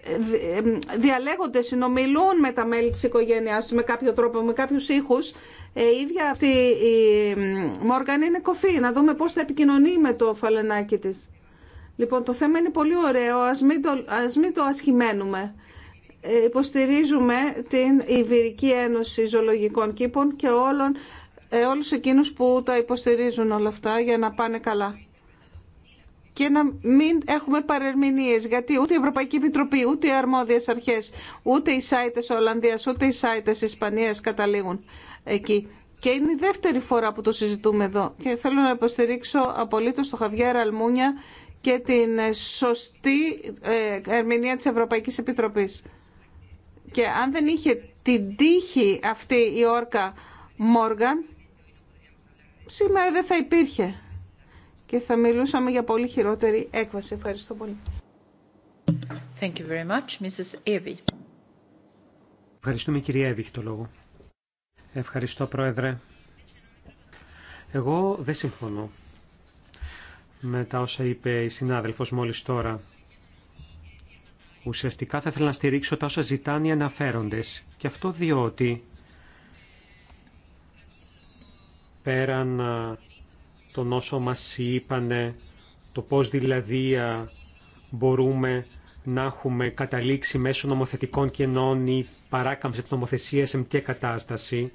διαλέγονται, συνομιλούν με τα μέλη της οικογένειάς τους με κάποιο τρόπο, με κάποιους ήχους, ε, η ίδια αυτή η Μόργαν είναι κοφή. Να δούμε πώς θα επικοινωνεί με το φαλενάκι της. Λοιπόν, το θέμα είναι πολύ ωραίο, ας μην το, ας μην το ασχημένουμε. Ε, υποστηρίζουμε την Ιβηρική Ένωση Ζωολογικών Κήπων και όλων ε, όλους εκείνους που τα υποστηρίζουν όλα αυτά για να πάνε καλά. Και να μην έχουμε παρερμηνίες, γιατί ούτε η Ευρωπαϊκή Επιτροπή, ούτε οι αρμόδιες αρχές, ούτε οι σάιτες Ολλανδίας, ούτε οι σάιτες Ισπανίας καταλήγουν εκεί. Και είναι η δεύτερη φορά που το συζητούμε εδώ. Και θέλω να υποστηρίξω απολύτως τον Χαβιέρα Αλμούνια και την σωστή ε, ερμηνεία της Ευρωπαϊκής Επιτροπής. Και αν δεν είχε την τύχη αυτή η όρκα Μόργαν, σήμερα δεν θα υπήρχε και θα μιλούσαμε για πολύ χειρότερη έκβαση. Ευχαριστώ πολύ. Thank you very much, Mrs. Ευχαριστούμε κυρία Εύη, το λόγο. Ευχαριστώ πρόεδρε. Εγώ δεν συμφωνώ με τα όσα είπε η συνάδελφος μόλις τώρα. Ουσιαστικά θα ήθελα να στηρίξω τα όσα ζητάνε οι αναφέροντες. Και αυτό διότι πέραν των όσων μας είπανε, το πώς δηλαδή μπορούμε να έχουμε καταλήξει μέσω νομοθετικών κενών ή παράκαμψη της νομοθεσίας σε μια κατάσταση.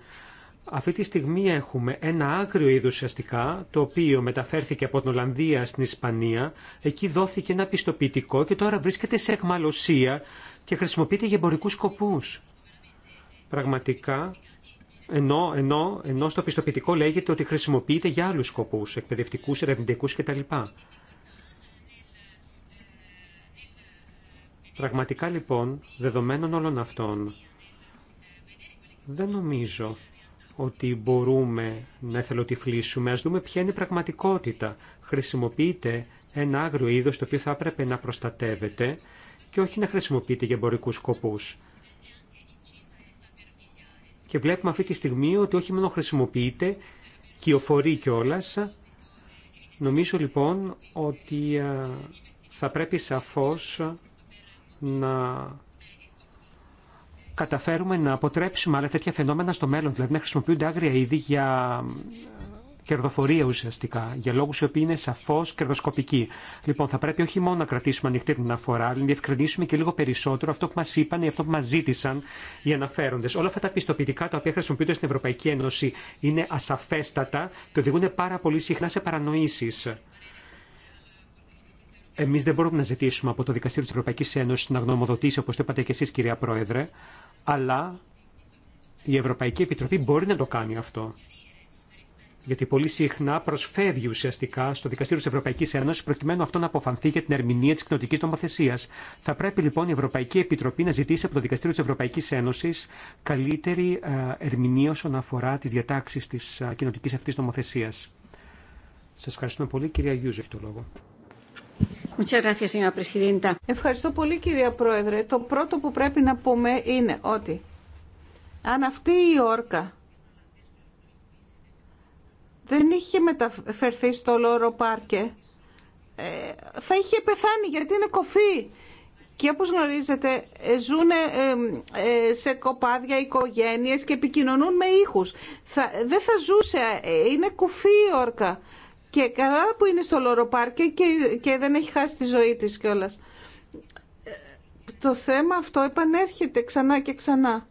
Αυτή τη στιγμή έχουμε ένα άγριο είδος ουσιαστικά, το οποίο μεταφέρθηκε από την Ολλανδία στην Ισπανία. Εκεί δόθηκε ένα πιστοποιητικό και τώρα βρίσκεται σε εκμαλωσία και χρησιμοποιείται για εμπορικούς σκοπούς. Πραγματικά ενώ, ενώ, ενώ στο πιστοποιητικό λέγεται ότι χρησιμοποιείται για άλλους σκοπούς, εκπαιδευτικούς, ερευνητικούς κτλ. Πραγματικά λοιπόν, δεδομένων όλων αυτών, δεν νομίζω ότι μπορούμε να εθελοτυφλήσουμε. Ας δούμε ποια είναι η πραγματικότητα. Χρησιμοποιείται ένα άγριο είδος το οποίο θα έπρεπε να προστατεύεται και όχι να χρησιμοποιείται για εμπορικού σκοπούς και βλέπουμε αυτή τη στιγμή ότι όχι μόνο χρησιμοποιείται, κυοφορεί κιόλα. Νομίζω λοιπόν ότι ε, θα πρέπει σαφώς να καταφέρουμε να αποτρέψουμε άλλα τέτοια φαινόμενα στο μέλλον, δηλαδή να χρησιμοποιούνται άγρια είδη για κερδοφορία ουσιαστικά, για λόγου οι οποίοι είναι σαφώ κερδοσκοπικοί. Λοιπόν, θα πρέπει όχι μόνο να κρατήσουμε ανοιχτή την αναφορά, αλλά να διευκρινίσουμε και λίγο περισσότερο αυτό που μα είπαν ή αυτό που μα ζήτησαν οι αναφέροντε. Όλα αυτά τα πιστοποιητικά τα οποία χρησιμοποιούνται στην Ευρωπαϊκή Ένωση είναι ασαφέστατα και οδηγούν πάρα πολύ συχνά σε παρανοήσει. Εμεί δεν μπορούμε να ζητήσουμε από το Δικαστήριο τη Ευρωπαϊκή Ένωση να γνωμοδοτήσει, όπω το είπατε και εσεί, κυρία Πρόεδρε, αλλά η Ευρωπαϊκή Επιτροπή μπορεί να το κάνει αυτό γιατί πολύ συχνά προσφεύγει ουσιαστικά στο Δικαστήριο τη Ευρωπαϊκή Ένωση προκειμένου αυτό να αποφανθεί για την ερμηνεία τη κοινοτική νομοθεσία. Θα πρέπει λοιπόν η Ευρωπαϊκή Επιτροπή να ζητήσει από το Δικαστήριο τη Ευρωπαϊκή Ένωση καλύτερη ε, ερμηνεία όσον αφορά τι διατάξει τη ε, κοινοτική αυτή νομοθεσία. Σα ευχαριστούμε πολύ. Κυρία Γιούζο, έχει το λόγο. Ευχαριστώ πολύ κυρία Πρόεδρε. Το πρώτο που πρέπει να πούμε είναι ότι αν αυτή η όρκα δεν είχε μεταφερθεί στο Λόρο Πάρκε, ε, θα είχε πεθάνει γιατί είναι κοφή. Και όπως γνωρίζετε ε, ζουν ε, σε κοπάδια οικογένειες και επικοινωνούν με ήχους. Θα, δεν θα ζούσε, είναι κουφή η όρκα. Και καλά που είναι στο Λοροπάρκε και, και δεν έχει χάσει τη ζωή της κιόλας. Το θέμα αυτό επανέρχεται ξανά και ξανά.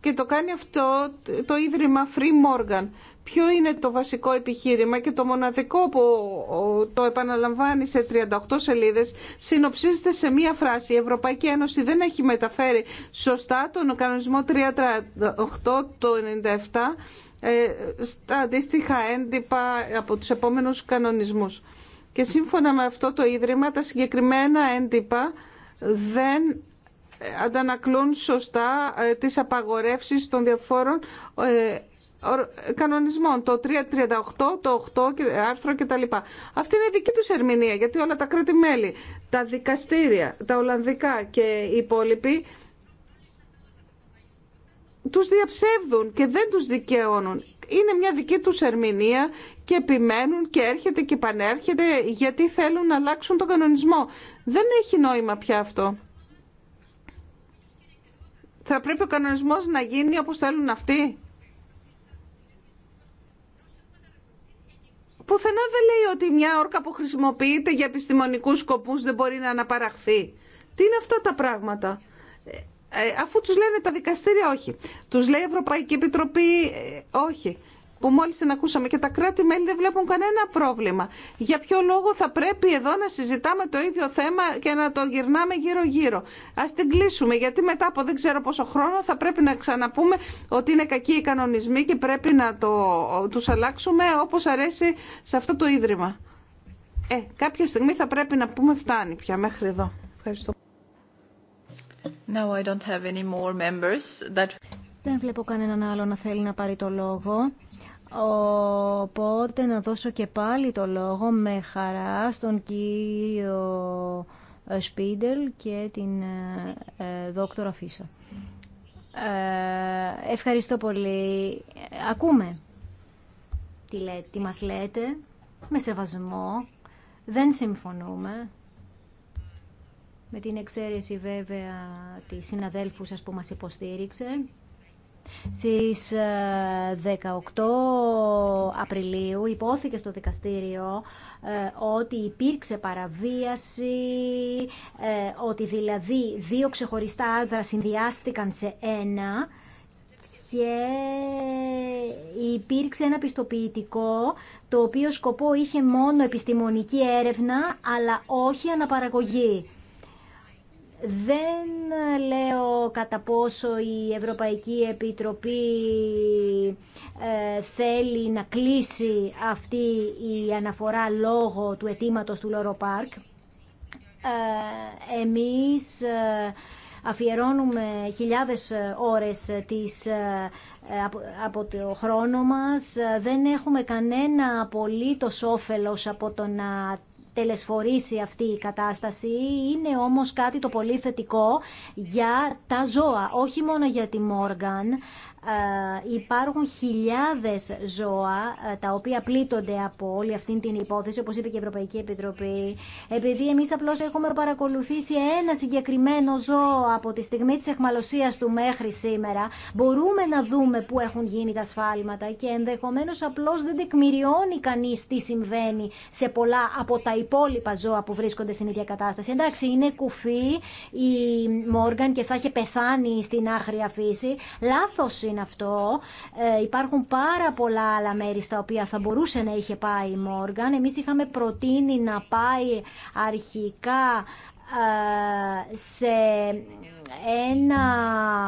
Και το κάνει αυτό το Ίδρυμα Free Morgan Ποιο είναι το βασικό επιχείρημα και το μοναδικό που το επαναλαμβάνει σε 38 σελίδες συνοψίζεται σε μία φράση. Η Ευρωπαϊκή Ένωση δεν έχει μεταφέρει σωστά τον κανονισμό 338 το 97 ε, στα αντίστοιχα έντυπα από τους επόμενους κανονισμούς. Και σύμφωνα με αυτό το Ίδρυμα τα συγκεκριμένα έντυπα δεν αντανακλούν σωστά ε, τις απαγορεύσεις των διαφόρων ε, κανονισμών, το 338, το 8 άρθρο κτλ. Αυτή είναι δική τους ερμηνεία, γιατί όλα τα κράτη-μέλη, τα δικαστήρια, τα Ολλανδικά και οι υπόλοιποι τους διαψεύδουν και δεν τους δικαιώνουν. Είναι μια δική τους ερμηνεία και επιμένουν και έρχεται και πανέρχεται γιατί θέλουν να αλλάξουν τον κανονισμό. Δεν έχει νόημα πια αυτό. Θα πρέπει ο κανονισμός να γίνει όπως θέλουν αυτοί. Πουθενά δεν λέει ότι μια όρκα που χρησιμοποιείται για επιστημονικούς σκοπούς δεν μπορεί να αναπαραχθεί. Τι είναι αυτά τα πράγματα. Ε, ε, αφού τους λένε τα δικαστήρια όχι. Τους λέει η Ευρωπαϊκή Επιτροπή ε, όχι που μόλις την ακούσαμε και τα κράτη-μέλη δεν βλέπουν κανένα πρόβλημα. Για ποιο λόγο θα πρέπει εδώ να συζητάμε το ίδιο θέμα και να το γυρνάμε γύρω-γύρω. Ας την κλείσουμε γιατί μετά από δεν ξέρω πόσο χρόνο θα πρέπει να ξαναπούμε ότι είναι κακοί οι κανονισμοί και πρέπει να το, τους αλλάξουμε όπως αρέσει σε αυτό το Ίδρυμα. Ε, κάποια στιγμή θα πρέπει να πούμε φτάνει πια μέχρι εδώ. Ευχαριστώ. I don't have any more members that... Δεν βλέπω κανέναν άλλο να θέλει να πάρει το λόγο. Οπότε να δώσω και πάλι το λόγο με χαρά στον κύριο ε, Σπίντελ και την ε, ε, δόκτωρα Φίσα. Ευχαριστώ πολύ. Ακούμε τι, λέτε, τι μας λέτε, με σεβασμό. Δεν συμφωνούμε. Με την εξαίρεση βέβαια της συναδέλφου σας που μας υποστήριξε. Στις 18 ε, Απριλίου υπόθηκε στο δικαστήριο ε, ότι υπήρξε παραβίαση, ε, ότι δηλαδή δύο ξεχωριστά άδρα συνδυάστηκαν σε ένα και υπήρξε ένα πιστοποιητικό το οποίο σκοπό είχε μόνο επιστημονική έρευνα αλλά όχι αναπαραγωγή. Δεν λέω κατά πόσο η Ευρωπαϊκή Επιτροπή ε, θέλει να κλείσει αυτή η αναφορά λόγω του αιτήματο του Λόρο Πάρκ. Ε, εμείς ε, αφιερώνουμε χιλιάδες ώρες της, από το χρόνο μας. Δεν έχουμε κανένα απολύτως όφελος από το να τελεσφορήσει αυτή η κατάσταση. Είναι όμως κάτι το πολύ θετικό για τα ζώα, όχι μόνο για τη Μόργαν, ε, υπάρχουν χιλιάδες ζώα ε, τα οποία πλήττονται από όλη αυτή την υπόθεση, όπως είπε και η Ευρωπαϊκή Επιτροπή. Επειδή εμείς απλώς έχουμε παρακολουθήσει ένα συγκεκριμένο ζώο από τη στιγμή της εχμαλωσίας του μέχρι σήμερα, μπορούμε να δούμε πού έχουν γίνει τα σφάλματα και ενδεχομένως απλώς δεν τεκμηριώνει κανείς τι συμβαίνει σε πολλά από τα υπόλοιπα ζώα που βρίσκονται στην ίδια κατάσταση. Εντάξει, είναι κουφή η Μόργαν και θα είχε πεθάνει στην άχρια φύση. Λάθος είναι αυτό. Ε, υπάρχουν πάρα πολλά άλλα μέρη στα οποία θα μπορούσε να είχε πάει η Μόργαν. Εμείς είχαμε προτείνει να πάει αρχικά ε, σε ένα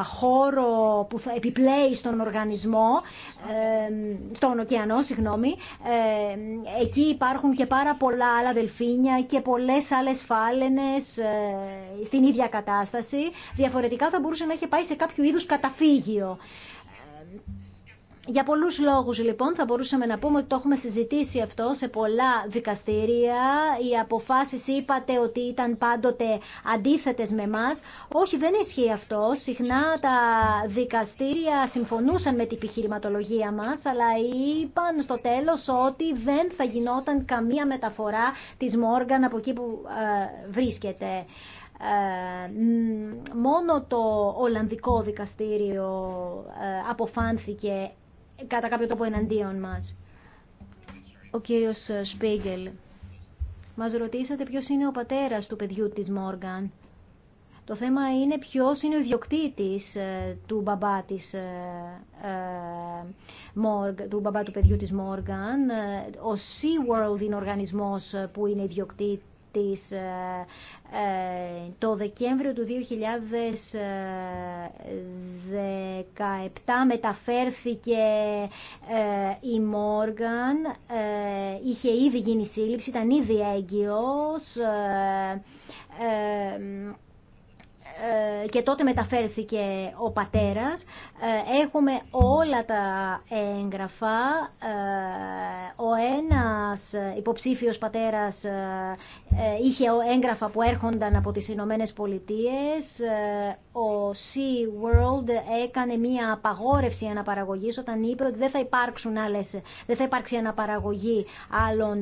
χώρο που θα επιπλέει στον οργανισμό, ε, στον ωκεανό, συγγνώμη. Εκεί υπάρχουν και πάρα πολλά άλλα δελφίνια και πολλές άλλες φάλαινες στην ίδια κατάσταση. Διαφορετικά θα μπορούσε να είχε πάει σε κάποιο είδους καταφύγιο για πολλού λόγους λοιπόν θα μπορούσαμε να πούμε ότι το έχουμε συζητήσει αυτό σε πολλά δικαστήρια. Οι αποφάσει είπατε ότι ήταν πάντοτε αντίθετες με εμά. Όχι δεν ισχύει αυτό. Συχνά τα δικαστήρια συμφωνούσαν με την επιχειρηματολογία μας αλλά είπαν στο τέλο ότι δεν θα γινόταν καμία μεταφορά της Μόργαν από εκεί που ε, βρίσκεται. Ε, μόνο το Ολλανδικό δικαστήριο ε, αποφάνθηκε κατά κάποιο τρόπο εναντίον μας. Ο κύριος Σπίγκελ, μας ρωτήσατε ποιος είναι ο πατέρας του παιδιού της Μόργαν. Το θέμα είναι ποιος είναι ο ιδιοκτήτης ε, του μπαμπά της του μπαμπά του παιδιού της Μόργαν. Ο SeaWorld είναι οργανισμός που είναι ιδιοκτήτη ε, ε, το Δεκέμβριο του 2017 μεταφέρθηκε ε, η Μόργαν, είχε ήδη γίνει σύλληψη, ήταν ήδη έγκυος, ε, και τότε μεταφέρθηκε ο πατέρας. Ε, έχουμε όλα τα έγγραφα. Ε, ο ένας υποψήφιος πατέρας είχε έγγραφα που έρχονταν από τις Ηνωμένε Πολιτείες. Ο Sea World έκανε μία απαγόρευση αναπαραγωγής όταν είπε ότι δεν θα υπάρξουν άλλες, δεν θα υπάρξει αναπαραγωγή άλλων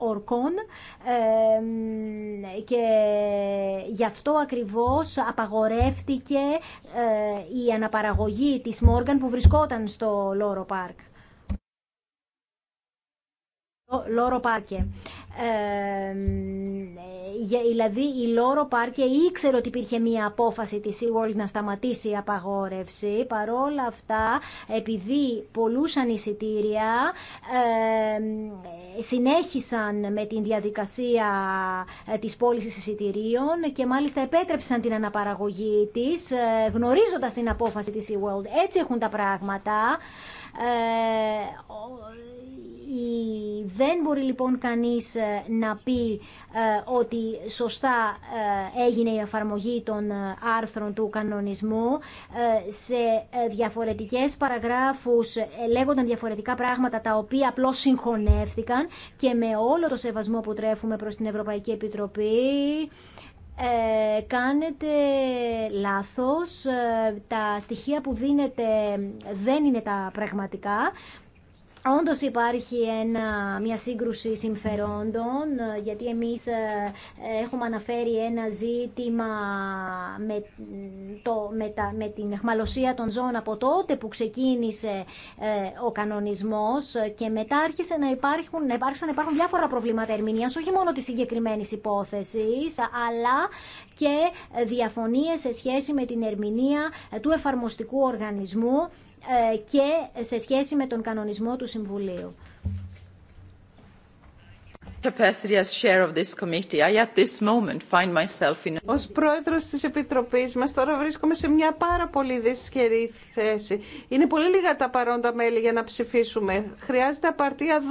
ορκών και γι' αυτό ακριβώς απαγορεύτηκε ε, η αναπαραγωγή της Μόργαν που βρισκόταν στο Λόρο Πάρκ. Λόρο Πάρκε. Ε, δηλαδή η Λόρο Πάρκε ήξερε ότι υπήρχε μία απόφαση της SeaWorld να σταματήσει η απαγόρευση. Παρόλα αυτά, επειδή πολλούσαν εισιτήρια, συνέχισαν με την διαδικασία ε, της πώλησης εισιτηρίων και μάλιστα επέτρεψαν την αναπαραγωγή της, ε, γνωρίζοντας την απόφαση της SeaWorld. Έτσι έχουν τα πράγματα. Δεν μπορεί λοιπόν κανείς ε, να πει ε, ότι σωστά ε, έγινε η εφαρμογή των άρθρων του κανονισμού. Σε διαφορετικές παραγράφους λέγονταν διαφορετικά πράγματα τα οποία απλώς συγχωνεύτηκαν και με όλο το σεβασμό που τρέφουμε προς την Ευρωπαϊκή Επιτροπή κάνετε λάθος, τα στοιχεία που δίνετε δεν είναι τα πραγματικά Όντως υπάρχει ένα, μια σύγκρουση συμφερόντων, γιατί εμείς ε, έχουμε αναφέρει ένα ζήτημα με, με, την εχμαλωσία των ζώων από τότε που ξεκίνησε ε, ο κανονισμός και μετά άρχισε να υπάρχουν, να υπάρχουν, διάφορα προβλήματα ερμηνείας, όχι μόνο της συγκεκριμένη υπόθεσης, αλλά και διαφωνίες σε σχέση με την ερμηνεία του εφαρμοστικού οργανισμού ε, και σε σχέση με τον κανονισμό του Συμβουλίου. Ω πρόεδρο τη Επιτροπής μα τώρα βρίσκομαι σε μια πάρα πολύ δύσκολη θέση. Είναι πολύ λίγα τα παρόντα μέλη για να ψηφίσουμε. Χρειάζεται απαρτία 12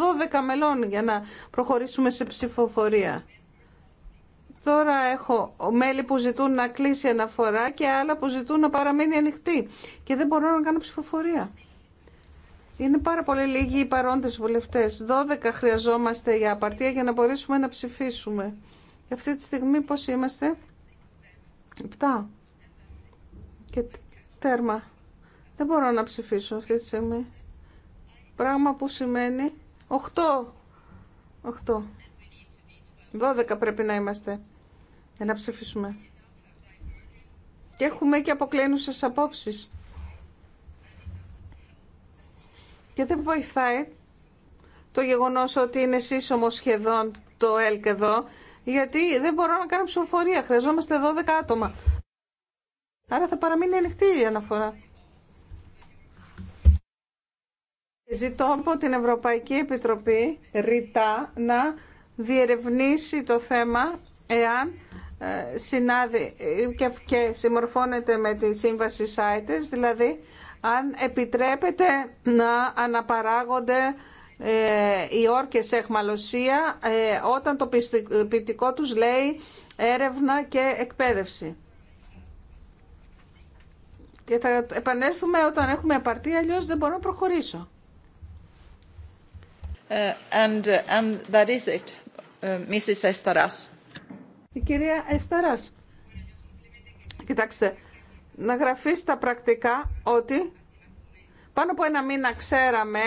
μελών για να προχωρήσουμε σε ψηφοφορία. Τώρα έχω μέλη που ζητούν να κλείσει αναφορά και άλλα που ζητούν να παραμείνει ανοιχτή και δεν μπορώ να κάνω ψηφοφορία. Είναι πάρα πολύ λίγοι οι παρόντες βουλευτές. 12 χρειαζόμαστε για απαρτία για να μπορέσουμε να ψηφίσουμε. Και αυτή τη στιγμή πώς είμαστε. 7. Και τέρμα. Δεν μπορώ να ψηφίσω αυτή τη στιγμή. Πράγμα που σημαίνει 8. 8. 12 πρέπει να είμαστε για ε, να ψηφίσουμε. Και έχουμε και αποκλίνουσες απόψεις. Και δεν βοηθάει το γεγονός ότι είναι σύσσωμο σχεδόν το ΕΛΚ εδώ, γιατί δεν μπορώ να κάνω ψηφοφορία. Χρειαζόμαστε 12 άτομα. Άρα θα παραμείνει ανοιχτή η αναφορά. Ζητώ από την Ευρωπαϊκή Επιτροπή ρητά να διερευνήσει το θέμα εάν ε, συνάδει και συμμορφώνεται με τη σύμβαση ΣΑΙΤΕΣ, δηλαδή αν επιτρέπεται να αναπαράγονται ε, οι όρκες εχμαλωσία ε, όταν το ποιητικό τους λέει έρευνα και εκπαίδευση. Και θα επανέλθουμε όταν έχουμε απαρτή, αλλιώς δεν μπορώ να προχωρήσω. and, and that is it. Μίσης Εσταράς. Η κυρία Εσταράς. Κοιτάξτε, να γραφεί στα πρακτικά ότι πάνω από ένα μήνα ξέραμε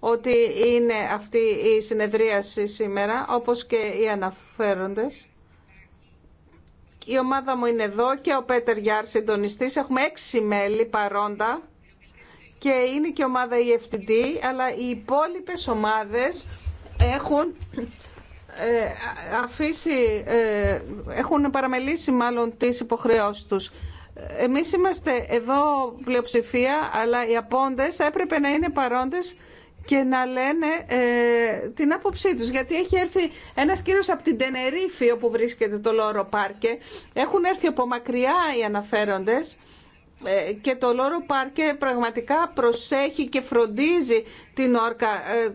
ότι είναι αυτή η συνεδρίαση σήμερα, όπως και οι αναφέροντες. Η ομάδα μου είναι εδώ και ο Πέτερ Γιάρ συντονιστής. Έχουμε έξι μέλη παρόντα και είναι και ομάδα EFTD, αλλά οι υπόλοιπες ομάδες έχουν ε, αφήσει, ε, έχουν παραμελήσει μάλλον τις υποχρεώσεις τους. Εμείς είμαστε εδώ πλειοψηφία, αλλά οι απόντες έπρεπε να είναι παρόντες και να λένε ε, την άποψή τους. Γιατί έχει έρθει ένας κύριος από την Τενερίφη, όπου βρίσκεται το Λόρο Πάρκε. Έχουν έρθει από μακριά οι αναφέροντες ε, και το Λόρο Πάρκε πραγματικά προσέχει και φροντίζει την όρκα,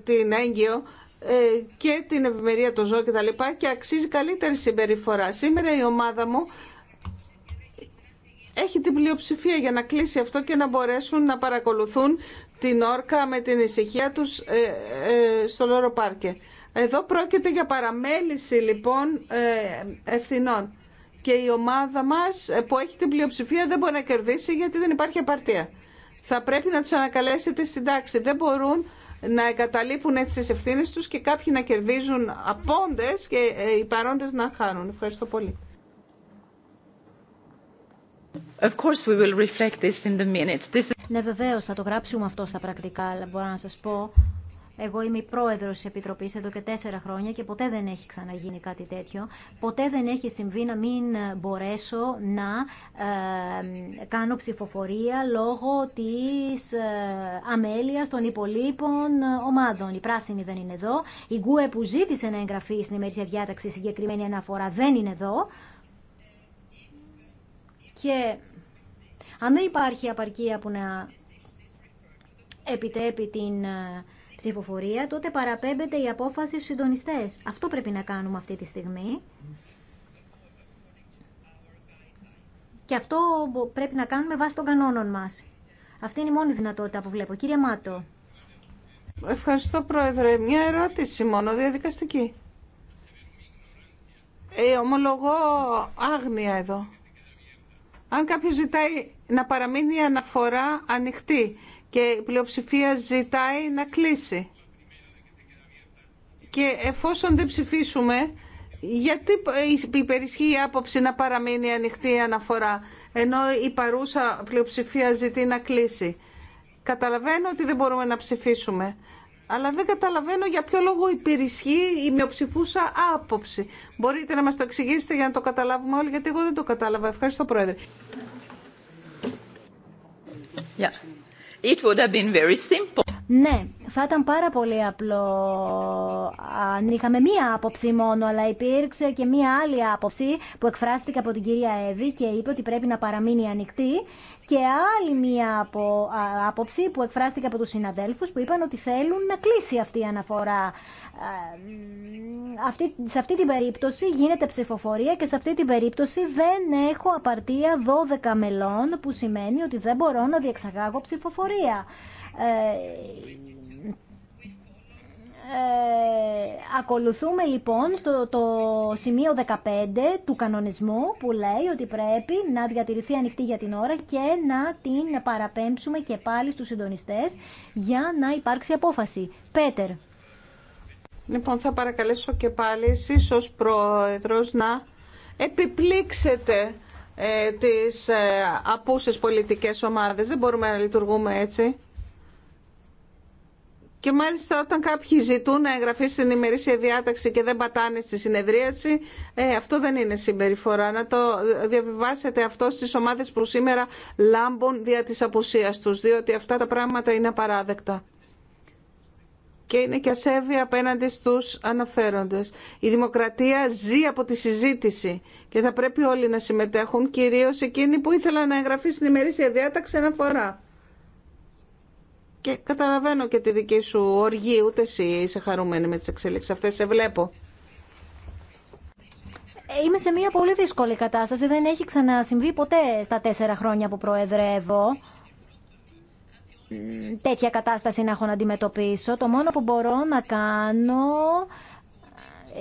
την έγκυο ε, και την ευημερία των ζώων και τα λοιπά και αξίζει καλύτερη συμπεριφορά. Σήμερα η ομάδα μου έχει την πλειοψηφία για να κλείσει αυτό και να μπορέσουν να παρακολουθούν την όρκα με την ησυχία τους ε, ε, στο Λόρο Πάρκε. Εδώ πρόκειται για παραμέληση λοιπόν ευθυνών και η ομάδα μας που έχει την πλειοψηφία δεν μπορεί να κερδίσει γιατί δεν υπάρχει απαρτία. Θα πρέπει να τους ανακαλέσετε στην τάξη. Δεν μπορούν να εγκαταλείπουν έτσι τις ευθύνες τους και κάποιοι να κερδίζουν απόντες και ε, οι παρόντες να χάνουν. Ευχαριστώ πολύ. Of course we will reflect this in the minutes. This... Ναι, βεβαίως θα το γράψουμε αυτό στα πρακτικά, αλλά μπορώ να σας πω εγώ είμαι η πρόεδρος της Επιτροπής εδώ και τέσσερα χρόνια και ποτέ δεν έχει ξαναγίνει κάτι τέτοιο. Ποτέ δεν έχει συμβεί να μην μπορέσω να ε, κάνω ψηφοφορία λόγω της ε, αμέλεια των υπολείπων ομάδων. Η πράσινη δεν είναι εδώ. Η Γκουε που ζήτησε να εγγραφεί στην ημερήσια διάταξη συγκεκριμένη αναφορά δεν είναι εδώ. Και αν δεν υπάρχει απαρκία που να επιτρέπει την ε, ψηφοφορία, τότε παραπέμπεται η απόφαση στους συντονιστές. Αυτό πρέπει να κάνουμε αυτή τη στιγμή. Και αυτό πρέπει να κάνουμε βάσει των κανόνων μας. Αυτή είναι η μόνη δυνατότητα που βλέπω. Κύριε Μάτο. Ευχαριστώ, Πρόεδρε. Μια ερώτηση μόνο, διαδικαστική. Ε, ομολογώ άγνοια εδώ. Αν κάποιος ζητάει να παραμείνει η αναφορά ανοιχτή και η πλειοψηφία ζητάει να κλείσει. Και εφόσον δεν ψηφίσουμε, γιατί υπερισχύει η άποψη να παραμείνει ανοιχτή η αναφορά, ενώ η παρούσα πλειοψηφία ζητεί να κλείσει. Καταλαβαίνω ότι δεν μπορούμε να ψηφίσουμε, αλλά δεν καταλαβαίνω για ποιο λόγο υπερισχύει η μειοψηφούσα άποψη. Μπορείτε να μας το εξηγήσετε για να το καταλάβουμε όλοι, γιατί εγώ δεν το κατάλαβα. Ευχαριστώ, Πρόεδρε. It would have been very simple. Ναι, θα ήταν πάρα πολύ απλό αν είχαμε μία άποψη μόνο, αλλά υπήρξε και μία άλλη άποψη που εκφράστηκε από την κυρία Εύη και είπε ότι πρέπει να παραμείνει ανοιχτή και άλλη μία από, άποψη που εκφράστηκε από τους συναδέλφους που είπαν ότι θέλουν να κλείσει αυτή η αναφορά. Αυτή, σε αυτή την περίπτωση γίνεται ψηφοφορία και σε αυτή την περίπτωση δεν έχω απαρτία 12 μελών που σημαίνει ότι δεν μπορώ να διεξαγάγω ψηφοφορία. Ε, ε, ακολουθούμε λοιπόν στο το σημείο 15 του κανονισμού που λέει ότι πρέπει να διατηρηθεί ανοιχτή για την ώρα και να την παραπέμψουμε και πάλι στους συντονιστές για να υπάρξει απόφαση. Πέτερ. Λοιπόν, θα παρακαλέσω και πάλι εσείς ως πρόεδρος να επιπλήξετε ε, τις ε, απούσες πολιτικές ομάδες. Δεν μπορούμε να λειτουργούμε έτσι. Και μάλιστα όταν κάποιοι ζητούν να εγγραφεί στην ημερήσια διάταξη και δεν πατάνε στη συνεδρίαση, ε, αυτό δεν είναι συμπεριφορά. Να το διαβιβάσετε αυτό στις ομάδες που σήμερα λάμπουν δια της απουσίας τους, διότι αυτά τα πράγματα είναι απαράδεκτα. Και είναι και ασέβεια απέναντι στους αναφέροντες. Η δημοκρατία ζει από τη συζήτηση και θα πρέπει όλοι να συμμετέχουν, κυρίως εκείνοι που ήθελαν να εγγραφεί στην ημερήσια διάταξη αναφορά. Και καταλαβαίνω και τη δική σου οργή, ούτε εσύ είσαι χαρούμενη με τις εξέλιξεις αυτές, σε βλέπω. Είμαι σε μια πολύ δύσκολη κατάσταση, δεν έχει ξανασυμβεί ποτέ στα τέσσερα χρόνια που προεδρεύω τέτοια κατάσταση να έχω να αντιμετωπίσω. Το μόνο που μπορώ να κάνω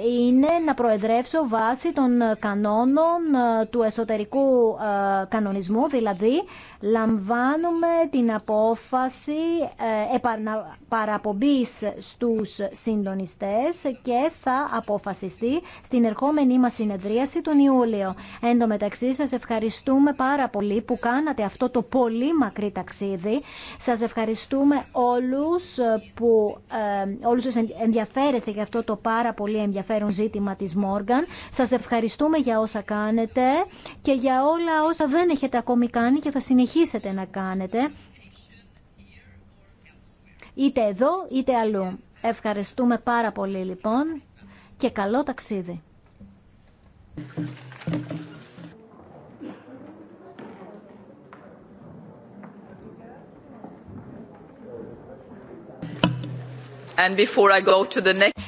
είναι να προεδρεύσω βάσει των ε, κανόνων ε, του εσωτερικού ε, κανονισμού, δηλαδή λαμβάνουμε την απόφαση παραπομπής στους συντονιστές και θα αποφασιστεί στην ερχόμενή μας συνεδρίαση τον Ιούλιο. Εν τω μεταξύ σας ευχαριστούμε πάρα πολύ που κάνατε αυτό το πολύ μακρύ ταξίδι. Σας ευχαριστούμε όλους που όλους ενδιαφέρεστε για αυτό το πάρα πολύ ενδιαφέρον ενδιαφέρον ζήτημα της Μόργαν. Σας ευχαριστούμε για όσα κάνετε και για όλα όσα δεν έχετε ακόμη κάνει και θα συνεχίσετε να κάνετε. Είτε εδώ είτε αλλού. Ευχαριστούμε πάρα πολύ λοιπόν και καλό ταξίδι.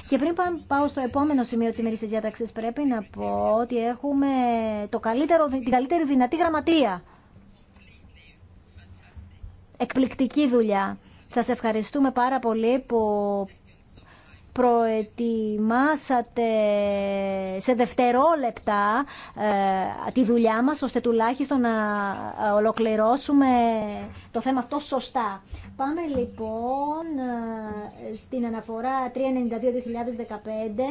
Και πριν πάω στο επόμενο σημείο της ημερήσια διάταξη, πρέπει να πω ότι έχουμε το καλύτερο, την καλύτερη δυνατή γραμματεία. Εκπληκτική δουλειά. Σας ευχαριστούμε πάρα πολύ που προετοιμάσατε σε δευτερόλεπτα ε, τη δουλειά μας, ώστε τουλάχιστον να ε, ολοκληρώσουμε το θέμα αυτό σωστά. Πάμε λοιπόν ε, στην αναφορά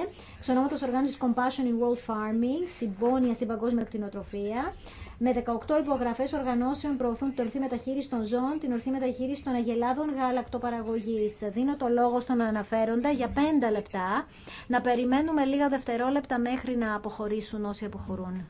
392-2015, ξενόματος οργάνωσης Compassion in World Farming, συμπόνια στην παγκόσμια κτηνοτροφία. Με 18 υπογραφέ οργανώσεων προωθούν την ορθή μεταχείριση των ζώων, την ορθή μεταχείριση των αγελάδων γαλακτοπαραγωγή. Δίνω το λόγο στον αναφέροντα για 5 λεπτά. Να περιμένουμε λίγα δευτερόλεπτα μέχρι να αποχωρήσουν όσοι αποχωρούν.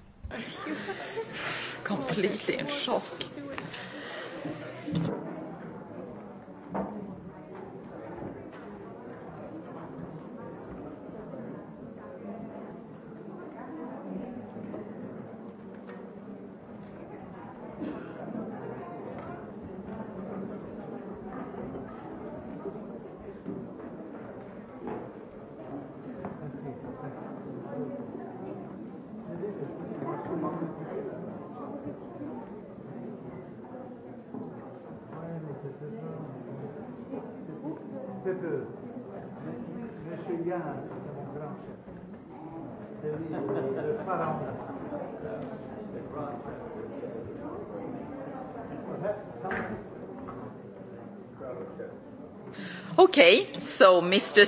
Okay, so Mr.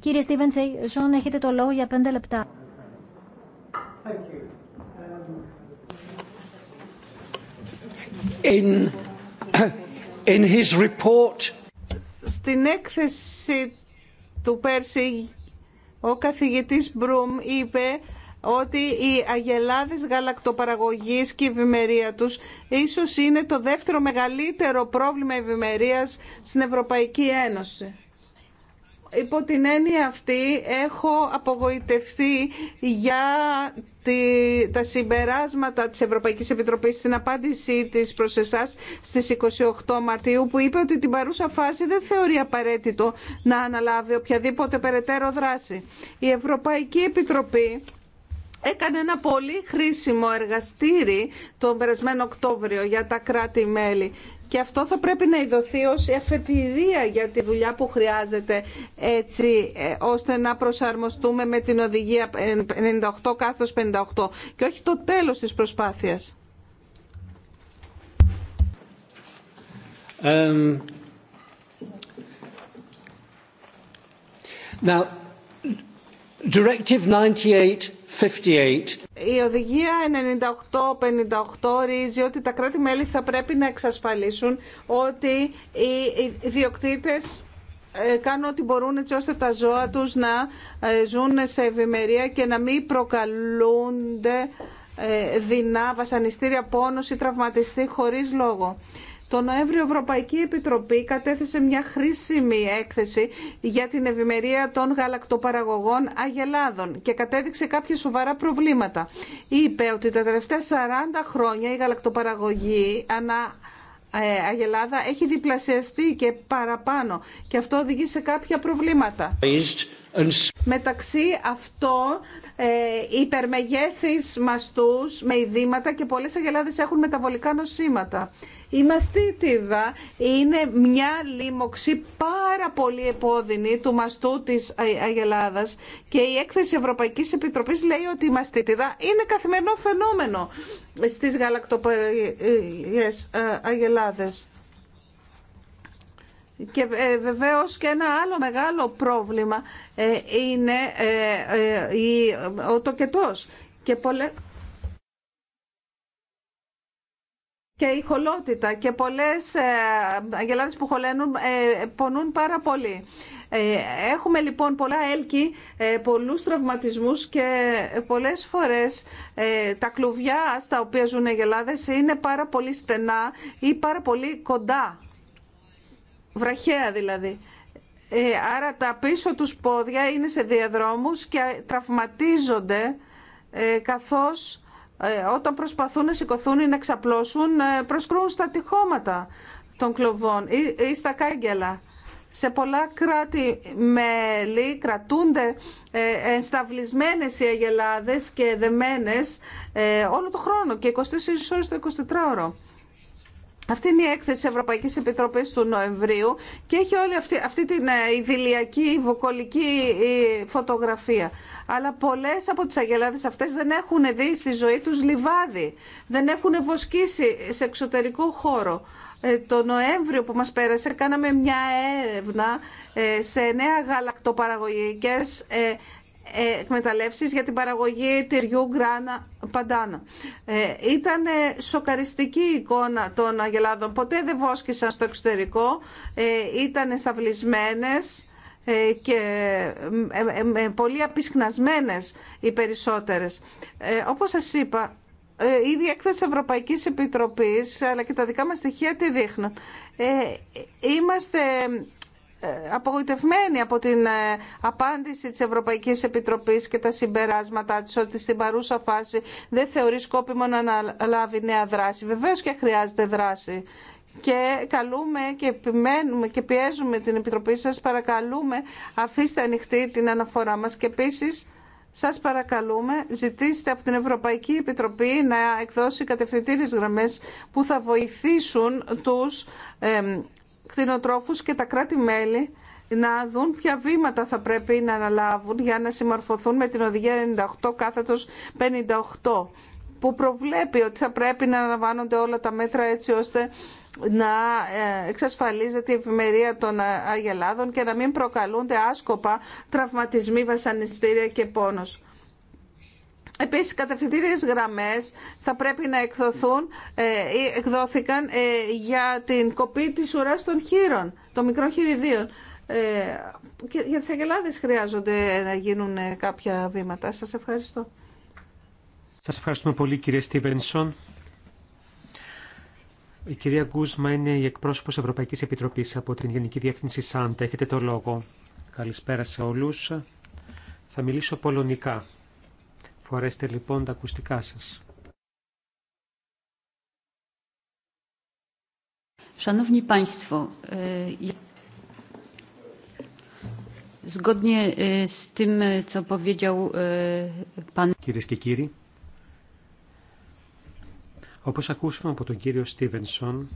Κύριε Στίβενσον, έχετε το λόγο για πέντε λεπτά. Στην έκθεση του Πέρση, ο καθηγητής Μπρουμ είπε ότι οι αγελάδε γαλακτοπαραγωγής και η ευημερία τους ίσως είναι το δεύτερο μεγαλύτερο πρόβλημα ευημερία στην Ευρωπαϊκή Ένωση. Υπό την έννοια αυτή έχω απογοητευτεί για τα συμπεράσματα της Ευρωπαϊκής Επιτροπής στην απάντησή της προς εσάς στις 28 Μαρτίου που είπε ότι την παρούσα φάση δεν θεωρεί απαραίτητο να αναλάβει οποιαδήποτε περαιτέρω δράση. Η Ευρωπαϊκή Επιτροπή έκανε ένα πολύ χρήσιμο εργαστήρι τον περασμένο Οκτώβριο για τα κράτη-μέλη. Και αυτό θα πρέπει να ειδωθεί ως εφετηρία για τη δουλειά που χρειάζεται έτσι ε, ώστε να προσαρμοστούμε με την οδηγία 98 58 και όχι το τέλος της προσπάθειας. Um, now, η οδηγία 98-58 ρίζει ότι τα κράτη-μέλη θα πρέπει να εξασφαλίσουν ότι οι διοκτήτες ε, κάνουν ό,τι μπορούν έτσι ώστε τα ζώα τους να ε, ζουν σε ευημερία και να μην προκαλούνται ε, δεινά, βασανιστήρια, πόνος ή τραυματιστή χωρίς λόγο. Το Νοέμβριο η Ευρωπαϊκή Επιτροπή κατέθεσε μια χρήσιμη έκθεση για την ευημερία των γαλακτοπαραγωγών αγελάδων και κατέδειξε κάποια σοβαρά προβλήματα. Είπε ότι τα τελευταία 40 χρόνια η γαλακτοπαραγωγή ανά ε, αγελάδα έχει διπλασιαστεί και παραπάνω και αυτό οδηγεί σε κάποια προβλήματα. Μεταξύ αυτό ε, υπερμεγέθης μαστούς με ειδήματα και πολλές αγελάδες έχουν μεταβολικά νοσήματα. Η μαστίτιδα είναι μια λίμωξη πάρα πολύ επώδυνη του μαστού της Αγελάδας και η έκθεση Ευρωπαϊκής Επιτροπής λέει ότι η μαστίτιδα είναι καθημερινό φαινόμενο στις γαλακτοπαραγές ε, Αγελάδες. Και ε, βεβαίως και ένα άλλο μεγάλο πρόβλημα ε, είναι ο τοκετός. Και πολλές και η χολότητα και πολλές ε, αγελάδες που χωλένουν ε, πονούν πάρα πολύ. Ε, έχουμε λοιπόν πολλά έλκη, πολλούς τραυματισμούς και πολλές φορές τα κλουβιά στα οποία ζουν οι αγελάδες είναι πάρα πολύ στενά ή πάρα πολύ κοντά, βραχαία δηλαδή. Άρα τα πίσω τους πόδια είναι σε διαδρόμους και τραυματίζονται καθώς ε, όταν προσπαθούν να σηκωθούν ή να ξαπλώσουν, ε, προσκρούν στα τυχώματα των κλωβών ή στα κάγκελα. Σε πολλά κράτη-μέλη κρατούνται ε, ενσταυλισμένες οι αγελάδες και δεμένες όλο το χρόνο και 24 ώρες το 24ωρο. Αυτή είναι η έκθεση της Ευρωπαϊκής Επιτροπής του Νοεμβρίου και έχει όλη αυτή, αυτή την ε, ιδηλιακή, βοκολική ε, φωτογραφία. Αλλά πολλές από τις αγελάδες αυτές δεν έχουν δει στη ζωή τους λιβάδι, δεν έχουν βοσκήσει σε εξωτερικό χώρο. Ε, το Νοέμβριο που μας πέρασε κάναμε μια έρευνα σε νέα γαλακτοπαραγωγικές εκμεταλλεύσεις για την παραγωγή τυριού γκράνα παντάνα. Ε, ήταν σοκαριστική η εικόνα των αγελάδων. Ποτέ δεν βόσκησαν στο εξωτερικό. Ε, ήταν σταυλισμένες ε, και ε, ε, πολύ απεισχνασμένες οι περισσότερες. Ε, όπως σας είπα, η ίδια έκθεση Ευρωπαϊκής Επιτροπής, αλλά και τα δικά μας στοιχεία τι δείχνουν. είμαστε ε, απογοητευμένη από την ε, απάντηση της Ευρωπαϊκής Επιτροπής και τα συμπεράσματά της ότι στην παρούσα φάση δεν θεωρεί σκόπιμο να αναλάβει νέα δράση. Βεβαίως και χρειάζεται δράση. Και καλούμε και επιμένουμε και πιέζουμε την Επιτροπή σας, παρακαλούμε αφήστε ανοιχτή την αναφορά μας και επίσης σας παρακαλούμε, ζητήστε από την Ευρωπαϊκή Επιτροπή να εκδώσει κατευθυντήριες γραμμές που θα βοηθήσουν τους κτηνοτρόφους και τα κράτη-μέλη να δουν ποια βήματα θα πρέπει να αναλάβουν για να συμμορφωθούν με την οδηγία 98 κάθετος 58 που προβλέπει ότι θα πρέπει να αναβάνονται όλα τα μέτρα έτσι ώστε να ε, εξασφαλίζεται η ευημερία των αγελάδων και να μην προκαλούνται άσκοπα τραυματισμοί, βασανιστήρια και πόνος. Επίσης, κατευθυντήριες γραμμές θα πρέπει να εκδοθούν ε, ή εκδόθηκαν ε, για την κοπή της ουράς των χείρων, των μικρών χειριδίων. Ε, και για τις αγελάδες χρειάζονται να γίνουν κάποια βήματα. Σας ευχαριστώ. Σας ευχαριστούμε πολύ κύριε Στίβενσον. Η κυρία Γκούσμα είναι η εκπρόσωπος Ευρωπαϊκής Επιτροπής από την Γενική Διεύθυνση ΣΑΝΤΑ. Έχετε το λόγο. Καλησπέρα σε όλους. Θα μιλήσω πολωνικά. Φορέστε λοιπόν τα ακουστικά σας. Szanowni Państwo, e, zgodnie e, z tym, co powiedział e, Pan... Κυρίες και κύριοι, όπως ακούσαμε από τον κύριο Στίβενσον,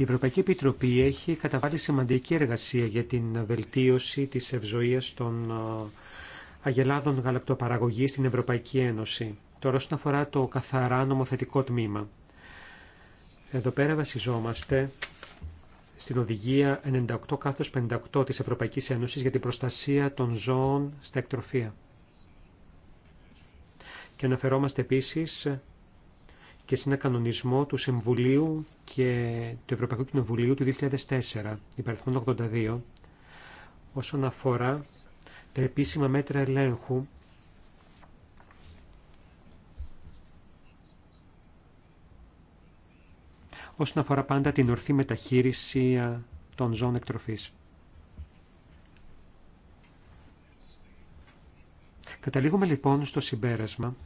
Η Ευρωπαϊκή Επιτροπή έχει καταβάλει σημαντική εργασία για την βελτίωση της ευζοίας των ε, αγελάδων γαλακτοπαραγωγής στην Ευρωπαϊκή Ένωση. Τώρα όσον αφορά το καθαρά νομοθετικό τμήμα. Εδώ πέρα βασιζόμαστε στην οδηγία 98 58 της Ευρωπαϊκής Ένωσης για την προστασία των ζώων στα εκτροφία. Και αναφερόμαστε επίσης και σε ένα κανονισμό του Συμβουλίου και του Ευρωπαϊκού Κοινοβουλίου του 2004, υπ. 82, όσον αφορά τα επίσημα μέτρα ελέγχου όσον αφορά πάντα την ορθή μεταχείριση των ζώων εκτροφής. Καταλήγουμε λοιπόν στο συμπέρασμα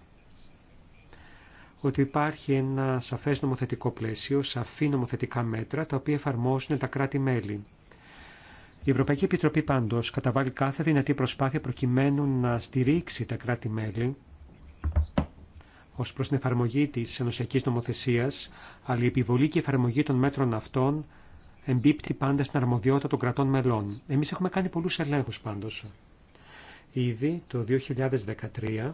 ότι υπάρχει ένα σαφέ νομοθετικό πλαίσιο, σαφή νομοθετικά μέτρα, τα οποία εφαρμόζουν τα κράτη-μέλη. Η Ευρωπαϊκή Επιτροπή πάντως καταβάλει κάθε δυνατή προσπάθεια προκειμένου να στηρίξει τα κράτη-μέλη ω προ την εφαρμογή τη ενωσιακή νομοθεσία, αλλά η επιβολή και η εφαρμογή των μέτρων αυτών εμπίπτει πάντα στην αρμοδιότητα των κρατών μελών. Εμεί έχουμε κάνει πολλού ελέγχου πάντω. Ήδη το 2013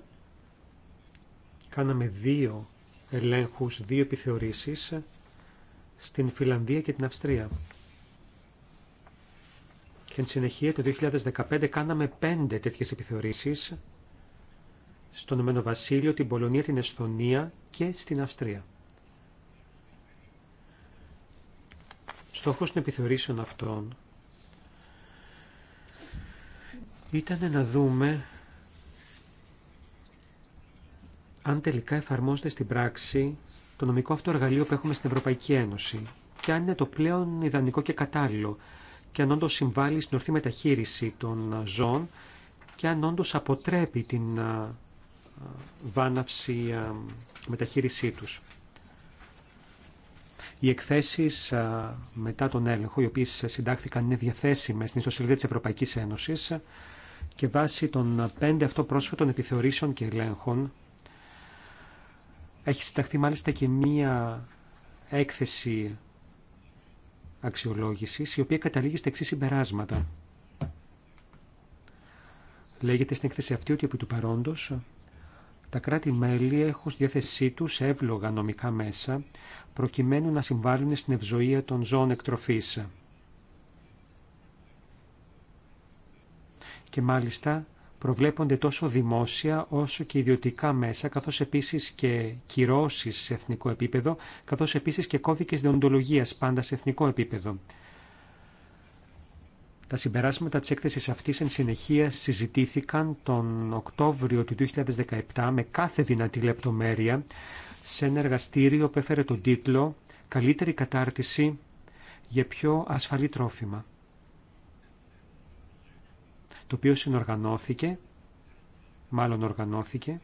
κάναμε δύο ελέγχους, δύο επιθεωρήσεις στην Φιλανδία και την Αυστρία. Και εν συνεχεία το 2015 κάναμε πέντε τέτοιες επιθεωρήσεις στον Ηνωμένο Βασίλειο, την Πολωνία, την Εσθονία και στην Αυστρία. Στόχος των επιθεωρήσεων αυτών ήταν να δούμε αν τελικά εφαρμόζεται στην πράξη το νομικό αυτό εργαλείο που έχουμε στην Ευρωπαϊκή Ένωση και αν είναι το πλέον ιδανικό και κατάλληλο και αν όντω συμβάλλει στην ορθή μεταχείριση των ζώων και αν όντω αποτρέπει την βάναυση μεταχείρισή τους. Οι εκθέσεις μετά τον έλεγχο, οι οποίες συντάχθηκαν, είναι διαθέσιμες στην ιστοσελίδα της Ευρωπαϊκής Ένωσης και βάσει των πέντε αυτό επιθεωρήσεων και ελέγχων έχει συνταχθεί μάλιστα και μία έκθεση αξιολόγησης, η οποία καταλήγει στα εξή συμπεράσματα. Λέγεται στην έκθεση αυτή ότι επί του παρόντος τα κράτη-μέλη έχουν στη διάθεσή τους εύλογα νομικά μέσα προκειμένου να συμβάλλουν στην ευζοία των ζώων εκτροφής. Και μάλιστα προβλέπονται τόσο δημόσια όσο και ιδιωτικά μέσα, καθώς επίσης και κυρώσεις σε εθνικό επίπεδο, καθώς επίσης και κώδικες δεοντολογίας πάντα σε εθνικό επίπεδο. Τα συμπεράσματα της έκθεσης αυτής εν συνεχεία συζητήθηκαν τον Οκτώβριο του 2017 με κάθε δυνατή λεπτομέρεια σε ένα εργαστήριο που έφερε τον τίτλο «Καλύτερη κατάρτιση για πιο ασφαλή τρόφιμα» το οποίο συνοργανώθηκε, μάλλον οργανώθηκε,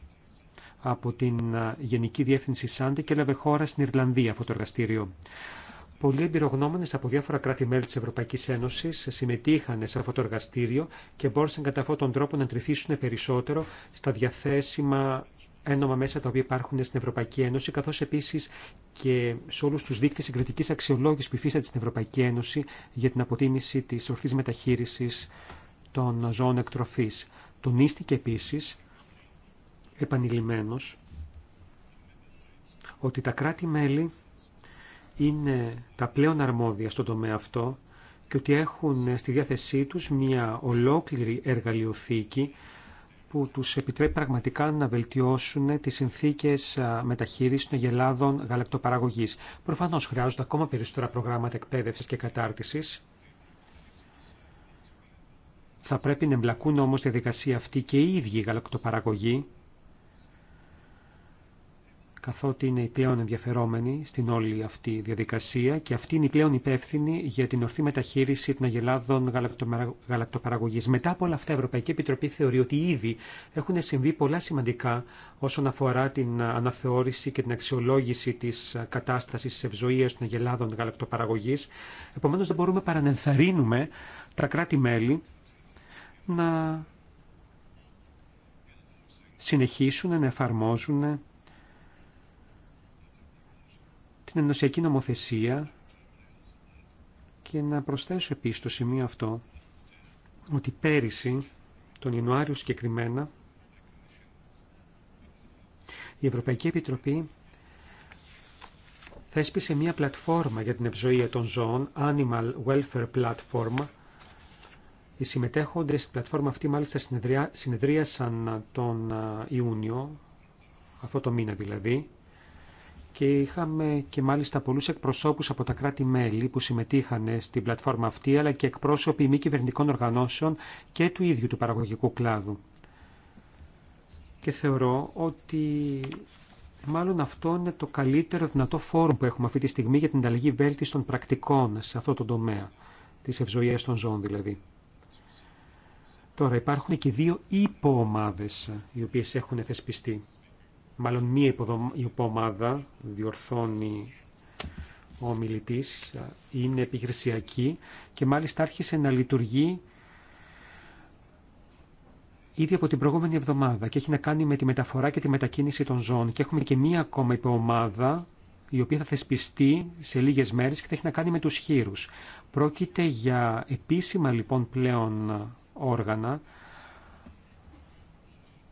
από την ε, Γενική Διεύθυνση Σάντε και έλαβε χώρα στην Ιρλανδία αυτό το εργαστήριο. Πολλοί εμπειρογνώμονε από διάφορα κράτη-μέλη τη Ευρωπαϊκή Ένωση συμμετείχαν σε αυτό το εργαστήριο και μπόρεσαν κατά αυτόν τον τρόπο να τριφύσουν περισσότερο στα διαθέσιμα ένομα μέσα τα οποία υπάρχουν στην Ευρωπαϊκή Ένωση, καθώ επίση και σε όλου του δείκτε συγκριτική αξιολόγηση που υφίσταται στην Ευρωπαϊκή Ένωση για την αποτίμηση τη ορθή μεταχείριση των ζώων εκτροφής. Τονίστηκε επίσης επανειλημμένος ότι τα κράτη-μέλη είναι τα πλέον αρμόδια στον τομέα αυτό και ότι έχουν στη διάθεσή τους μια ολόκληρη εργαλειοθήκη που τους επιτρέπει πραγματικά να βελτιώσουν τις συνθήκες μεταχείρισης των γελάδων γαλακτοπαραγωγής. Προφανώς χρειάζονται ακόμα περισσότερα προγράμματα εκπαίδευσης και κατάρτισης θα πρέπει να εμπλακούν όμως τη δικασία αυτή και οι ίδιοι οι γαλακτοπαραγωγοί, καθότι είναι οι πλέον ενδιαφερόμενοι στην όλη αυτή διαδικασία και αυτή είναι η πλέον υπεύθυνη για την ορθή μεταχείριση των αγελάδων γαλακτοπαραγωγή. Μετά από όλα αυτά, η Ευρωπαϊκή Επιτροπή θεωρεί ότι ήδη έχουν συμβεί πολλά σημαντικά όσον αφορά την αναθεώρηση και την αξιολόγηση τη κατάσταση τη ευζοία των αγελάδων γαλακτοπαραγωγή. Επομένω, δεν μπορούμε παρά να ενθαρρύνουμε τα κράτη-μέλη να συνεχίσουν να εφαρμόζουν την ενωσιακή νομοθεσία και να προσθέσω επίσης το σημείο αυτό ότι πέρυσι, τον Ιανουάριο συγκεκριμένα, η Ευρωπαϊκή Επιτροπή θέσπισε μια πλατφόρμα για την ευζοία των ζώων, Animal Welfare Platform, οι συμμετέχοντες στην πλατφόρμα αυτή μάλιστα συνεδρίασαν τον Ιούνιο, αυτό το μήνα δηλαδή, και είχαμε και μάλιστα πολλούς εκπροσώπους από τα κράτη-μέλη που συμμετείχαν στην πλατφόρμα αυτή, αλλά και εκπρόσωποι μη κυβερνητικών οργανώσεων και του ίδιου του παραγωγικού κλάδου. Και θεωρώ ότι μάλλον αυτό είναι το καλύτερο δυνατό φόρουμ που έχουμε αυτή τη στιγμή για την ανταλλαγή βέλτιστων πρακτικών σε αυτό το τομέα, της ευζοίας των ζώων δηλαδή. Τώρα υπάρχουν και δύο υποομάδες οι οποίες έχουν θεσπιστεί. Μάλλον μία υποομάδα διορθώνει ο μιλητής, είναι επιχειρησιακή και μάλιστα άρχισε να λειτουργεί ήδη από την προηγούμενη εβδομάδα και έχει να κάνει με τη μεταφορά και τη μετακίνηση των ζώων. Και έχουμε και μία ακόμα υποομάδα η οποία θα θεσπιστεί σε λίγες μέρες και θα έχει να κάνει με τους χείρους. Πρόκειται για επίσημα λοιπόν πλέον όργανα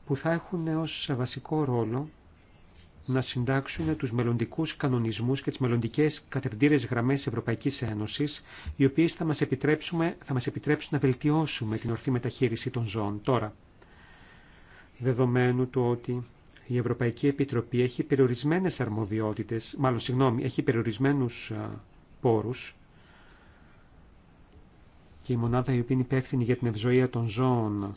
που θα έχουν ως βασικό ρόλο να συντάξουν τους μελλοντικούς κανονισμούς και τις μελλοντικές κατευθύνσεις γραμμές Ευρωπαϊκής Ένωσης, οι οποίες θα μας, επιτρέψουμε, θα μας επιτρέψουν να βελτιώσουμε την ορθή μεταχείριση των ζώων τώρα. Δεδομένου του ότι η Ευρωπαϊκή Επιτροπή έχει περιορισμένες αρμοδιότητες, μάλλον συγγνώμη, έχει περιορισμένους ε, πόρους, και η μονάδα η οποία είναι υπεύθυνη για την ευζοία των ζώων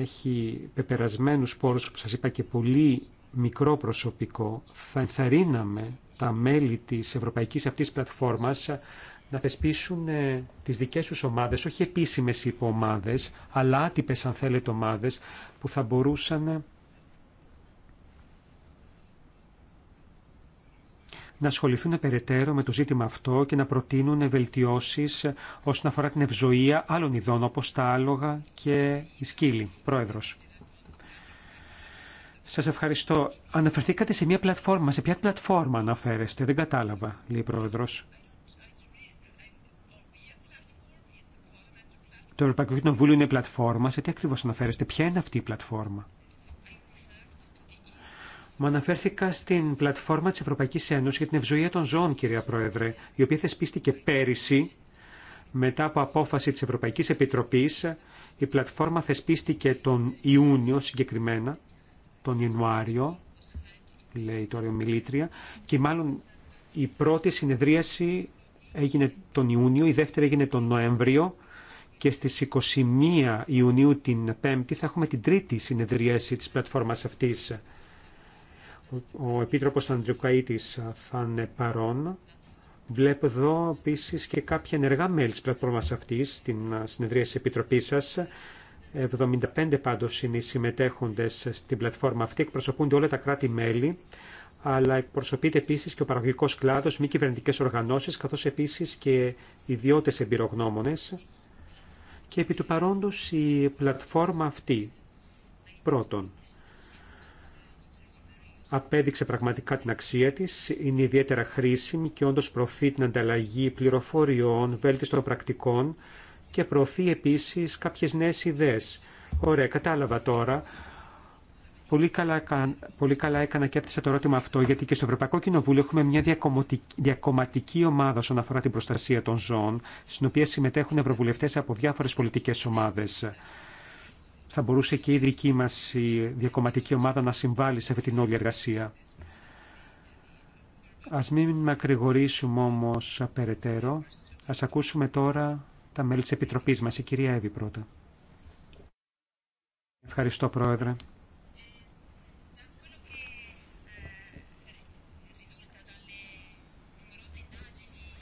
έχει πεπερασμένους πόρους που σας είπα και πολύ μικρό προσωπικό. Θα ενθαρρύναμε τα μέλη της ευρωπαϊκής αυτής πλατφόρμας να θεσπίσουν ε, τις δικές τους ομάδες, όχι επίσημες υποομάδες, αλλά άτυπες αν θέλετε ομάδες που θα μπορούσαν να ασχοληθούν περαιτέρω με το ζήτημα αυτό και να προτείνουν βελτιώσει όσον αφορά την ευζοία άλλων ειδών όπω τα άλογα και η σκύλη. Πρόεδρος. Σας ευχαριστώ. Αναφερθήκατε σε μια πλατφόρμα. Σε ποια πλατφόρμα αναφέρεστε. Δεν κατάλαβα, λέει η Πρόεδρος. Το Ευρωπαϊκό Κοινοβούλιο είναι πλατφόρμα. Σε τι ακριβώ αναφέρεστε. Ποια είναι αυτή η πλατφόρμα. Μα αναφέρθηκα στην πλατφόρμα τη Ευρωπαϊκή Ένωση για την ευζοία των ζώων, κυρία Πρόεδρε, η οποία θεσπίστηκε πέρυσι μετά από απόφαση τη Ευρωπαϊκή Επιτροπή, Η πλατφόρμα θεσπίστηκε τον Ιούνιο συγκεκριμένα, τον Ιανουάριο, λέει τώρα η ομιλήτρια, και μάλλον η πρώτη συνεδρίαση έγινε τον Ιούνιο, η δεύτερη έγινε τον Νοέμβριο και στις 21 Ιουνίου την Πέμπτη θα έχουμε την τρίτη συνεδρίαση της πλατφόρμας αυτής. Ο Επίτροπος Αντριουκαίτης θα είναι παρόν. Βλέπω εδώ επίση και κάποια ενεργά μέλη της πλατφόρμας αυτής, στην συνεδρία της Επιτροπής σας. 75 πάντως είναι οι συμμετέχοντες στην πλατφόρμα αυτή, εκπροσωπούνται όλα τα κράτη-μέλη, αλλά εκπροσωπείται επίσης και ο παραγωγικός κλάδος, μη κυβερνητικές οργανώσεις, καθώς επίσης και ιδιώτες εμπειρογνώμονες. Και επί του παρόντος η πλατφόρμα αυτή, πρώτον, απέδειξε πραγματικά την αξία της, είναι ιδιαίτερα χρήσιμη και όντως προωθεί την ανταλλαγή πληροφοριών, βέλτιστων πρακτικών και προωθεί επίσης κάποιες νέες ιδέες. Ωραία, κατάλαβα τώρα. Πολύ καλά, πολύ καλά έκανα και έθεσα το ερώτημα αυτό, γιατί και στο Ευρωπαϊκό Κοινοβούλιο έχουμε μια διακομματική ομάδα όσον αφορά την προστασία των ζώων, στην οποία συμμετέχουν ευρωβουλευτές από διάφορες πολιτικές ομάδες θα μπορούσε και η δική μας η διακομματική ομάδα να συμβάλλει σε αυτή την όλη εργασία. Ας μην μακρηγορήσουμε όμως περαιτέρω. Ας ακούσουμε τώρα τα μέλη της Επιτροπής μας. Η κυρία Εύη πρώτα. Ευχαριστώ Πρόεδρε.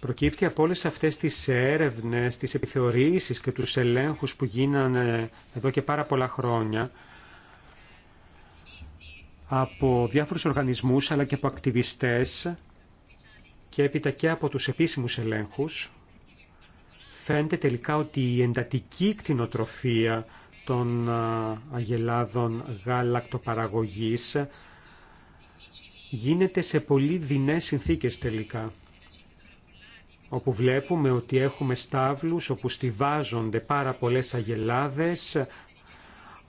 προκύπτει από όλες αυτές τις έρευνες, τις επιθεωρήσεις και τους ελέγχους που γίνανε εδώ και πάρα πολλά χρόνια από διάφορους οργανισμούς αλλά και από ακτιβιστές και έπειτα και από τους επίσημους ελέγχους φαίνεται τελικά ότι η εντατική κτηνοτροφία των αγελάδων γάλακτοπαραγωγής γίνεται σε πολύ δεινές συνθήκες τελικά όπου βλέπουμε ότι έχουμε στάβλους όπου στηβάζονται πάρα πολλές αγελάδες,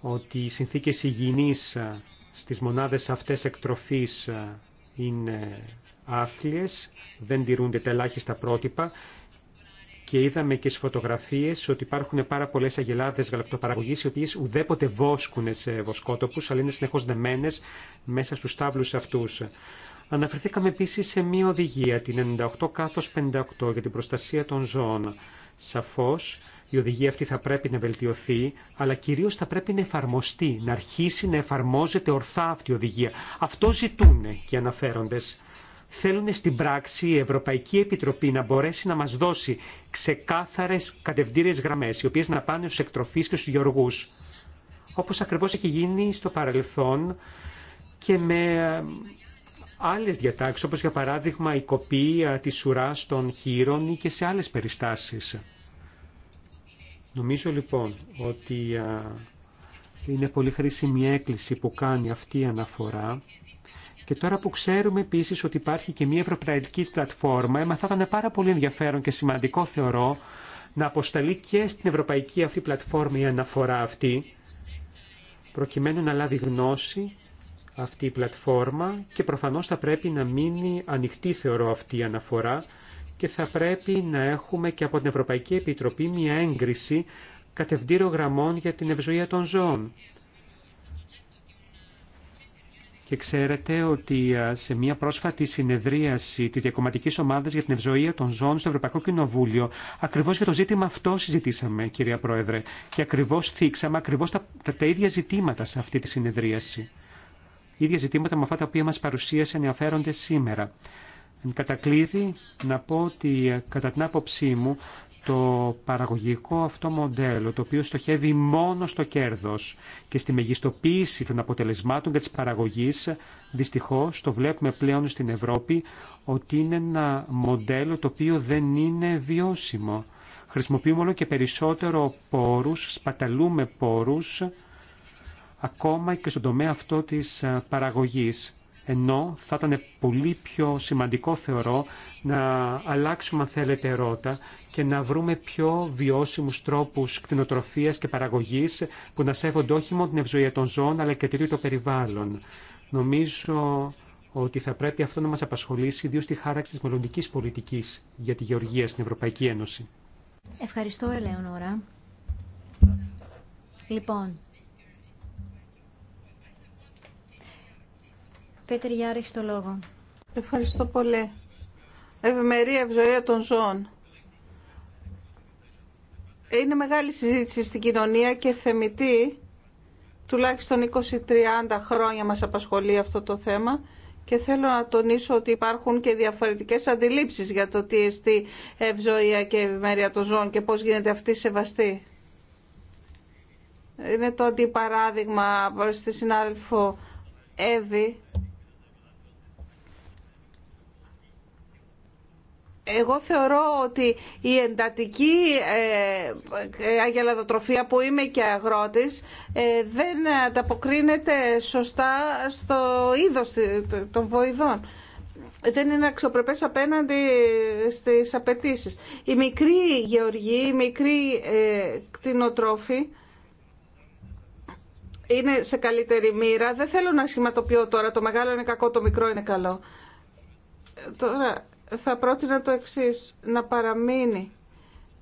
ότι οι συνθήκες υγιεινής στις μονάδες αυτές εκτροφής είναι άθλιες, δεν τηρούνται τα ελάχιστα πρότυπα και είδαμε και στις φωτογραφίες ότι υπάρχουν πάρα πολλές αγελάδες γαλακτοπαραγωγής οι οποίες ουδέποτε βόσκουν σε βοσκότοπους αλλά είναι συνεχώς δεμένες μέσα στους στάβλους αυτούς. Αναφερθήκαμε επίσης σε μία οδηγία, την 98 58, για την προστασία των ζώων. Σαφώς, η οδηγία αυτή θα πρέπει να βελτιωθεί, αλλά κυρίως θα πρέπει να εφαρμοστεί, να αρχίσει να εφαρμόζεται ορθά αυτή η οδηγία. Αυτό ζητούν και αναφέροντες. Θέλουν στην πράξη η Ευρωπαϊκή Επιτροπή να μπορέσει να μας δώσει ξεκάθαρες κατευντήριες γραμμές, οι οποίες να πάνε στους εκτροφείς και στους γεωργούς. Όπως ακριβώς έχει γίνει στο παρελθόν και με άλλες διατάξεις, όπως για παράδειγμα η κοπή της σουράς των χείρων ή και σε άλλες περιστάσεις. Νομίζω λοιπόν ότι είναι πολύ χρήσιμη έκκληση που κάνει αυτή η αναφορά και τώρα που ξέρουμε επίση ότι υπάρχει και μια ευρωπαϊκή πλατφόρμα, ε, θα ήταν πάρα πολύ ενδιαφέρον και σημαντικό θεωρώ να αποσταλεί και στην ευρωπαϊκή αυτή πλατφόρμα η αναφορά αυτή, προκειμένου να λάβει γνώση αυτή η πλατφόρμα και προφανώς θα πρέπει να μείνει ανοιχτή θεωρώ αυτή η αναφορά και θα πρέπει να έχουμε και από την Ευρωπαϊκή Επιτροπή μια έγκριση κατευντήρω γραμμών για την ευζοία των ζώων. Και ξέρετε ότι σε μια πρόσφατη συνεδρίαση της Διακομματικής Ομάδας για την Ευζοία των Ζώων στο Ευρωπαϊκό Κοινοβούλιο, ακριβώς για το ζήτημα αυτό συζητήσαμε, κυρία Πρόεδρε, και ακριβώς θίξαμε ακριβώς τα, τα, τα ίδια ζητήματα σε αυτή τη συνεδρίαση ίδια ζητήματα με αυτά τα οποία μας παρουσίασε ενδιαφέρονται σήμερα. Εν κατακλείδη να πω ότι κατά την άποψή μου το παραγωγικό αυτό μοντέλο το οποίο στοχεύει μόνο στο κέρδος και στη μεγιστοποίηση των αποτελεσμάτων και της παραγωγής δυστυχώς το βλέπουμε πλέον στην Ευρώπη ότι είναι ένα μοντέλο το οποίο δεν είναι βιώσιμο. Χρησιμοποιούμε όλο και περισσότερο πόρους, σπαταλούμε πόρους ακόμα και στον τομέα αυτό της ε, παραγωγής. Ενώ θα ήταν πολύ πιο σημαντικό, θεωρώ, να αλλάξουμε, αν θέλετε, ρότα και να βρούμε πιο βιώσιμους τρόπους κτηνοτροφίας και παραγωγής που να σέβονται όχι μόνο την ευζοία των ζώων, αλλά και το ίδιο το περιβάλλον. Νομίζω ότι θα πρέπει αυτό να μας απασχολήσει, ιδίως στη χάραξη της μελλοντικής πολιτικής για τη γεωργία στην Ευρωπαϊκή Ένωση. Ευχαριστώ, Ελεονόρα. Λοιπόν, Πέτρη Γιάρη, το λόγο. Ευχαριστώ πολύ. Ευημερία, ευζωία των ζώων. Είναι μεγάλη συζήτηση στην κοινωνία και θεμητή. Τουλάχιστον 20-30 χρόνια μας απασχολεί αυτό το θέμα και θέλω να τονίσω ότι υπάρχουν και διαφορετικές αντιλήψεις για το τι εστί ευζωία και ευημερία των ζώων και πώς γίνεται αυτή σεβαστή. Είναι το αντιπαράδειγμα στη συνάδελφο Εύη Εγώ θεωρώ ότι η εντατική ε, ε, αγελαδοτροφία που είμαι και αγρότης ε, δεν ανταποκρίνεται σωστά στο είδος των βοηδών. Δεν είναι αξιοπρεπές απέναντι στις απαιτήσεις. Η μικρή η μικρή μικροί κτηνοτρόφη είναι σε καλύτερη μοίρα. Δεν θέλω να σχηματοποιώ τώρα το μεγάλο είναι κακό, το μικρό είναι καλό. Τώρα θα πρότεινα το εξής, να παραμείνει,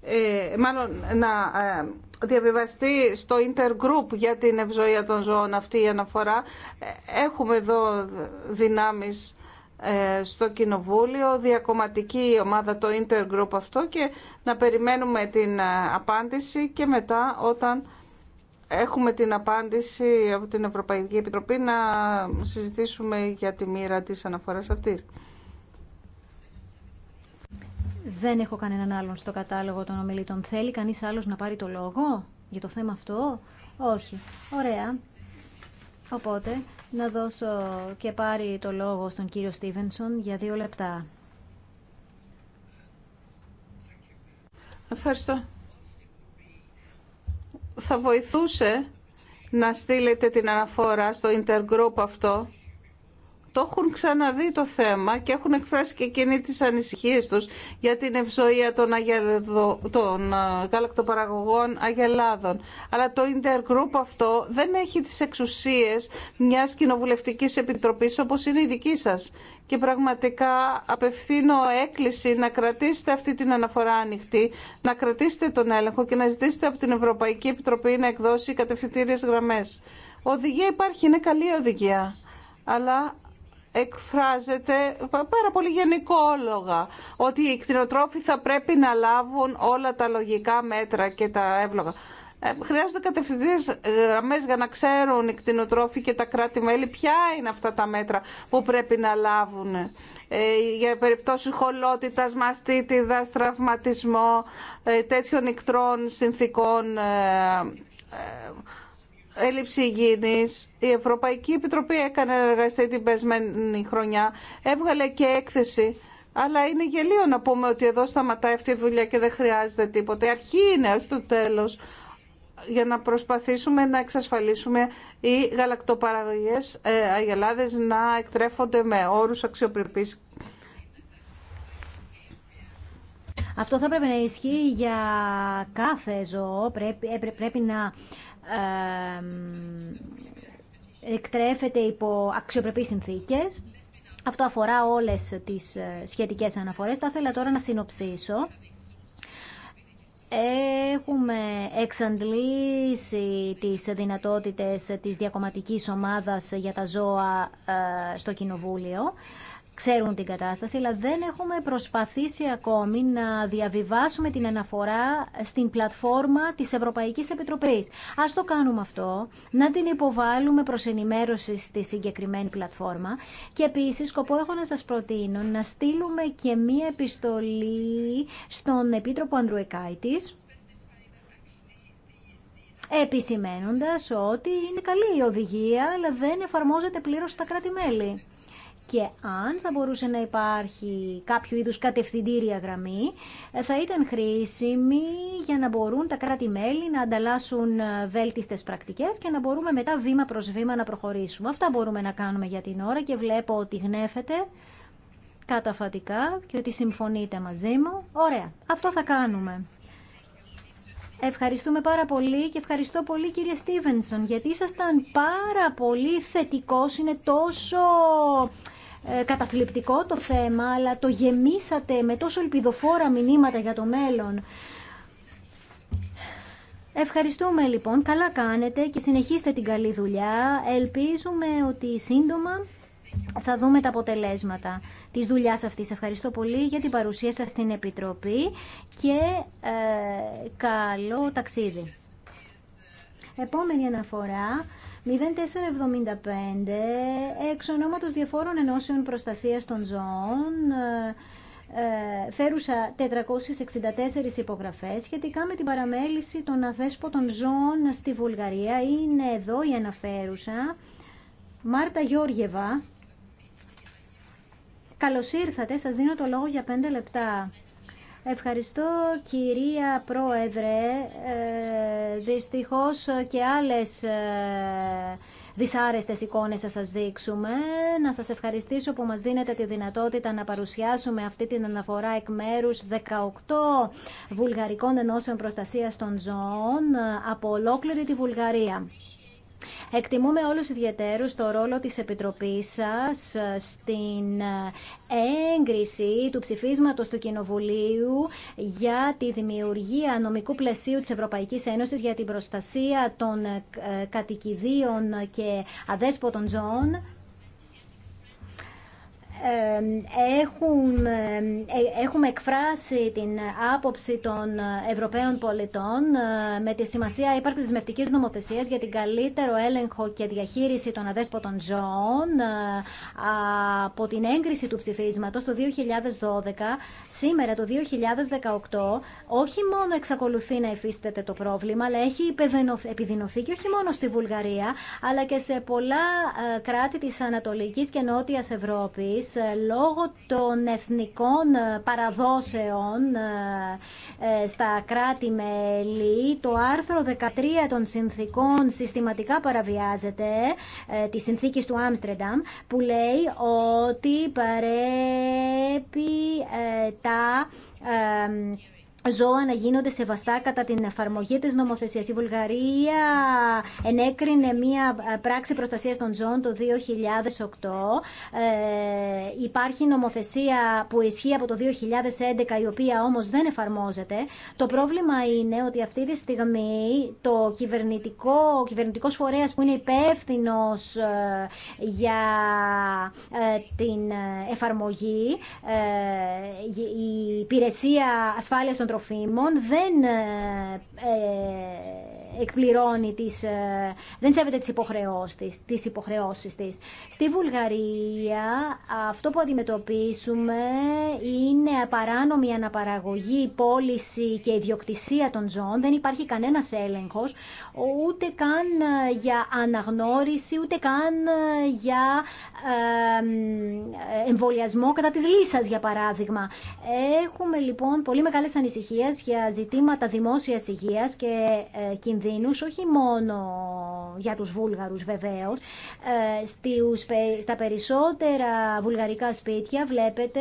ε, μάλλον να ε, διαβιβαστεί στο Intergroup για την ευζοία των ζώων αυτή η αναφορά. Ε, έχουμε εδώ δυνάμεις στο Κοινοβούλιο, διακομματική ομάδα το Intergroup αυτό και να περιμένουμε την απάντηση και μετά όταν έχουμε την απάντηση από την Ευρωπαϊκή Επιτροπή να συζητήσουμε για τη μοίρα της αναφοράς αυτή. Δεν έχω κανέναν άλλον στο κατάλογο των ομιλητών. Θέλει κανείς άλλος να πάρει το λόγο για το θέμα αυτό. Όχι. Ωραία. Οπότε, να δώσω και πάρει το λόγο στον κύριο Στίβενσον για δύο λεπτά. Ευχαριστώ. Θα βοηθούσε να στείλετε την αναφορά στο Intergroup αυτό το έχουν ξαναδεί το θέμα και έχουν εκφράσει και εκείνοι τις ανησυχίες τους για την ευζοία των, αγελδο... των ε, γαλακτοπαραγωγών αγελάδων. Αλλά το Intergroup αυτό δεν έχει τις εξουσίες μιας κοινοβουλευτικής επιτροπής όπως είναι η δική σας. Και πραγματικά απευθύνω έκκληση να κρατήσετε αυτή την αναφορά ανοιχτή, να κρατήσετε τον έλεγχο και να ζητήσετε από την Ευρωπαϊκή Επιτροπή να εκδώσει κατευθυντήριες γραμμές. Οδηγία υπάρχει, είναι καλή οδηγία αλλά εκφράζεται πάρα πολύ γενικόλογα ότι οι κτηνοτρόφοι θα πρέπει να λάβουν όλα τα λογικά μέτρα και τα εύλογα. Ε, χρειάζονται κατευθυντές γραμμές για να ξέρουν οι κτηνοτρόφοι και τα κράτη-μέλη ποια είναι αυτά τα μέτρα που πρέπει να λάβουν ε, για περιπτώσεις χολότητας, μαστίτιδας, τραυματισμό, ε, τέτοιων νυχτρών, συνθήκων έλλειψη υγιεινής. Η Ευρωπαϊκή Επιτροπή έκανε εργαστή την περσμένη χρονιά, έβγαλε και έκθεση. Αλλά είναι γελίο να πούμε ότι εδώ σταματάει αυτή η δουλειά και δεν χρειάζεται τίποτα. Η αρχή είναι, όχι το τέλος, για να προσπαθήσουμε να εξασφαλίσουμε οι γαλακτοπαραγωγές ε, να εκτρέφονται με όρους αξιοπρεπή. αυτό θα πρέπει να ισχύει για κάθε ζώο. Πρέπει, πρέπει να εκτρέφεται υπό αξιοπρεπείς συνθήκες. Αυτό αφορά όλες τις ε, σχετικές αναφορές. Θα ήθελα τώρα να συνοψίσω. Έχουμε εξαντλήσει τις δυνατότητες της διακομματικής ομάδας για τα ζώα ε, στο Κοινοβούλιο ξέρουν την κατάσταση, αλλά δεν έχουμε προσπαθήσει ακόμη να διαβιβάσουμε την αναφορά στην πλατφόρμα της Ευρωπαϊκής Επιτροπής. Ας το κάνουμε αυτό, να την υποβάλουμε προς ενημέρωση στη συγκεκριμένη πλατφόρμα και επίσης σκοπό έχω να σας προτείνω να στείλουμε και μία επιστολή στον Επίτροπο Ανδρουεκάητης, επισημένοντας ότι είναι καλή η οδηγία, αλλά δεν εφαρμόζεται πλήρως στα κράτη-μέλη και αν θα μπορούσε να υπάρχει κάποιο είδους κατευθυντήρια γραμμή, θα ήταν χρήσιμη για να μπορούν τα κράτη-μέλη να ανταλλάσσουν ε, βέλτιστες πρακτικές και να μπορούμε μετά βήμα προς βήμα να προχωρήσουμε. Αυτά μπορούμε να κάνουμε για την ώρα και βλέπω ότι γνέφεται καταφατικά και ότι συμφωνείτε μαζί μου. Ωραία, αυτό θα κάνουμε. Ευχαριστούμε πάρα πολύ και ευχαριστώ πολύ κύριε Στίβενσον γιατί ήσασταν πάρα πολύ θετικός, είναι τόσο ε, καταθλιπτικό το θέμα, αλλά το γεμίσατε με τόσο ελπιδοφόρα μηνύματα για το μέλλον. Ευχαριστούμε λοιπόν, καλά κάνετε και συνεχίστε την καλή δουλειά. Ελπίζουμε ότι σύντομα θα δούμε τα αποτελέσματα της δουλειάς αυτής. Ευχαριστώ πολύ για την παρουσία σας στην Επιτροπή και ε, καλό ταξίδι. Επόμενη αναφορά 0475 εξ ονόματος διαφόρων ενώσεων προστασίας των ζώων ε, ε, φέρουσα 464 υπογραφές σχετικά με την παραμέληση των αδέσποτων ζώων στη Βουλγαρία. Είναι εδώ η αναφέρουσα Μάρτα Γιώργεβα. Καλώς ήρθατε, σας δίνω το λόγο για 5 λεπτά. Ευχαριστώ κυρία Πρόεδρε. Ε, δυστυχώς και άλλες ε, δυσάρεστες εικόνες θα σας δείξουμε. Να σας ευχαριστήσω που μας δίνετε τη δυνατότητα να παρουσιάσουμε αυτή την αναφορά εκ μέρους 18 βουλγαρικών ενώσεων προστασίας των ζώων ε, από ολόκληρη τη Βουλγαρία. Εκτιμούμε όλους ιδιαίτερους το ρόλο της Επιτροπής σας ε, στην ε, έγκριση του ψηφίσματος του Κοινοβουλίου για τη δημιουργία νομικού πλαισίου της Ευρωπαϊκής Ένωσης για την προστασία των ε, κατοικιδίων και αδέσποτων ζώων έχουν, ε, έχουμε εκφράσει την άποψη των Ευρωπαίων πολιτών ε, με τη σημασία ύπαρξης δεσμευτικής νομοθεσίας για την καλύτερο έλεγχο και διαχείριση των αδέσποτων ζώων ε, από την έγκριση του ψηφίσματος το 2012 σήμερα το 2018 όχι μόνο εξακολουθεί να υφίσταται το πρόβλημα, αλλά έχει επιδεινωθεί και όχι μόνο στη Βουλγαρία, αλλά και σε πολλά ε, κράτη της Ανατολικής και Νότιας Ευρώπης, ε, λόγω των εθνικών ε, παραδόσεων στα κράτη-μέλη. Το άρθρο 13 των συνθήκων συστηματικά παραβιάζεται, τη συνθήκη του Άμστερνταμ, που λέει ότι παρέπει τα ζώα να γίνονται σεβαστά κατά την εφαρμογή της νομοθεσίας. Η Βουλγαρία ενέκρινε μία ε, πράξη προστασίας των ζώων το 2008. Ε, υπάρχει νομοθεσία που ισχύει από το 2011, η οποία όμως δεν εφαρμόζεται. Το πρόβλημα είναι ότι αυτή τη στιγμή το κυβερνητικό, ο κυβερνητικός φορέας που είναι υπεύθυνο ε, για την εφαρμογή, η Υπηρεσία Ασφάλειας των τροφίμων δεν ε, ε, εκπληρώνει τις, ε, δεν σέβεται τις υποχρεώσεις της, τις Στη Βουλγαρία αυτό που αντιμετωπίσουμε είναι παράνομη αναπαραγωγή, πώληση και ιδιοκτησία των ζώων. Δεν υπάρχει κανένας έλεγχος, ούτε καν ε, για αναγνώριση, ούτε καν ε, για εμβολιασμό κατά της λύσας, για παράδειγμα. Έχουμε λοιπόν πολύ μεγάλες ανησυχίες για ζητήματα δημόσιας υγείας και κινδύνου όχι μόνο για τους Βούλγαρους βεβαίως. Ε, στα περισσότερα βουλγαρικά σπίτια βλέπετε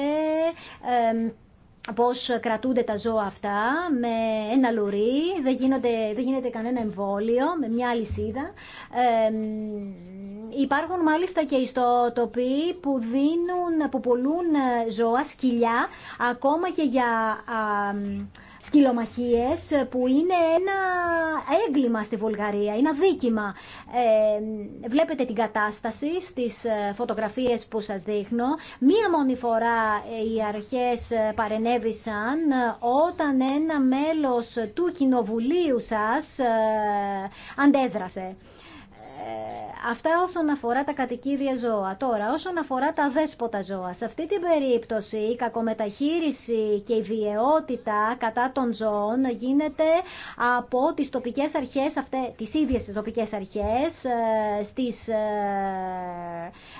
πώς κρατούνται τα ζώα αυτά με ένα λουρί, δεν, γίνονται, δεν γίνεται κανένα εμβόλιο, με μια αλυσίδα. Ε, υπάρχουν μάλιστα και ιστοτοποί που, δίνουν, που πολλούν ζώα, σκυλιά, ακόμα και για σκυλομαχίες ε, που είναι ένα έγκλημα στη Βουλγαρία, ένα δίκημα. Ε, βλέπετε την κατάσταση στις ε, φωτογραφίες που σας δείχνω. Μία μόνη φορά ε, οι αρχές παρενέβησαν όταν ένα μέλος του κοινοβουλίου σας αντέδρασε αυτά όσον αφορά τα κατοικίδια ζώα. Τώρα, όσον αφορά τα δέσποτα ζώα, σε αυτή την περίπτωση η κακομεταχείριση και η βιαιότητα κατά των ζώων γίνεται από τις τοπικές αρχές, αυτές, τις ίδιες τις τοπικές αρχές, ε, στις ε,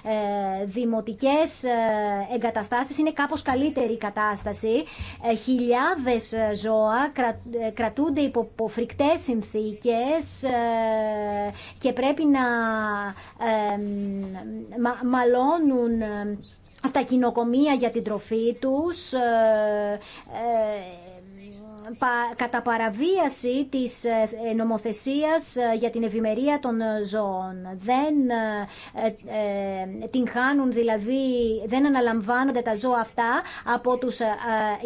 ε, δημοτικές εγκαταστάσεις. Είναι κάπως καλύτερη η κατάσταση. Χιλιάδες ζώα κρατούνται υπό συνθήκες και πρέπει να ε, μαλώνουν ε, στα κοινοκομεία για την τροφή τους ε, κατά παραβίαση της νομοθεσίας για την ευημερία των ζώων. Δεν την χάνουν δηλαδή, δεν αναλαμβάνονται τα ζώα αυτά από τους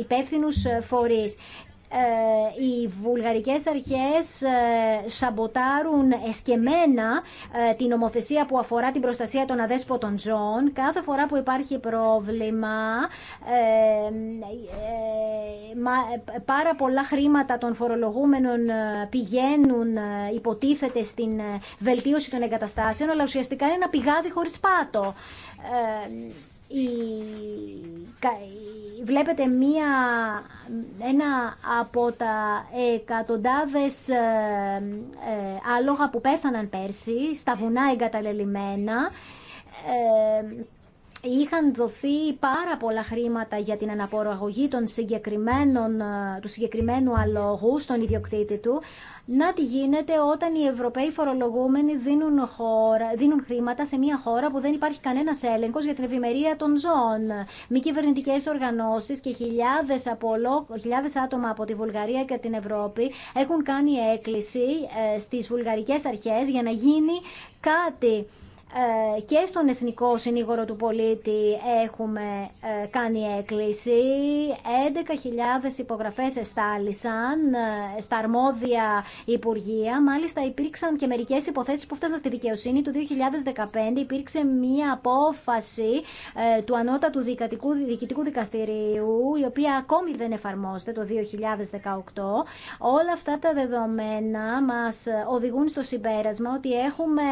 υπεύθυνους φορείς. Ε, οι βουλγαρικές αρχές ε, σαμποτάρουν εσκεμένα ε, την νομοθεσία που αφορά την προστασία των αδέσποτων ζώων. Κάθε φορά που υπάρχει πρόβλημα, πάρα πολλά χρήματα των φορολογούμενων πηγαίνουν, υποτίθεται, στην βελτίωση των εγκαταστάσεων, αλλά ουσιαστικά είναι ένα πηγάδι χωρίς πάτο βλέπετε μία, ένα από τα εκατοντάδες ε, ε, άλογα που πέθαναν πέρσι στα βουνά εγκαταλελειμμένα. Ε, είχαν δοθεί πάρα πολλά χρήματα για την αναποραγωγή των συγκεκριμένων, ε, του συγκεκριμένου αλόγου στον ιδιοκτήτη του. Να τι γίνεται όταν οι Ευρωπαίοι φορολογούμενοι δίνουν, χώρα, δίνουν χρήματα σε μια χώρα που δεν υπάρχει κανένα έλεγχο για την ευημερία των ζώων. Μη κυβερνητικέ οργανώσει και χιλιάδε χιλιάδες άτομα από τη Βουλγαρία και την Ευρώπη έχουν κάνει έκκληση ε, στι βουλγαρικέ αρχέ για να γίνει κάτι. Ε, και στον Εθνικό Συνήγορο του Πολίτη έχουμε ε, κάνει έκκληση. 11.000 υπογραφές εστάλησαν ε, στα αρμόδια Υπουργεία. Μάλιστα υπήρξαν και μερικές υποθέσεις που φτάσαν στη δικαιοσύνη του 2015. Υπήρξε μία απόφαση του Ανώτατου Δικατικού, Διοικητικού Δικαστηρίου, η οποία ακόμη δεν εφαρμόζεται το 2018. Όλα αυτά τα δεδομένα μας οδηγούν στο συμπέρασμα ότι έχουμε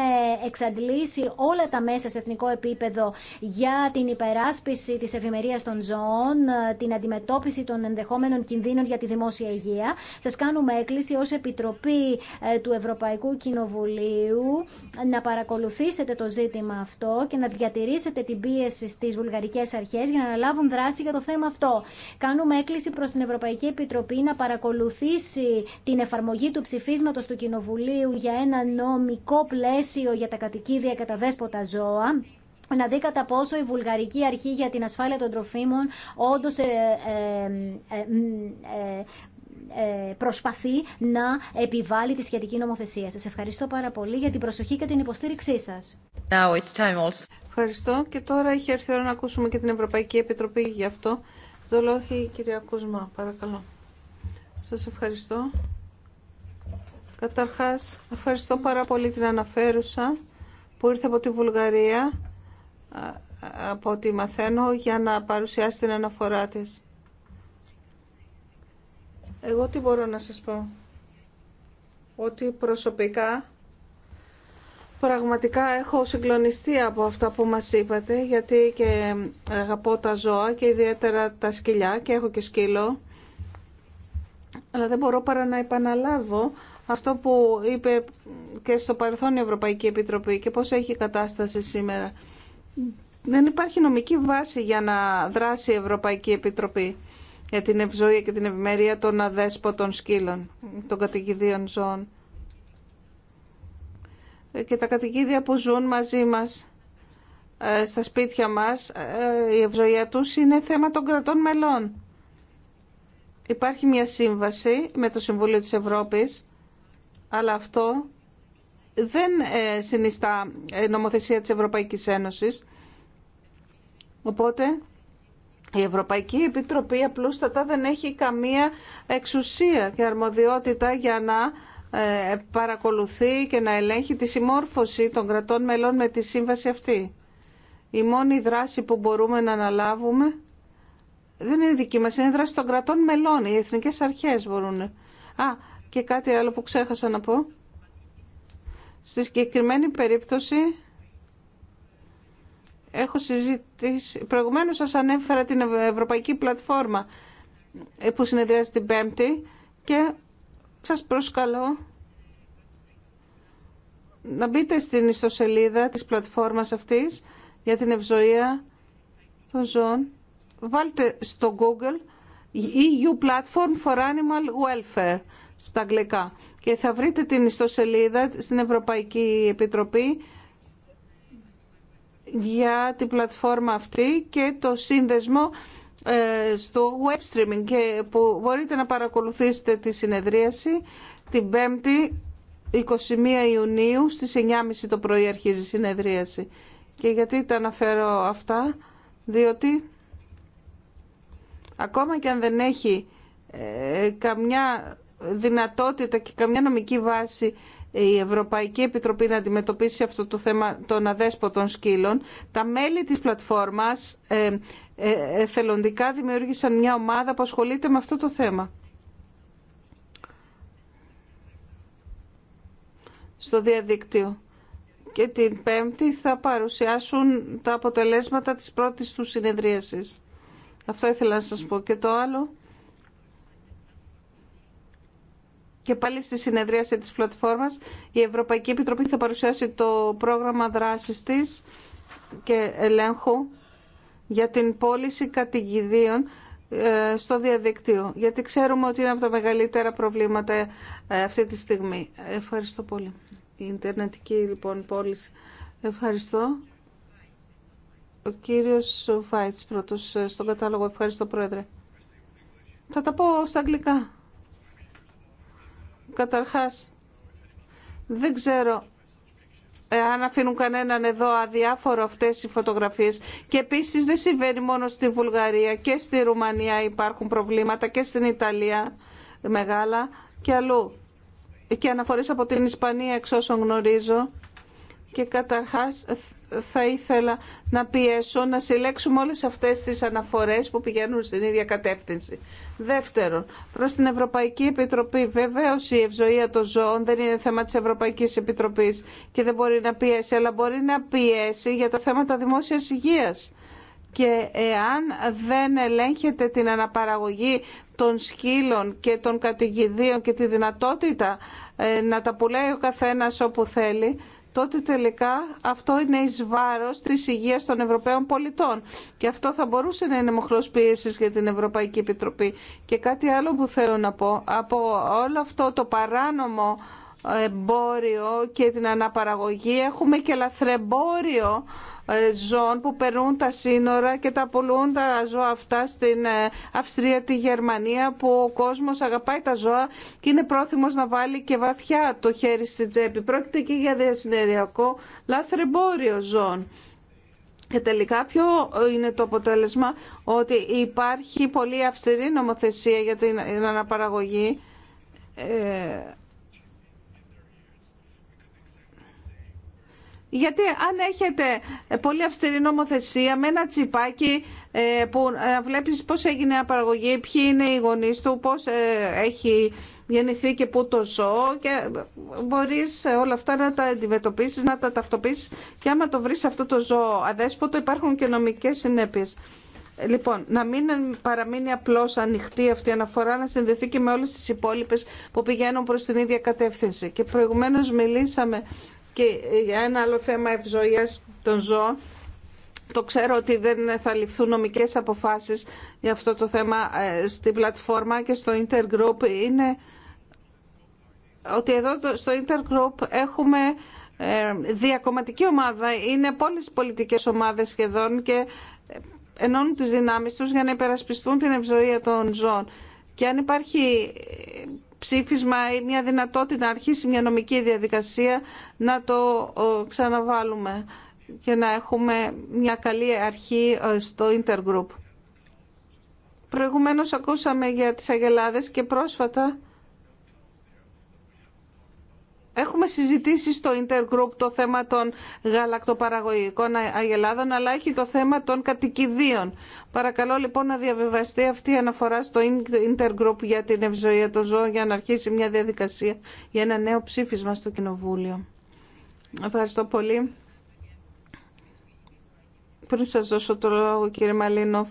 εξαντλήσει όλα τα μέσα σε εθνικό επίπεδο για την υπεράσπιση τη ευημερία των ζώων, ε, την αντιμετώπιση των ενδεχόμενων κινδύνων για τη δημόσια υγεία. Σας κάνουμε έκκληση ω Επιτροπή ε, του Ευρωπαϊκού Κοινοβουλίου να παρακολουθήσετε το ζήτημα αυτό και να διατηρήσετε την πίεση στι βουλγαρικές αρχέ για να αναλάβουν δράση για το θέμα αυτό. Κάνουμε έκκληση προ την Ευρωπαϊκή Επιτροπή να παρακολουθήσει την εφαρμογή του ψηφίσματο του Κοινοβουλίου για ένα νομικό πλαίσιο για τα κατοικίδια κατά αδέσποτα ζώα να δει κατά πόσο η Βουλγαρική Αρχή για την Ασφάλεια των Τροφίμων όντως ε, ε, ε, προσπαθεί να επιβάλλει τη σχετική νομοθεσία. Σας ευχαριστώ πάρα πολύ για την προσοχή και την υποστήριξή σας. Ευχαριστώ και τώρα έχει έρθει ώρα να ακούσουμε και την Ευρωπαϊκή Επιτροπή γι' αυτό. Το λόγο η κυρία Κούσμα, παρακαλώ. Σας ευχαριστώ. Καταρχάς, ευχαριστώ πάρα πολύ την αναφέρουσα που ήρθε από τη Βουλγαρία, από ό,τι μαθαίνω, για να παρουσιάσει την αναφορά της. Εγώ τι μπορώ να σας πω. Ότι προσωπικά, πραγματικά έχω συγκλονιστεί από αυτά που μας είπατε, γιατί και αγαπώ τα ζώα και ιδιαίτερα τα σκυλιά και έχω και σκύλο. Αλλά δεν μπορώ παρά να επαναλάβω αυτό που είπε και στο παρελθόν η Ευρωπαϊκή Επιτροπή και πώς έχει η κατάσταση σήμερα. Δεν υπάρχει νομική βάση για να δράσει η Ευρωπαϊκή Επιτροπή για την ευζοία και την ευημερία των αδέσποτων σκύλων, των κατοικιδίων ζώων. Και τα κατοικίδια που ζουν μαζί μας ε, στα σπίτια μας, ε, η ευζοία τους είναι θέμα των κρατών μελών. Υπάρχει μια σύμβαση με το Συμβούλιο της Ευρώπης αλλά αυτό δεν ε, συνιστά ε, νομοθεσία της Ευρωπαϊκής Ένωσης. Οπότε η Ευρωπαϊκή Επιτροπή απλούστατα δεν έχει καμία εξουσία και αρμοδιότητα για να ε, παρακολουθεί και να ελέγχει τη συμμόρφωση των κρατών μελών με τη σύμβαση αυτή. Η μόνη δράση που μπορούμε να αναλάβουμε δεν είναι δική μας, είναι δράση των κρατών μελών. Οι εθνικές αρχές μπορούν. Α, και κάτι άλλο που ξέχασα να πω. Στη συγκεκριμένη περίπτωση έχω συζητήσει, προηγουμένως σας ανέφερα την Ευρωπαϊκή Πλατφόρμα ε, που συνεδριάζει την Πέμπτη και σας προσκαλώ να μπείτε στην ιστοσελίδα της πλατφόρμας αυτής για την ευζοία των ζώων. Βάλτε στο Google EU Platform for Animal Welfare στα αγγλικά. Και θα βρείτε την ιστοσελίδα στην Ευρωπαϊκή Επιτροπή για την πλατφόρμα αυτή και το σύνδεσμο ε, στο web streaming και που μπορείτε να παρακολουθήσετε τη συνεδρίαση την 5η 21 Ιουνίου στις 9.30 το πρωί αρχίζει η συνεδρίαση. Και γιατί τα αναφέρω αυτά, διότι ακόμα και αν δεν έχει ε, καμιά δυνατότητα και καμιά νομική βάση η Ευρωπαϊκή Επιτροπή να αντιμετωπίσει αυτό το θέμα των αδέσποτων σκύλων. Τα μέλη της πλατφόρμας ε, ε θελοντικά δημιούργησαν μια ομάδα που ασχολείται με αυτό το θέμα. Στο διαδίκτυο. Και την Πέμπτη θα παρουσιάσουν τα αποτελέσματα της πρώτης του συνεδρίασης. Αυτό ήθελα να σας πω. Και το άλλο Και πάλι στη συνεδρίαση της πλατφόρμας η Ευρωπαϊκή Επιτροπή θα παρουσιάσει το πρόγραμμα δράσης της και ελέγχου για την πώληση κατηγηδίων ε, στο διαδίκτυο, γιατί ξέρουμε ότι είναι από τα μεγαλύτερα προβλήματα ε, αυτή τη στιγμή. Ευχαριστώ πολύ. Η Ιντερνετική λοιπόν πώληση. Ευχαριστώ. Ο κύριος Φάιτς, πρώτος ε, στον κατάλογο. Ευχαριστώ πρόεδρε. Θα τα πω στα αγγλικά. Καταρχάς, δεν ξέρω αν αφήνουν κανέναν εδώ αδιάφορο αυτές οι φωτογραφίες. Και επίσης δεν συμβαίνει μόνο στη Βουλγαρία και στη Ρουμανία υπάρχουν προβλήματα και στην Ιταλία μεγάλα και αλλού. Και αναφορές από την Ισπανία εξ όσων γνωρίζω. Και καταρχάς θα ήθελα να πιέσω να συλλέξουμε όλες αυτές τις αναφορές που πηγαίνουν στην ίδια κατεύθυνση. Δεύτερον, προς την Ευρωπαϊκή Επιτροπή. βεβαίω η ευζοία των ζώων δεν είναι θέμα της Ευρωπαϊκής Επιτροπής και δεν μπορεί να πιέσει, αλλά μπορεί να πιέσει για τα θέματα δημόσιας υγείας. Και εάν δεν ελέγχεται την αναπαραγωγή των σκύλων και των κατηγιδίων και τη δυνατότητα ε, να τα πουλάει ο καθένας όπου θέλει, τότε τελικά αυτό είναι εις βάρος της υγείας των Ευρωπαίων πολιτών. Και αυτό θα μπορούσε να είναι μοχλός πίεσης για την Ευρωπαϊκή Επιτροπή. Και κάτι άλλο που θέλω να πω, από όλο αυτό το παράνομο εμπόριο και την αναπαραγωγή έχουμε και λαθρεμπόριο ε, ζώων που περνούν τα σύνορα και τα πουλούν τα ζώα αυτά στην ε, Αυστρία, τη Γερμανία που ο κόσμος αγαπάει τα ζώα και είναι πρόθυμος να βάλει και βαθιά το χέρι στη τσέπη. Πρόκειται και για διασυνεριακό λάθρεμπόριο ζώων. Και τελικά ποιο ε, είναι το αποτέλεσμα ότι υπάρχει πολύ αυστηρή νομοθεσία για την αναπαραγωγή Γιατί αν έχετε πολύ αυστηρή νομοθεσία με ένα τσιπάκι ε, που ε, βλέπεις πώς έγινε η παραγωγή, ποιοι είναι οι γονείς του, πώς ε, έχει γεννηθεί και πού το ζώο και μπορείς όλα αυτά να τα αντιμετωπίσεις, να τα ταυτοποιήσεις και άμα το βρεις αυτό το ζώο αδέσποτο υπάρχουν και νομικές συνέπειες. Λοιπόν, να μην παραμείνει απλώ ανοιχτή αυτή η αναφορά, να συνδεθεί και με όλε τι υπόλοιπε που πηγαίνουν προ την ίδια κατεύθυνση. Και προηγουμένω μιλήσαμε και για ένα άλλο θέμα ευζοίας των ζώων, το ξέρω ότι δεν θα ληφθούν νομικές αποφάσεις για αυτό το θέμα ε, στην πλατφόρμα και στο Intergroup είναι ότι εδώ στο Intergroup έχουμε ε, διακομματική ομάδα, είναι πολλές πολιτικές ομάδες σχεδόν και ενώνουν τις δυνάμεις τους για να υπερασπιστούν την ευζοία των ζώων. Και αν υπάρχει ψήφισμα ή μια δυνατότητα να αρχίσει μια νομική διαδικασία να το ε, ξαναβάλουμε και να έχουμε μια καλή αρχή ε, στο Intergroup. Προηγουμένως ακούσαμε για τις αγελάδες και πρόσφατα Έχουμε συζητήσει στο Intergroup το θέμα των γαλακτοπαραγωγικών αγελάδων, αλλά έχει το θέμα των κατοικιδίων. Παρακαλώ λοιπόν να διαβεβαστεί αυτή η αναφορά στο Intergroup για την ευζοία των ζώων για να αρχίσει μια διαδικασία για ένα νέο ψήφισμα στο Κοινοβούλιο. Ευχαριστώ πολύ. Πριν σα δώσω το λόγο κύριε Μαλίνοφ,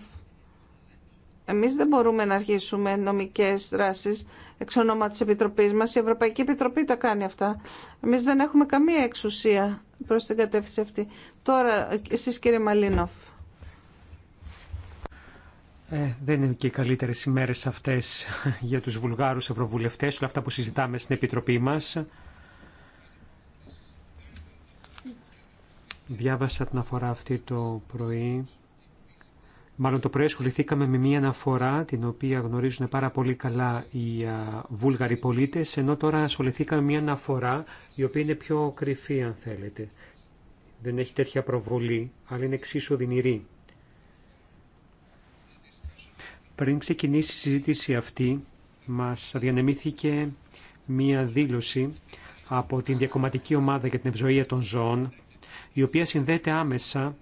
εμείς δεν μπορούμε να αρχίσουμε νομικές δράσεις εξ ονόμα της Επιτροπής μας. Η Ευρωπαϊκή Επιτροπή τα κάνει αυτά. Εμείς δεν έχουμε καμία εξουσία προς την κατεύθυνση αυτή. Τώρα, εσείς κύριε Μαλίνοφ. Ε, δεν είναι και οι καλύτερε ημέρε αυτέ για του βουλγάρους Ευρωβουλευτέ, όλα αυτά που συζητάμε στην Επιτροπή μα. Διάβασα την αφορά αυτή το πρωί Μάλλον το πρωί ασχοληθήκαμε με μία αναφορά την οποία γνωρίζουν πάρα πολύ καλά οι βούλγαροι πολίτες, ενώ τώρα ασχοληθήκαμε με μία αναφορά η οποία είναι πιο κρυφή αν θέλετε. Δεν έχει τέτοια προβολή, αλλά είναι εξίσου δυνηρή. Πριν ξεκινήσει η συζήτηση αυτή, μας διανεμήθηκε μία δήλωση από την Διακομματική Ομάδα για την Ευζοία των Ζώων, η οποία συνδέεται άμεσα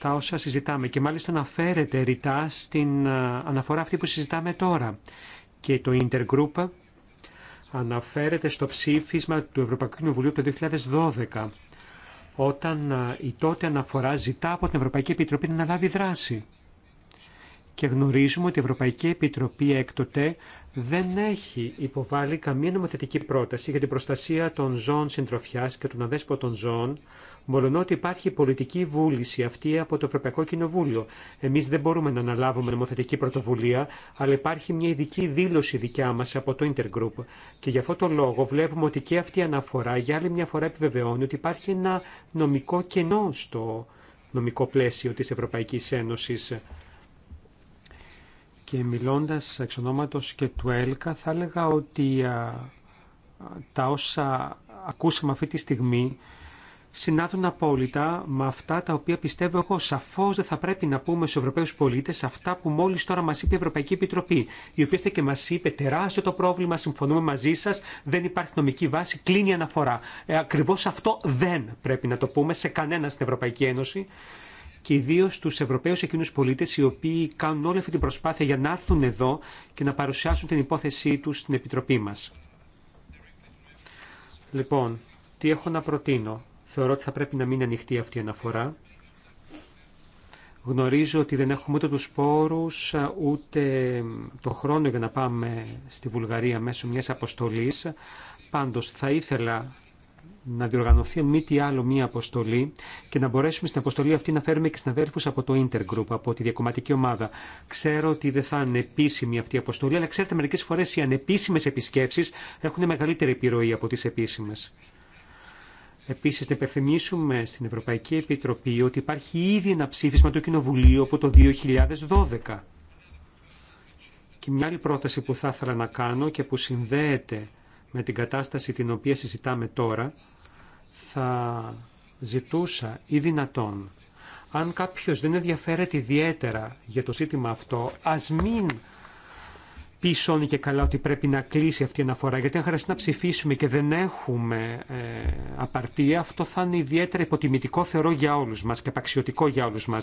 τα όσα συζητάμε και μάλιστα αναφέρεται ρητά στην ε, αναφορά αυτή που συζητάμε τώρα. Και το Intergroup αναφέρεται στο ψήφισμα του Ευρωπαϊκού Κοινοβουλίου το 2012 όταν ε, η τότε αναφορά ζητά από την Ευρωπαϊκή Επιτροπή να λάβει δράση. Και γνωρίζουμε ότι η Ευρωπαϊκή Επιτροπή έκτοτε δεν έχει υποβάλει καμία νομοθετική πρόταση για την προστασία των ζώων συντροφιάς και των αδέσποτων ζώων μολονότι υπάρχει πολιτική βούληση αυτή από το Ευρωπαϊκό Κοινοβούλιο. Εμεί δεν μπορούμε να αναλάβουμε νομοθετική πρωτοβουλία, αλλά υπάρχει μια ειδική δήλωση δικιά μα από το Intergroup. Και γι' αυτό το λόγο βλέπουμε ότι και αυτή η αναφορά για άλλη μια φορά επιβεβαιώνει ότι υπάρχει ένα νομικό κενό στο νομικό πλαίσιο της Ευρωπαϊκής Ένωσης. Και μιλώντας εξ ονόματος και του ΕΛΚΑ θα έλεγα ότι α, τα όσα ακούσαμε αυτή τη στιγμή συνάδουν απόλυτα με αυτά τα οποία πιστεύω εγώ σαφώ δεν θα πρέπει να πούμε στου Ευρωπαίου πολίτε, αυτά που μόλι τώρα μα είπε η Ευρωπαϊκή Επιτροπή, η οποία ήρθε και μα είπε τεράστιο το πρόβλημα, συμφωνούμε μαζί σα, δεν υπάρχει νομική βάση, κλείνει η αναφορά. Ε, Ακριβώ αυτό δεν πρέπει να το πούμε σε κανένα στην Ευρωπαϊκή Ένωση και ιδίω στου Ευρωπαίου εκείνου πολίτε οι οποίοι κάνουν όλη αυτή την προσπάθεια για να έρθουν εδώ και να παρουσιάσουν την υπόθεσή του στην Επιτροπή μα. Λοιπόν, τι έχω να προτείνω. Θεωρώ ότι θα πρέπει να μείνει ανοιχτή αυτή η αναφορά. Γνωρίζω ότι δεν έχουμε ούτε τους πόρους, ούτε το χρόνο για να πάμε στη Βουλγαρία μέσω μιας αποστολής. Πάντως θα ήθελα να διοργανωθεί μη τι άλλο μία αποστολή και να μπορέσουμε στην αποστολή αυτή να φέρουμε και συναδέλφους από το Intergroup, από τη διακομματική ομάδα. Ξέρω ότι δεν θα είναι επίσημη αυτή η αποστολή, αλλά ξέρετε μερικέ φορέ οι ανεπίσημες επισκέψεις έχουν μεγαλύτερη επιρροή από τι επίσημες. Επίσης, να υπενθυμίσουμε στην Ευρωπαϊκή Επιτροπή ότι υπάρχει ήδη ένα ψήφισμα του Κοινοβουλίου από το 2012. Και μια άλλη πρόταση που θα ήθελα να κάνω και που συνδέεται με την κατάσταση την οποία συζητάμε τώρα, θα ζητούσα ή δυνατόν, αν κάποιος δεν ενδιαφέρεται ιδιαίτερα για το ζήτημα αυτό, ας μην πει Σόνη και καλά ότι πρέπει να κλείσει αυτή η αναφορά, γιατί αν χρειαστεί να ψηφίσουμε και δεν έχουμε ε, απαρτία, αυτό θα είναι ιδιαίτερα υποτιμητικό θεωρώ για όλου μα και απαξιωτικό για όλου μα.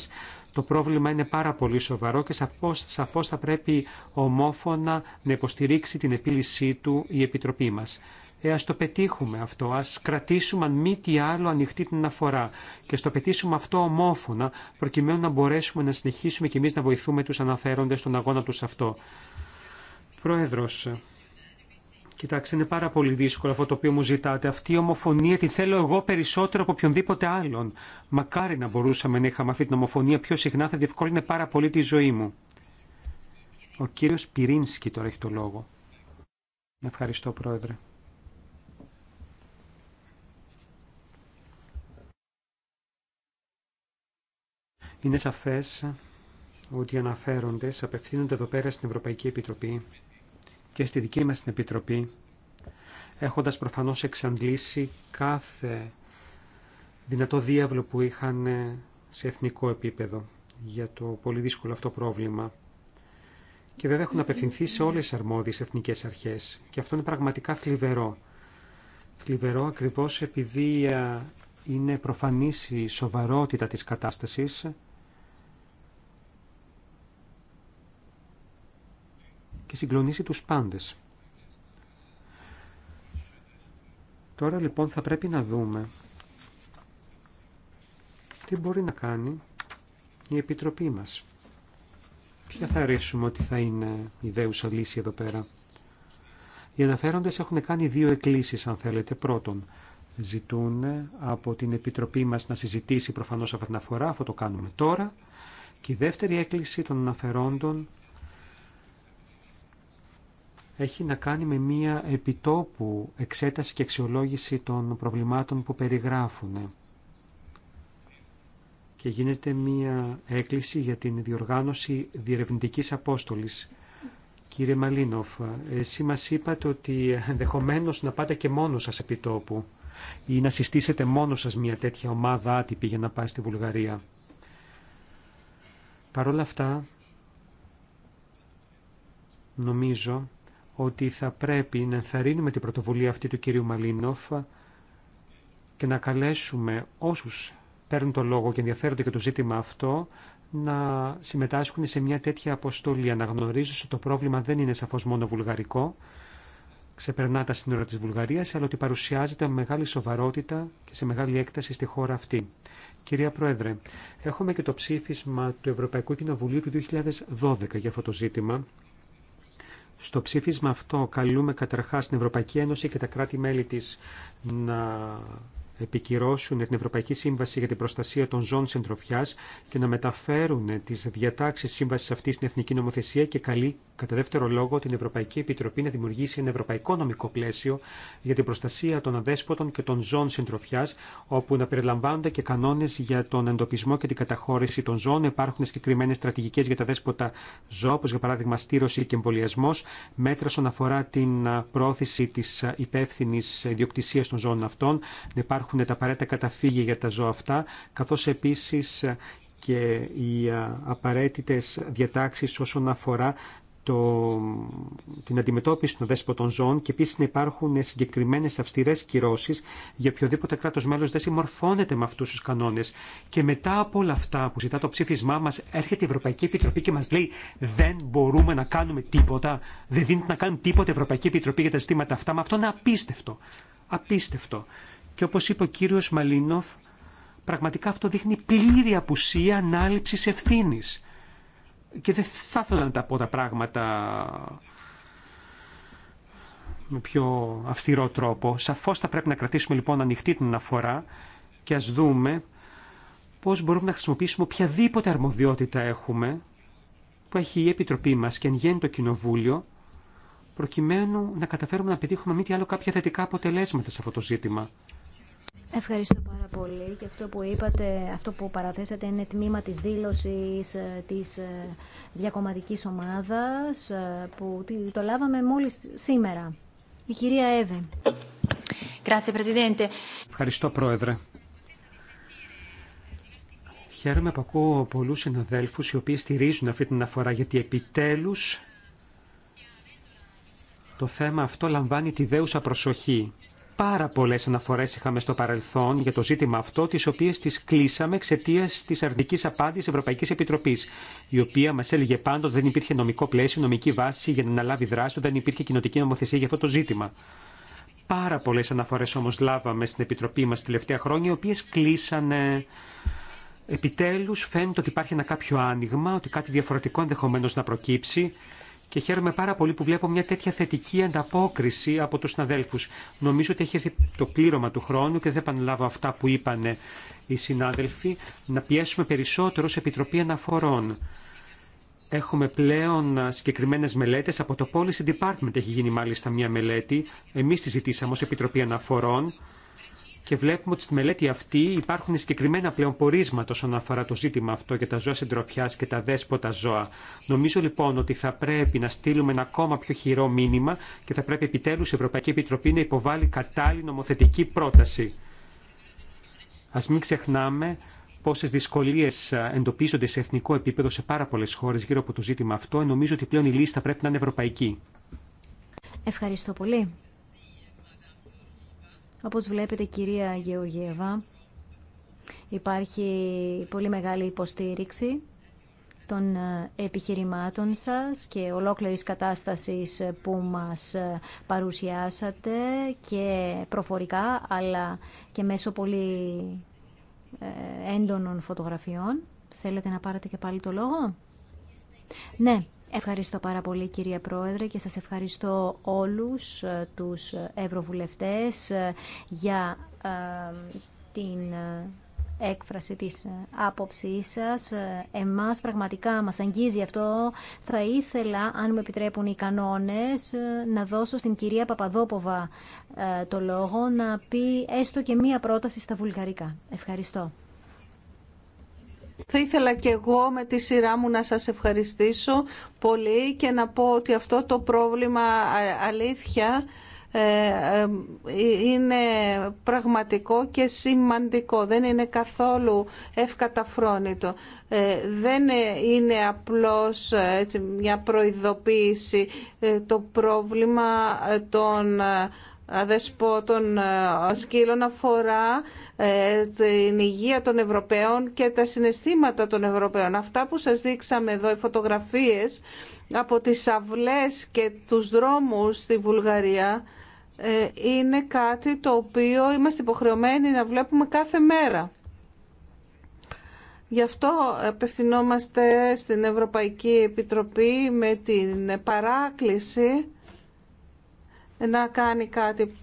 Το πρόβλημα είναι πάρα πολύ σοβαρό και σαφώ θα πρέπει ομόφωνα να υποστηρίξει την επίλυσή του η Επιτροπή μα. Ε, ας το πετύχουμε αυτό, ας κρατήσουμε αν μη τι άλλο ανοιχτή την αναφορά και στο το πετύσουμε αυτό ομόφωνα προκειμένου να μπορέσουμε να συνεχίσουμε και εμείς να βοηθούμε τους αναφέροντες στον αγώνα τους αυτό. Πρόεδρος, κοιτάξτε, είναι πάρα πολύ δύσκολο αυτό το οποίο μου ζητάτε. Αυτή η ομοφωνία την θέλω εγώ περισσότερο από οποιονδήποτε άλλον. Μακάρι να μπορούσαμε να είχαμε αυτή την ομοφωνία πιο συχνά, θα διευκόλυνε πάρα πολύ τη ζωή μου. Ο κύριος Πυρίνσκι τώρα έχει το λόγο. Ευχαριστώ, Πρόεδρε. Είναι σαφές ότι οι αναφέροντες απευθύνονται εδώ πέρα στην Ευρωπαϊκή Επιτροπή και στη δική μας την Επιτροπή, έχοντας προφανώς εξαντλήσει κάθε δυνατό διάβλο που είχαν ε, σε εθνικό επίπεδο για το πολύ δύσκολο αυτό πρόβλημα. Και βέβαια έχουν απευθυνθεί σε όλες τις αρμόδιες εθνικές αρχές και αυτό είναι πραγματικά θλιβερό. Θλιβερό ακριβώς επειδή ε, είναι προφανής η σοβαρότητα της κατάστασης και συγκλονίσει τους πάντες. Τώρα λοιπόν θα πρέπει να δούμε τι μπορεί να κάνει η Επιτροπή μας. Ποια θα αρέσουμε ότι θα είναι η δέουσα λύση εδώ πέρα. Οι αναφέροντες έχουν κάνει δύο εκκλήσεις αν θέλετε. Πρώτον, ζητούν από την Επιτροπή μας να συζητήσει προφανώς αυτήν την αφορά, αυτό το κάνουμε τώρα. Και η δεύτερη έκκληση των αναφερόντων έχει να κάνει με μία επιτόπου εξέταση και αξιολόγηση των προβλημάτων που περιγράφουν και γίνεται μία έκκληση για την διοργάνωση διερευνητικής απόστολης. Κύριε Μαλίνοφ, εσύ μας είπατε ότι ενδεχομένω να πάτε και μόνος σας επιτόπου ή να συστήσετε μόνος σας μια τέτοια ομάδα άτυπη για να πάει στη Βουλγαρία. Παρ' όλα αυτά, νομίζω ότι θα πρέπει να ενθαρρύνουμε την πρωτοβουλία αυτή του κυρίου Μαλίνοφ και να καλέσουμε όσους παίρνουν το λόγο και ενδιαφέρονται για το ζήτημα αυτό να συμμετάσχουν σε μια τέτοια αποστολή. Αναγνωρίζω ότι το πρόβλημα δεν είναι σαφώς μόνο βουλγαρικό, ξεπερνά τα σύνορα της Βουλγαρίας, αλλά ότι παρουσιάζεται με μεγάλη σοβαρότητα και σε μεγάλη έκταση στη χώρα αυτή. Κυρία Πρόεδρε, έχουμε και το ψήφισμα του Ευρωπαϊκού Κοινοβουλίου του 2012 για αυτό το ζήτημα, στο ψήφισμα αυτό καλούμε καταρχάς την Ευρωπαϊκή Ένωση και τα κράτη-μέλη της να επικυρώσουν την Ευρωπαϊκή Σύμβαση για την Προστασία των Ζώων Συντροφιά και να μεταφέρουν τι διατάξει σύμβαση αυτή στην Εθνική Νομοθεσία και καλεί, κατά δεύτερο λόγο, την Ευρωπαϊκή Επιτροπή να δημιουργήσει ένα ευρωπαϊκό νομικό πλαίσιο για την προστασία των αδέσποτων και των ζώων συντροφιά, όπου να περιλαμβάνονται και κανόνε για τον εντοπισμό και την καταχώρηση των ζώων. Υπάρχουν συγκεκριμένε στρατηγικέ για τα δέσποτα ζώα, όπω για παράδειγμα στήρωση και εμβολιασμό, μέτρα στον αφορά την πρόθεση τη υπεύθυνη ιδιοκτησία των ζώων αυτών, υπάρχουν τα απαραίτητα καταφύγια για τα ζώα αυτά, καθώς επίσης και οι απαραίτητες διατάξεις όσον αφορά το, την αντιμετώπιση των δέσποτων ζώων και επίση να υπάρχουν συγκεκριμένε αυστηρέ κυρώσει για οποιοδήποτε κράτο μέλο δεν συμμορφώνεται με αυτού του κανόνε. Και μετά από όλα αυτά που ζητά το ψήφισμά μα, έρχεται η Ευρωπαϊκή Επιτροπή και μα λέει δεν μπορούμε να κάνουμε τίποτα, δεν δίνεται να κάνει τίποτα η Ευρωπαϊκή Επιτροπή για τα ζητήματα αυτά. Μα αυτό είναι απίστευτο. Απίστευτο. Και όπως είπε ο κύριος Μαλίνοφ, πραγματικά αυτό δείχνει πλήρη απουσία ανάληψης ευθύνης. Και δεν θα ήθελα να τα πω τα πράγματα με πιο αυστηρό τρόπο. Σαφώς θα πρέπει να κρατήσουμε λοιπόν ανοιχτή την αναφορά και ας δούμε πώς μπορούμε να χρησιμοποιήσουμε οποιαδήποτε αρμοδιότητα έχουμε που έχει η Επιτροπή μας και εν το Κοινοβούλιο προκειμένου να καταφέρουμε να πετύχουμε μη τι άλλο κάποια θετικά αποτελέσματα σε αυτό το ζήτημα. Ευχαριστώ πάρα πολύ και αυτό που είπατε, αυτό που παραθέσατε είναι τμήμα της δήλωσης ε, της ε, διακομματικής ομάδας ε, που το λάβαμε μόλις σήμερα. Η κυρία Εύε. Ευχαριστώ Πρόεδρε. Χαίρομαι που ακούω πολλούς συναδέλφους οι οποίοι στηρίζουν αυτή την αφορά γιατί επιτέλους το θέμα αυτό λαμβάνει τη δέουσα προσοχή Πάρα πολλές αναφορές είχαμε στο παρελθόν για το ζήτημα αυτό, τις οποίες τις κλείσαμε εξαιτία της αρνητικής απάντησης Ευρωπαϊκής Επιτροπής, η οποία μας έλεγε πάντοτε δεν υπήρχε νομικό πλαίσιο, νομική βάση για να αναλάβει δράση, δεν υπήρχε κοινοτική νομοθεσία για αυτό το ζήτημα. Πάρα πολλέ αναφορέ όμω λάβαμε στην Επιτροπή μα τελευταία χρόνια, οι οποίε κλείσανε. Επιτέλου φαίνεται ότι υπάρχει ένα κάποιο άνοιγμα, ότι κάτι διαφορετικό ενδεχομένω να προκύψει και χαίρομαι πάρα πολύ που βλέπω μια τέτοια θετική ανταπόκριση από τους συναδέλφους. Νομίζω ότι έχει το πλήρωμα του χρόνου και δεν επαναλάβω αυτά που είπαν οι συνάδελφοι, να πιέσουμε περισσότερο σε Επιτροπή Αναφορών. Έχουμε πλέον συγκεκριμένες μελέτες, από το Policy Department έχει γίνει μάλιστα μια μελέτη, εμείς τη ζητήσαμε ως Επιτροπή Αναφορών, και βλέπουμε ότι στη μελέτη αυτή υπάρχουν συγκεκριμένα πλέον πορίσματα όσον αφορά το ζήτημα αυτό για τα ζώα συντροφιά και τα δέσποτα ζώα. Νομίζω λοιπόν ότι θα πρέπει να στείλουμε ένα ακόμα πιο χειρό μήνυμα και θα πρέπει επιτέλου η Ευρωπαϊκή Επιτροπή να υποβάλει κατάλληλη νομοθετική πρόταση. Α μην ξεχνάμε πόσε δυσκολίε εντοπίζονται σε εθνικό επίπεδο σε πάρα πολλέ χώρε γύρω από το ζήτημα αυτό. Νομίζω ότι πλέον η λύση θα πρέπει να είναι ευρωπαϊκή. Ευχαριστώ πολύ. Όπως βλέπετε κυρία Γεωργίευα, υπάρχει πολύ μεγάλη υποστήριξη των ε, επιχειρημάτων σας και ολόκληρης κατάστασης ε, που μας ε, παρουσιάσατε και προφορικά αλλά και μέσω πολύ έντονων φωτογραφιών. Θέλετε να πάρετε και πάλι το λόγο. Ναι, Ευχαριστώ πάρα πολύ κυρία Πρόεδρε και σας ευχαριστώ όλους ε, τους ευρωβουλευτές ε, για ε, την έκφραση της άποψής σας. Εμάς πραγματικά μας αγγίζει αυτό. Θα ήθελα, αν μου επιτρέπουν οι κανόνες, να δώσω στην κυρία Παπαδόποβα το λόγο να πει έστω και μία πρόταση στα βουλγαρικά. Ευχαριστώ. Θα ήθελα και εγώ με τη σειρά μου να σας ευχαριστήσω πολύ και να πω ότι αυτό το πρόβλημα αλήθεια ε, ε, είναι πραγματικό και σημαντικό. Δεν είναι καθόλου ευκαταφρόνητο. Ε, δεν είναι απλώς μια προειδοποίηση το πρόβλημα των αδεσπότων ε, σκύλων αφορά ε, την υγεία των Ευρωπαίων και τα συναισθήματα των Ευρωπαίων. Αυτά που σας δείξαμε εδώ, οι φωτογραφίες από τις αυλές και τους δρόμους στη Βουλγαρία ε, είναι κάτι το οποίο είμαστε υποχρεωμένοι να βλέπουμε κάθε μέρα. Γι' αυτό απευθυνόμαστε στην Ευρωπαϊκή Επιτροπή με την παράκληση να κάνει κάτι.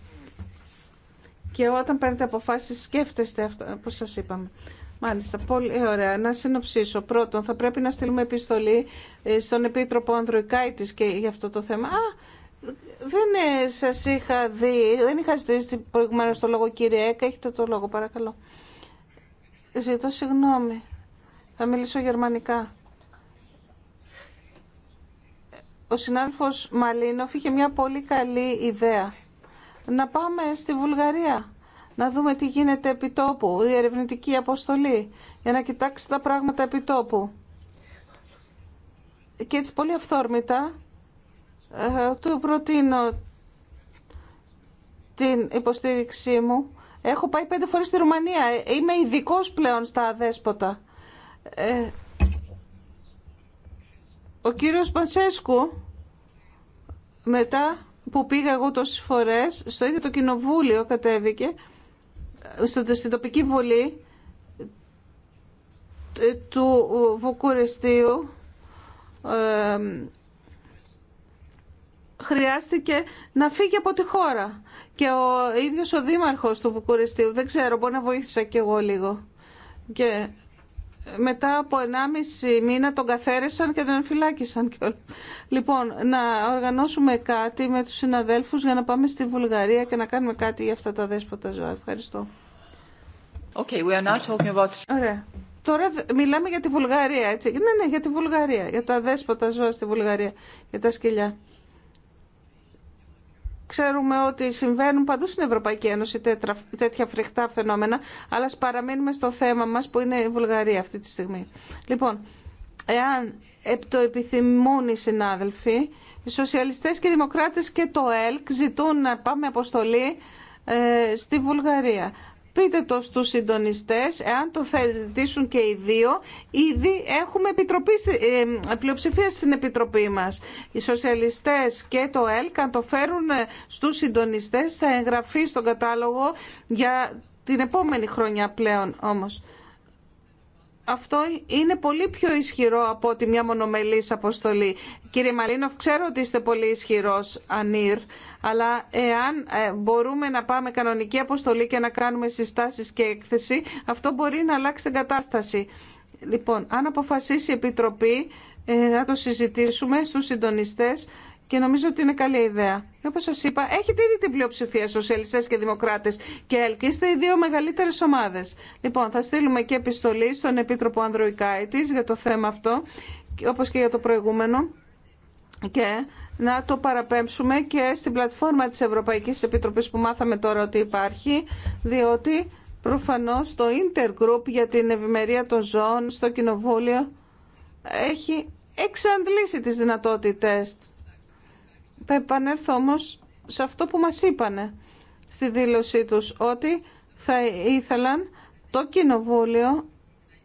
Και όταν παίρνετε αποφάσεις σκέφτεστε αυτό, που σας είπαμε. Μάλιστα, πολύ ωραία. Να συνοψίσω. Πρώτον, θα πρέπει να στείλουμε επιστολή ε, στον Επίτροπο της και για αυτό το θέμα. Α, δεν ε, σας είχα δει, δεν είχα ζητήσει προηγουμένως το λόγο κύριε Έκα. Έχετε το λόγο, παρακαλώ. Ζητώ συγγνώμη. Θα μιλήσω γερμανικά. ο συνάδελφος Μαλίνοφ είχε μια πολύ καλή ιδέα. Να πάμε στη Βουλγαρία, να δούμε τι γίνεται επί τόπου, η ερευνητική αποστολή, για να κοιτάξει τα πράγματα επί τόπου. Και έτσι πολύ αυθόρμητα ε, του προτείνω την υποστήριξή μου. Έχω πάει πέντε φορές στη Ρουμανία. Ε, είμαι ειδικό πλέον στα αδέσποτα. Ε, ο κύριος Πανσέσκου μετά που πήγα εγώ τόσες φορές, στο ίδιο το κοινοβούλιο κατέβηκε, στο, στην τοπική βουλή ε, του Βουκουρεστίου, χρειάστηκε να φύγει από τη χώρα. Και ο ίδιος ο δήμαρχος του Βουκουρεστίου, δεν ξέρω, μπορεί να βοήθησα κι εγώ λίγο. Και μετά από 1,5 μήνα τον καθαίρεσαν και τον φυλάκισαν. Λοιπόν, να οργανώσουμε κάτι με τους συναδέλφους για να πάμε στη Βουλγαρία και να κάνουμε κάτι για αυτά τα δέσποτα ζώα. Ευχαριστώ. Okay, we are not talking about... Ωραία. Τώρα μιλάμε για τη Βουλγαρία, έτσι. Ναι, ναι, για τη Βουλγαρία, για τα δέσποτα ζώα στη Βουλγαρία, για τα σκυλιά. Ξέρουμε ότι συμβαίνουν παντού στην Ευρωπαϊκή Ένωση τέτοια φρικτά φαινόμενα, αλλά ας παραμείνουμε στο θέμα μας που είναι η Βουλγαρία αυτή τη στιγμή. Λοιπόν, εάν το επιθυμούν οι συνάδελφοι, οι σοσιαλιστές και οι δημοκράτες και το ΕΛΚ ζητούν να πάμε αποστολή ε, στη Βουλγαρία. Πείτε το στους συντονιστές, εάν το θέλουν και οι δύο, ήδη έχουμε επιτροπή, ε, πλειοψηφία στην Επιτροπή μας. Οι σοσιαλιστές και το ΕΛΚ, αν το φέρουν ε, στους συντονιστές, θα εγγραφεί στον κατάλογο για την επόμενη χρονιά πλέον όμως αυτό είναι πολύ πιο ισχυρό από ότι μια μονομελής αποστολή. Κύριε Μαλίνοφ, ξέρω ότι είστε πολύ ισχυρός ανήρ, αλλά εάν ε, μπορούμε να πάμε κανονική αποστολή και να κάνουμε συστάσεις και έκθεση, αυτό μπορεί να αλλάξει την κατάσταση. Λοιπόν, αν αποφασίσει η Επιτροπή, να ε, το συζητήσουμε στους συντονιστές και νομίζω ότι είναι καλή ιδέα. Και όπως σας είπα, έχετε ήδη την πλειοψηφία σοσιαλιστέ και δημοκράτε. και ελκύστε οι δύο μεγαλύτερε ομάδε. Λοιπόν, θα στείλουμε και επιστολή στον Επίτροπο Ανδροϊκάητη για το θέμα αυτό, όπω και για το προηγούμενο. Και να το παραπέμψουμε και στην πλατφόρμα της Ευρωπαϊκής Επιτροπής που μάθαμε τώρα ότι υπάρχει, διότι προφανώς το Intergroup για την ευημερία των ζώων στο Κοινοβούλιο έχει εξαντλήσει τις δυνατότητες θα επανέλθω όμως σε αυτό που μας είπανε στη δήλωσή τους, ότι θα ήθελαν το Κοινοβούλιο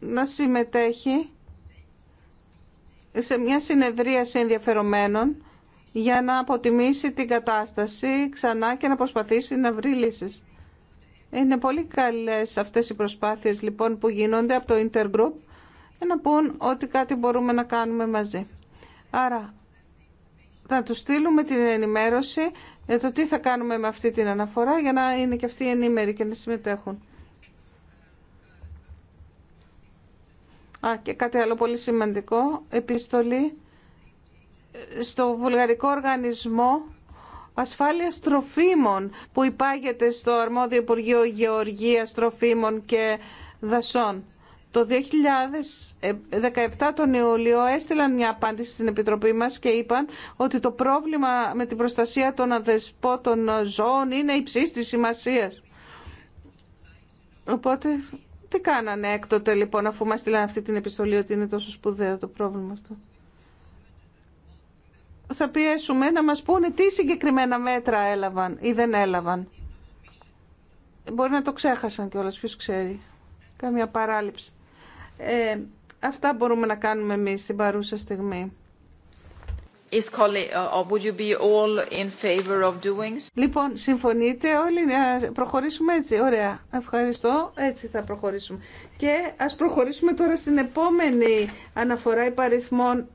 να συμμετέχει σε μια συνεδρία ενδιαφερομένων για να αποτιμήσει την κατάσταση ξανά και να προσπαθήσει να βρει λύσεις. Είναι πολύ καλές αυτές οι προσπάθειες λοιπόν που γίνονται από το Intergroup για να πούν ότι κάτι μπορούμε να κάνουμε μαζί. Άρα να του στείλουμε την ενημέρωση για το τι θα κάνουμε με αυτή την αναφορά για να είναι και αυτοί ενήμεροι και να συμμετέχουν. Α, και κάτι άλλο πολύ σημαντικό, επιστολή στο βουλγαρικό οργανισμό ασφάλειας τροφίμων που υπάγεται στο αρμόδιο Υπουργείο Γεωργίας Τροφίμων και Δασών. Το 2017 τον Ιούλιο έστειλαν μια απάντηση στην Επιτροπή μας και είπαν ότι το πρόβλημα με την προστασία των αδεσπότων ζώων είναι υψής της σημασίας. Οπότε τι κάνανε έκτοτε λοιπόν αφού μας στείλαν αυτή την επιστολή ότι είναι τόσο σπουδαίο το πρόβλημα αυτό. Θα πιέσουμε να μας πούνε τι συγκεκριμένα μέτρα έλαβαν ή δεν έλαβαν. Μπορεί να το ξέχασαν κιόλας, ποιος ξέρει. Καμία παράληψη. Ε, αυτά μπορούμε να κάνουμε εμείς στην παρούσα στιγμή. Λοιπόν, συμφωνείτε όλοι να προχωρήσουμε έτσι. Ωραία. Ευχαριστώ. Έτσι θα προχωρήσουμε. Και ας προχωρήσουμε τώρα στην επόμενη αναφορά υπαριθμών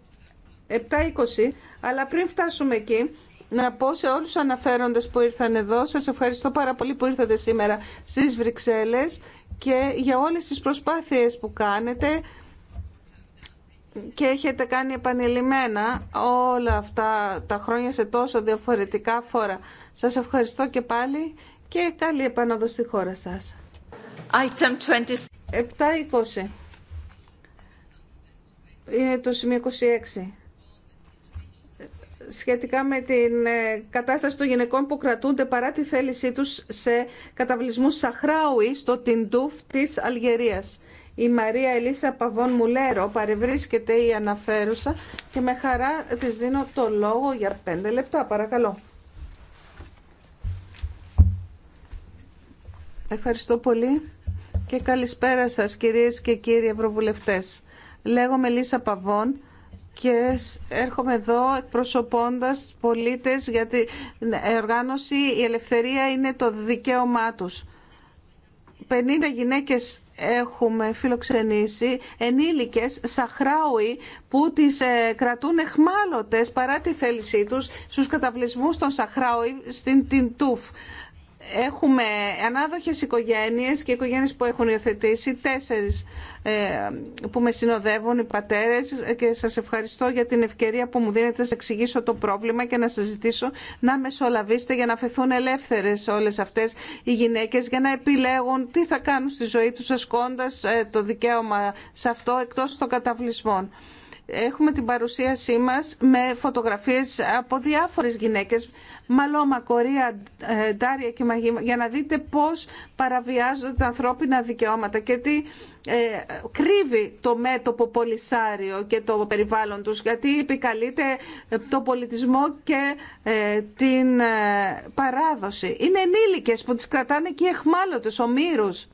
720. Αλλά πριν φτάσουμε εκεί, να πω σε όλους τους αναφέροντες που ήρθαν εδώ, σας ευχαριστώ πάρα πολύ που ήρθατε σήμερα στις Βρυξέλλες και για όλες τις προσπάθειες που κάνετε και έχετε κάνει επανειλημμένα όλα αυτά τα χρόνια σε τόσο διαφορετικά φόρα. Σας ευχαριστώ και πάλι και καλή επανόδο στη χώρα σας. Item 20. Είναι το σημείο 26 σχετικά με την ε, κατάσταση των γυναικών που κρατούνται παρά τη θέλησή τους σε καταβλισμούς Σαχράουι στο Τιντούφ της Αλγερίας. Η Μαρία Ελίσσα Παβών Μουλέρο παρευρίσκεται η αναφέρουσα και με χαρά τη δίνω το λόγο για πέντε λεπτά. Παρακαλώ. Ευχαριστώ πολύ και καλησπέρα σας κυρίες και κύριοι Ευρωβουλευτές. Λέγομαι Λίσα Παβών και έρχομαι εδώ εκπροσωπώντας πολίτες για την ναι, οργάνωση «Η ελευθερία είναι το δικαίωμά τους». 50 γυναίκες έχουμε φιλοξενήσει, ενήλικες, Σαχράουι, που τις ε, κρατούν εχμάλωτες παρά τη θέλησή τους στους καταβλισμούς των Σαχράουι στην Τιντούφ έχουμε ανάδοχες οικογένειες και οικογένειες που έχουν υιοθετήσει, τέσσερις ε, που με συνοδεύουν οι πατέρες και σας ευχαριστώ για την ευκαιρία που μου δίνετε να σας εξηγήσω το πρόβλημα και να σας ζητήσω να μεσολαβήσετε για να φεθούν ελεύθερες όλες αυτές οι γυναίκες για να επιλέγουν τι θα κάνουν στη ζωή τους ασκώντας ε, το δικαίωμα σε αυτό εκτός των καταβλισμών έχουμε την παρουσίασή μας με φωτογραφίες από διάφορες γυναίκες, Μαλώμα, Κορία, ε, Ντάρια και Μαγίμα, για να δείτε πώς παραβιάζονται τα ανθρώπινα δικαιώματα και τι ε, κρύβει το μέτωπο πολυσάριο και το περιβάλλον τους, γιατί επικαλείται το πολιτισμό και ε, την ε, παράδοση. Είναι ενήλικες που τις κρατάνε οι εχμάλωτες, ομήρους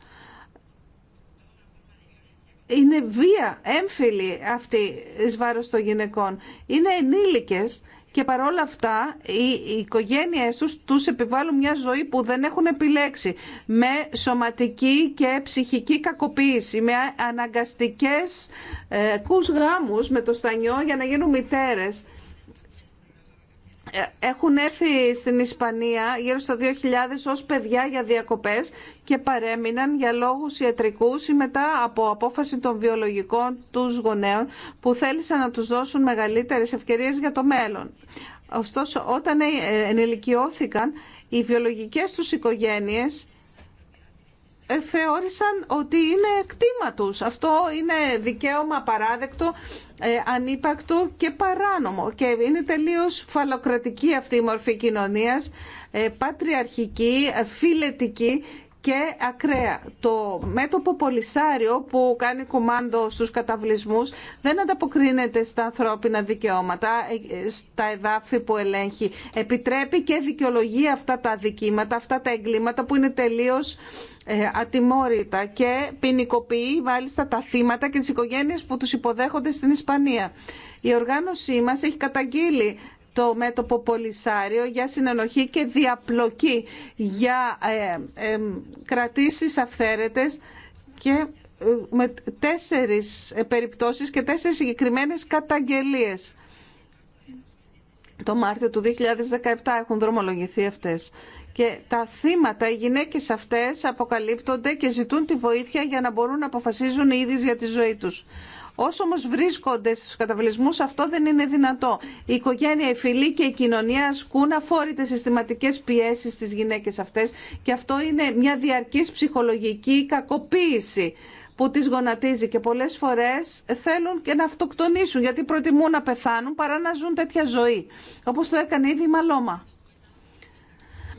είναι βία, έμφυλη αυτή εις βάρος των γυναικών. Είναι ενήλικες και παρόλα αυτά οι οικογένειές τους τους επιβάλλουν μια ζωή που δεν έχουν επιλέξει με σωματική και ψυχική κακοποίηση, με αναγκαστικές ε, γάμους με το στανιό για να γίνουν μητέρες ε, έχουν έρθει στην Ισπανία γύρω στο 2000 ως παιδιά για διακοπές και παρέμειναν για λόγους ιατρικούς ή μετά από απόφαση των βιολογικών τους γονέων που θέλησαν να τους δώσουν μεγαλύτερες ευκαιρίες για το μέλλον. Ωστόσο, όταν ε, ενηλικιώθηκαν, οι βιολογικές τους οικογένειες ε, θεώρησαν ότι είναι κτήμα τους. Αυτό είναι δικαίωμα απαράδεκτο, ε, ανύπαρκτο και παράνομο. Και είναι τελείως φαλοκρατική αυτή η μορφή κοινωνίας, ε, πατριαρχική, φιλετική και ακραία. Το μέτωπο Πολυσάριο που κάνει κομμάντο στους καταβλισμούς δεν ανταποκρίνεται στα ανθρώπινα δικαιώματα, ε, στα εδάφη που ελέγχει. Επιτρέπει και δικαιολογεί αυτά τα αδικήματα, αυτά τα εγκλήματα που είναι τελείως ε, ατιμόρυτα και ποινικοποιεί μάλιστα τα θύματα και τις οικογένειες που τους υποδέχονται στην Ισπανία. Η οργάνωσή μας έχει καταγγείλει το μέτωπο Πολυσάριο για συνενοχή και διαπλοκή για ε, ε, κρατήσεις αυθαίρετες και ε, με τέσσερις ε, περιπτώσεις και τέσσερις συγκεκριμένες καταγγελίες. Το Μάρτιο του 2017 έχουν δρομολογηθεί αυτές. Και τα θύματα, οι γυναίκες αυτές αποκαλύπτονται και ζητούν τη βοήθεια για να μπορούν να αποφασίζουν οι ίδιες για τη ζωή τους. Όσο όμω βρίσκονται στους καταβλισμού, αυτό δεν είναι δυνατό. Η οικογένεια, οι φίλοι και η κοινωνία ασκούν αφόρητε συστηματικές πιέσεις στις γυναίκε αυτέ. και αυτό είναι μια διαρκής ψυχολογική κακοποίηση που τις γονατίζει και πολλές φορές θέλουν και να αυτοκτονήσουν γιατί προτιμούν να πεθάνουν παρά να ζουν τέτοια ζωή όπως το έκανε ήδη η Μαλώμα.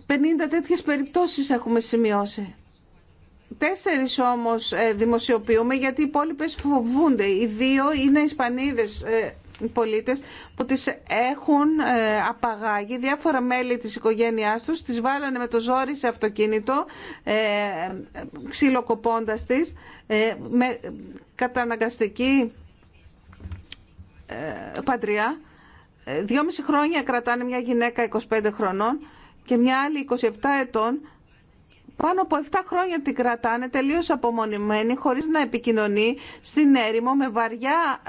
50 τέτοιες περιπτώσεις έχουμε σημειώσει. Τέσσερις όμως ε, δημοσιοποιούμε γιατί οι υπόλοιπε φοβούνται. Οι δύο είναι Ισπανίδες ε, πολίτες που τις έχουν ε, απαγάγει διάφορα μέλη της οικογένειάς τους, τις βάλανε με το ζόρι σε αυτοκίνητο, ε, ξυλοκοπώντας τις, με καταναγκαστική ε, παντριά. Δυόμιση χρόνια κρατάνε μια γυναίκα 25 χρονών και μια άλλη 27 ετών πάνω από 7 χρόνια την κρατάνε τελείως απομονημένη, χωρίς να επικοινωνεί στην έρημο με βαριά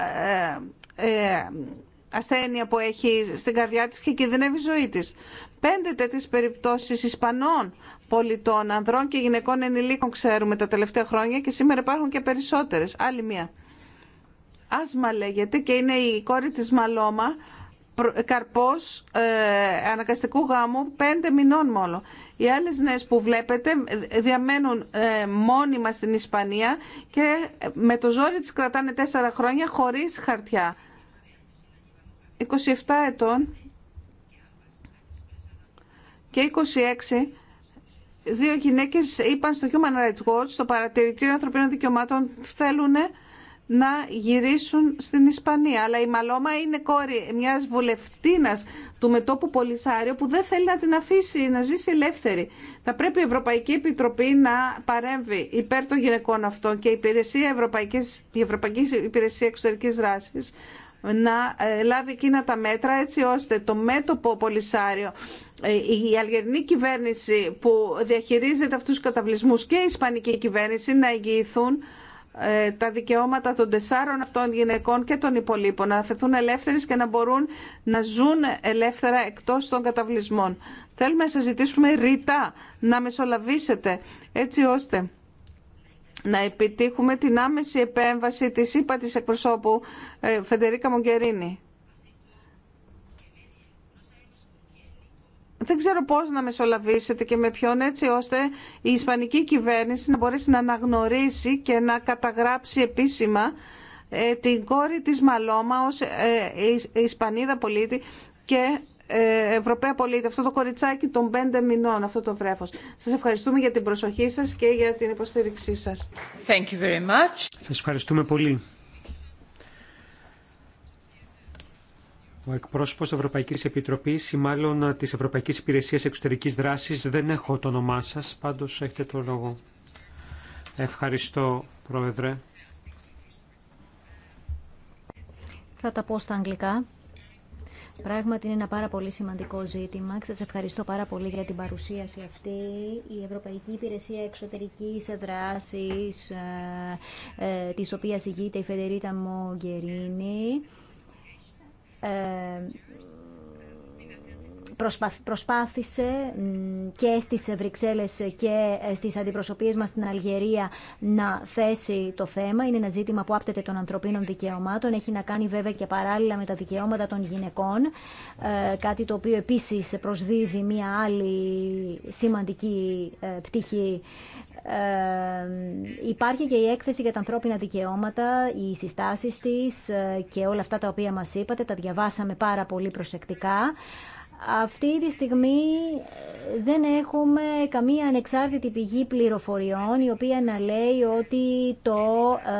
ε, ε, ασθένεια που έχει στην καρδιά της και κινδυνεύει η ζωή της. Πέντε τέτοιες περιπτώσεις Ισπανών πολιτών, ανδρών και γυναικών ενηλίκων ξέρουμε τα τελευταία χρόνια και σήμερα υπάρχουν και περισσότερες. Άλλη μία. Άσμα λέγεται και είναι η κόρη της Μαλώμα καρπός ε, ανακαστικού γάμου πέντε μηνών μόνο. Οι άλλε νέε που βλέπετε ε, διαμένουν ε, μόνιμα στην Ισπανία και ε, με το ζόρι τη κρατάνε τέσσερα χρόνια χωρί χαρτιά. 27 ετών και 26 δύο γυναίκες είπαν στο Human Rights Watch, στο παρατηρητήριο ανθρωπίνων δικαιωμάτων θέλουν να γυρίσουν στην Ισπανία. Αλλά η Μαλώμα είναι κόρη μιας βουλευτίνας του μετόπου Πολυσάριο που δεν θέλει να την αφήσει να ζήσει ελεύθερη. Θα πρέπει η Ευρωπαϊκή Επιτροπή να παρέμβει υπέρ των γυναικών αυτών και η, υπηρεσία Ευρωπαϊκής, η Ευρωπαϊκή Υπηρεσία Εξωτερικής Δράσης να ε, λάβει εκείνα τα μέτρα έτσι ώστε το μέτωπο Πολυσάριο, ε, η αλγερινή κυβέρνηση που διαχειρίζεται αυτούς τους καταβλισμούς και η ισπανική κυβέρνηση να εγγυηθούν ε, τα δικαιώματα των τεσσάρων αυτών γυναικών και των υπολείπων να αφαιθούν ελεύθερες και να μπορούν να ζουν ελεύθερα εκτός των καταβλισμών. Θέλουμε να σας ζητήσουμε ρητά να μεσολαβήσετε έτσι ώστε να επιτύχουμε την άμεση επέμβαση της ΥΠΑ της εκπροσώπου ε, Φεντερίκα Μογκερίνη. δεν ξέρω πώς να μεσολαβήσετε και με ποιον έτσι ώστε η Ισπανική κυβέρνηση να μπορέσει να αναγνωρίσει και να καταγράψει επίσημα ε, την κόρη της Μαλώμα ως ε, Ισπανίδα πολίτη και ε, Ευρωπαία πολίτη, αυτό το κοριτσάκι των πέντε μηνών, αυτό το βρέφος. Σας ευχαριστούμε για την προσοχή σας και για την υποστήριξή σας. Thank you very much. Σας ευχαριστούμε πολύ. Ο εκπρόσωπος Ευρωπαϊκής Επιτροπής ή μάλλον ε, της Ευρωπαϊκής Υπηρεσίας Εξωτερικής Δράσης δεν έχω το όνομά σας, πάντως έχετε το λόγο. Ευχαριστώ, Πρόεδρε. Θα τα πω στα αγγλικά. Πράγματι είναι ένα πάρα πολύ σημαντικό ζήτημα και σας ευχαριστώ πάρα πολύ για την παρουσίαση αυτή. Η Ευρωπαϊκή Υπηρεσία Εξωτερικής Δράσης, ε, ε, της οποίας ηγείται η Φεντερίτα Μογκερίνη, ε, προσπάθησε και στις Βρυξέλλες και ε, στις αντιπροσωπείες μας στην Αλγερία να θέσει το θέμα. Είναι ένα ζήτημα που άπτεται των ανθρωπίνων δικαιωμάτων. Έχει να κάνει βέβαια και παράλληλα με τα δικαιώματα των γυναικών. Ε, κάτι το οποίο επίσης προσδίδει μια άλλη σημαντική πτυχή ε, υπάρχει και η έκθεση για τα ανθρώπινα δικαιώματα, οι συστάσεις της ε, και όλα αυτά τα οποία μας είπατε, τα διαβάσαμε πάρα πολύ προσεκτικά. Αυτή τη στιγμή ε, δεν έχουμε καμία ανεξάρτητη πηγή πληροφοριών η οποία να λέει ότι το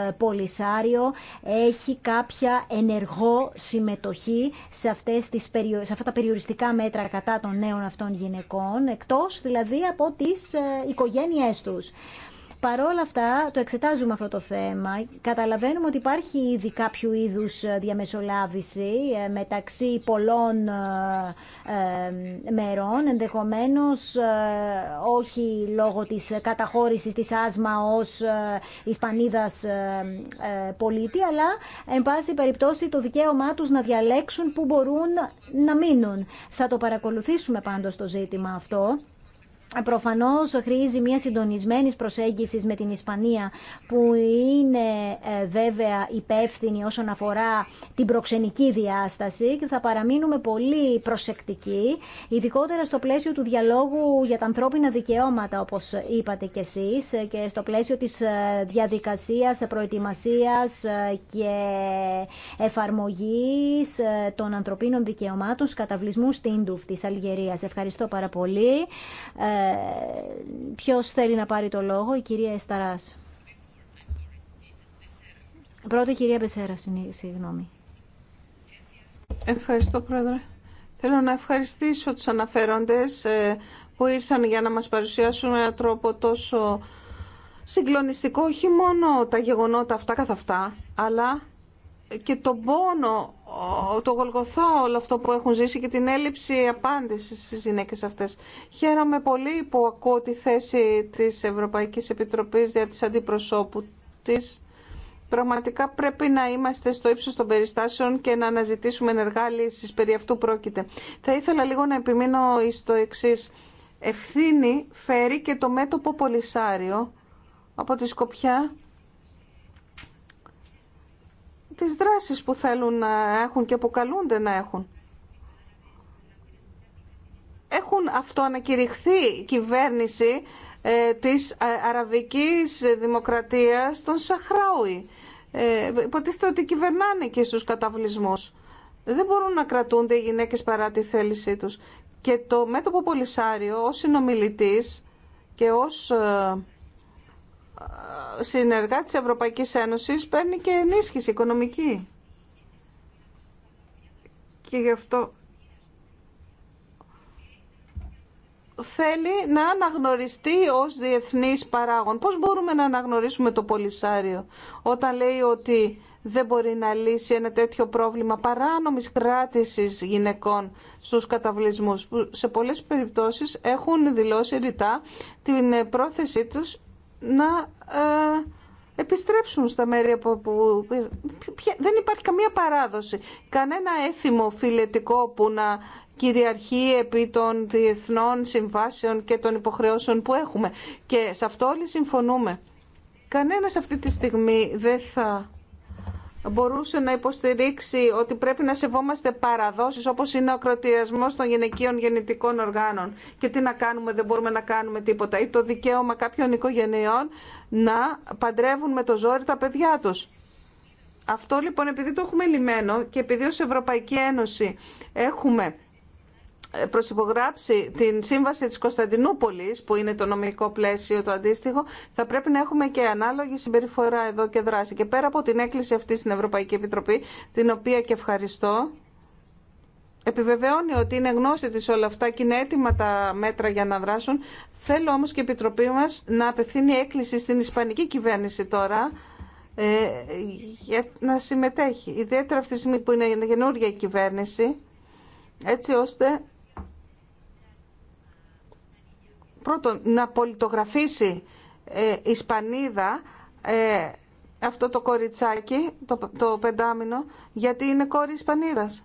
ε, Πολυσάριο έχει κάποια ενεργό συμμετοχή σε, αυτές τις, σε αυτά τα περιοριστικά μέτρα κατά των νέων αυτών γυναικών εκτός δηλαδή από τις ε, οικογένειές τους. Παρόλα αυτά, το εξετάζουμε αυτό το θέμα. Καταλαβαίνουμε ότι υπάρχει ήδη κάποιο είδους ε, διαμεσολάβηση ε, μεταξύ πολλών ε, μερών, ενδεχομένως όχι λόγω της καταχώρηση τη άσμα ως Ισπανίδας πολίτη, αλλά εν πάση περιπτώσει το δικαίωμά τους να διαλέξουν που μπορούν να μείνουν. Θα το παρακολουθήσουμε πάντω το ζήτημα αυτό Προφανώ χρήζει μια συντονισμένη προσέγγιση με την Ισπανία που είναι ε, βέβαια υπεύθυνη όσον αφορά την προξενική διάσταση και θα παραμείνουμε πολύ προσεκτικοί, ειδικότερα στο πλαίσιο του διαλόγου για τα ανθρώπινα δικαιώματα όπως είπατε κι εσείς και στο πλαίσιο της ε, διαδικασίας προετοιμασία ε, και εφαρμογής των ανθρωπίνων δικαιωμάτων καταβλισμού στην Τουφ της Αλγερίας. Ευχαριστώ πάρα πολύ ποιος θέλει να πάρει το λόγο, η κυρία Εσταράς. Πρώτη κυρία Πεσέρα, συγγνώμη. Ευχαριστώ, Πρόεδρε. Θέλω να ευχαριστήσω τους αναφέροντες ε, που ήρθαν για να μας παρουσιάσουν έναν τρόπο τόσο συγκλονιστικό, όχι μόνο τα γεγονότα αυτά καθ' αυτά, αλλά και τον πόνο, το γολγοθά όλο αυτό που έχουν ζήσει και την έλλειψη απάντησης στις γυναίκες αυτές. Χαίρομαι πολύ που ακούω τη θέση της Ευρωπαϊκής Επιτροπής για της αντιπροσώπου της. Πραγματικά πρέπει να είμαστε στο ύψος των περιστάσεων και να αναζητήσουμε ενεργά λύσεις. Περί αυτού πρόκειται. Θα ήθελα λίγο να επιμείνω στο εξή. Ευθύνη φέρει και το μέτωπο Πολυσάριο από τη Σκοπιά τις δράσεις που θέλουν να έχουν και αποκαλούνται να έχουν. Έχουν αυτό η κυβέρνηση ε, της ε, αραβικής δημοκρατίας των Σαχράουι. Ε, υποτίθεται ότι κυβερνάνε και στους καταβλισμούς. Δεν μπορούν να κρατούνται οι γυναίκες παρά τη θέλησή τους. Και το μέτωπο Πολυσάριο ως συνομιλητής και ως ε, συνεργά της Ευρωπαϊκής Ένωσης παίρνει και ενίσχυση οικονομική. Και γι' αυτό θέλει να αναγνωριστεί ως διεθνής παράγων. Πώς μπορούμε να αναγνωρίσουμε το Πολυσάριο όταν λέει ότι δεν μπορεί να λύσει ένα τέτοιο πρόβλημα παράνομης κράτησης γυναικών στους καταβλισμούς που σε πολλές περιπτώσεις έχουν δηλώσει ρητά την πρόθεσή τους να ε, επιστρέψουν στα μέρη από που... Δεν υπάρχει καμία παράδοση, κανένα έθιμο φιλετικό που να κυριαρχεί επί των διεθνών συμβάσεων και των υποχρεώσεων που έχουμε. Και σε αυτό όλοι συμφωνούμε. Κανένας αυτή τη στιγμή δεν θα μπορούσε να υποστηρίξει ότι πρέπει να σεβόμαστε παραδόσεις όπως είναι ο ακροτηριασμός των γυναικείων γεννητικών οργάνων και τι να κάνουμε, δεν μπορούμε να κάνουμε τίποτα ή το δικαίωμα κάποιων οικογενειών να παντρεύουν με το ζόρι τα παιδιά τους. Αυτό λοιπόν επειδή το έχουμε λιμένο και επειδή ως Ευρωπαϊκή Ένωση έχουμε προσυπογράψει την σύμβαση της Κωνσταντινούπολης, που είναι το νομικό πλαίσιο το αντίστοιχο, θα πρέπει να έχουμε και ανάλογη συμπεριφορά εδώ και δράση. Και πέρα από την έκκληση αυτή στην Ευρωπαϊκή Επιτροπή, την οποία και ευχαριστώ, επιβεβαιώνει ότι είναι γνώση της όλα αυτά και είναι έτοιμα τα μέτρα για να δράσουν. Θέλω όμως και η Επιτροπή μας να απευθύνει έκκληση στην Ισπανική κυβέρνηση τώρα, ε, για να συμμετέχει. Ιδιαίτερα αυτή τη στιγμή που είναι η καινούργια κυβέρνηση, έτσι ώστε Πρώτον, να πολιτογραφήσει ε, η ε, αυτό το κοριτσάκι, το, το πεντάμινο, γιατί είναι κόρη Ισπανίδας.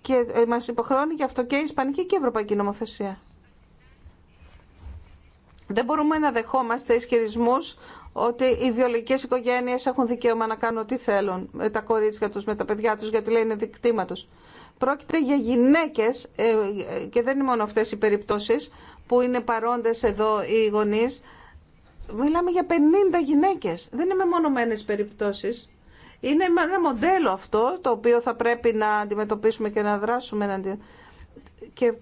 Και ε, μας υποχρεώνει γι' αυτό και η Ισπανική και η Ευρωπαϊκή Νομοθεσία. Δεν μπορούμε να δεχόμαστε ισχυρισμού ότι οι βιολογικέ οικογένειε έχουν δικαίωμα να κάνουν ό,τι θέλουν με τα κορίτσια του, με τα παιδιά του, γιατί λέει είναι Πρόκειται για γυναίκε, ε, ε, και δεν είναι μόνο αυτέ οι περιπτώσει, που είναι παρόντες εδώ οι γονείς, μιλάμε για 50 γυναίκες. Δεν είναι μεμονωμένες περιπτώσεις. Είναι ένα μοντέλο αυτό το οποίο θα πρέπει να αντιμετωπίσουμε και να δράσουμε. Και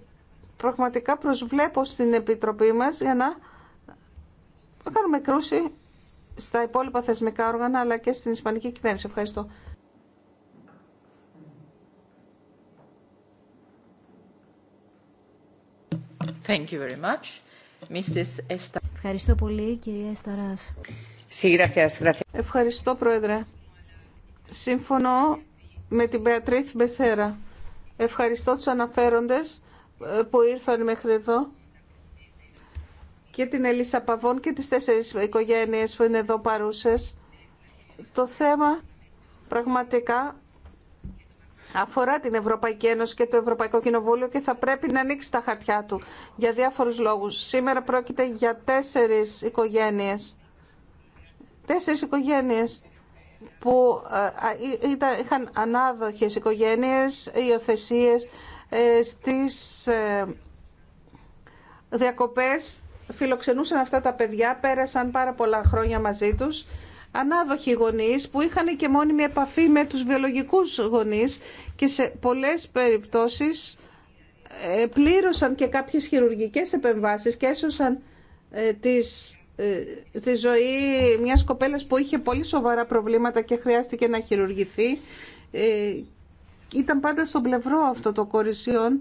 πραγματικά προσβλέπω στην Επιτροπή μας για να κάνουμε κρούση στα υπόλοιπα θεσμικά όργανα αλλά και στην Ισπανική κυβέρνηση. Ευχαριστώ. you very Ευχαριστώ πολύ, κυρία Εσταράς. Ευχαριστώ, Πρόεδρε. Σύμφωνο με την Πεατρίθ Μεσέρα, Ευχαριστώ τους αναφέροντες ε, που ήρθαν μέχρι εδώ και την Ελίσσα Παβών και τις τέσσερις οικογένειες που είναι εδώ παρούσες. Το θέμα πραγματικά αφορά την Ευρωπαϊκή Ένωση και το Ευρωπαϊκό Κοινοβούλιο και θα πρέπει να ανοίξει τα χαρτιά του για διάφορους λόγους. Σήμερα πρόκειται για τέσσερις οικογένειες. Τέσσερις οικογένειες που ε, ήταν, είχαν ανάδοχες οικογένειες, υιοθεσίες ε, στις ε, διακοπές φιλοξενούσαν αυτά τα παιδιά, πέρασαν πάρα πολλά χρόνια μαζί τους ανάδοχοι γονείς που είχαν και μόνιμη επαφή με τους βιολογικούς γονείς και σε πολλές περιπτώσεις ε, πλήρωσαν και κάποιες χειρουργικές επεμβάσεις και έσωσαν ε, τις ε, τη ζωή μιας κοπέλας που είχε πολύ σοβαρά προβλήματα και χρειάστηκε να χειρουργηθεί. Ήταν πάντα στον πλευρό αυτό το κορισιόν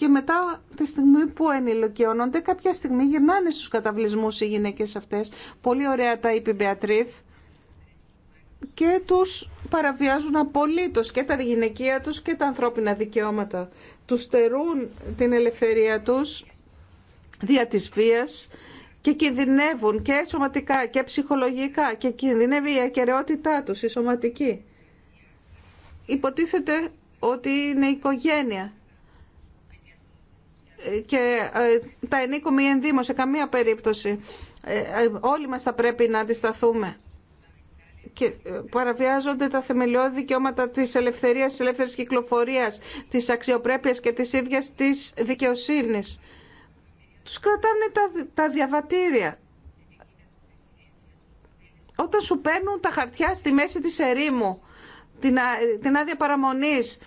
και μετά τη στιγμή που ενηλικιώνονται κάποια στιγμή γυρνάνε στους καταβλισμούς οι γυναίκες αυτές. Πολύ ωραία τα είπε η Μπεατρίθ και τους παραβιάζουν απολύτως και τα γυναικεία τους και τα ανθρώπινα δικαιώματα. Τους στερούν την ελευθερία τους δια της βίας και κινδυνεύουν και σωματικά και ψυχολογικά και κινδυνεύει η ακαιρεότητά τους, η σωματική. Υποτίθεται ότι είναι οικογένεια και ε, τα ενίκουμε ή δήμο σε καμία περίπτωση. Ε, ε, όλοι μας θα πρέπει να αντισταθούμε. Και παραβιάζονται τα θεμελιώδη δικαιώματα της ελευθερίας, της ελεύθερης κυκλοφορίας, της αξιοπρέπειας και της ίδιας της δικαιοσύνης. Τους κρατάνε τα διαβατήρια. Όταν σου παίρνουν τα χαρτιά στη μέση της ερήμου, την άδεια παραμονής,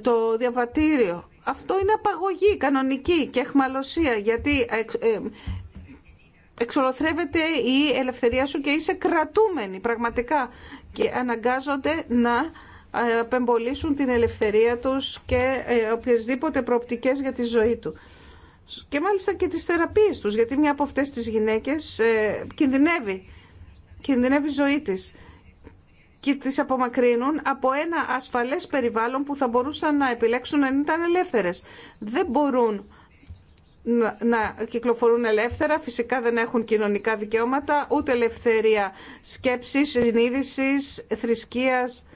το διαβατήριο αυτό είναι απαγωγή κανονική και εχμαλωσία, γιατί ε, εξολοθρεύεται η ελευθερία σου και είσαι κρατούμενη πραγματικά και αναγκάζονται να ε, απεμπολίσουν την ελευθερία τους και ε, οποιασδήποτε προοπτικές για τη ζωή του. Και μάλιστα και τις θεραπείες τους, γιατί μια από αυτές τις γυναίκες κινδυνεύει, κινδυνεύει η ζωή της και τις απομακρύνουν από ένα ασφαλές περιβάλλον που θα μπορούσαν να επιλέξουν αν ήταν ελεύθερες. Δεν μπορούν να κυκλοφορούν ελεύθερα, φυσικά δεν έχουν κοινωνικά δικαιώματα, ούτε ελευθερία σκέψης, συνείδησης, θρησκείας,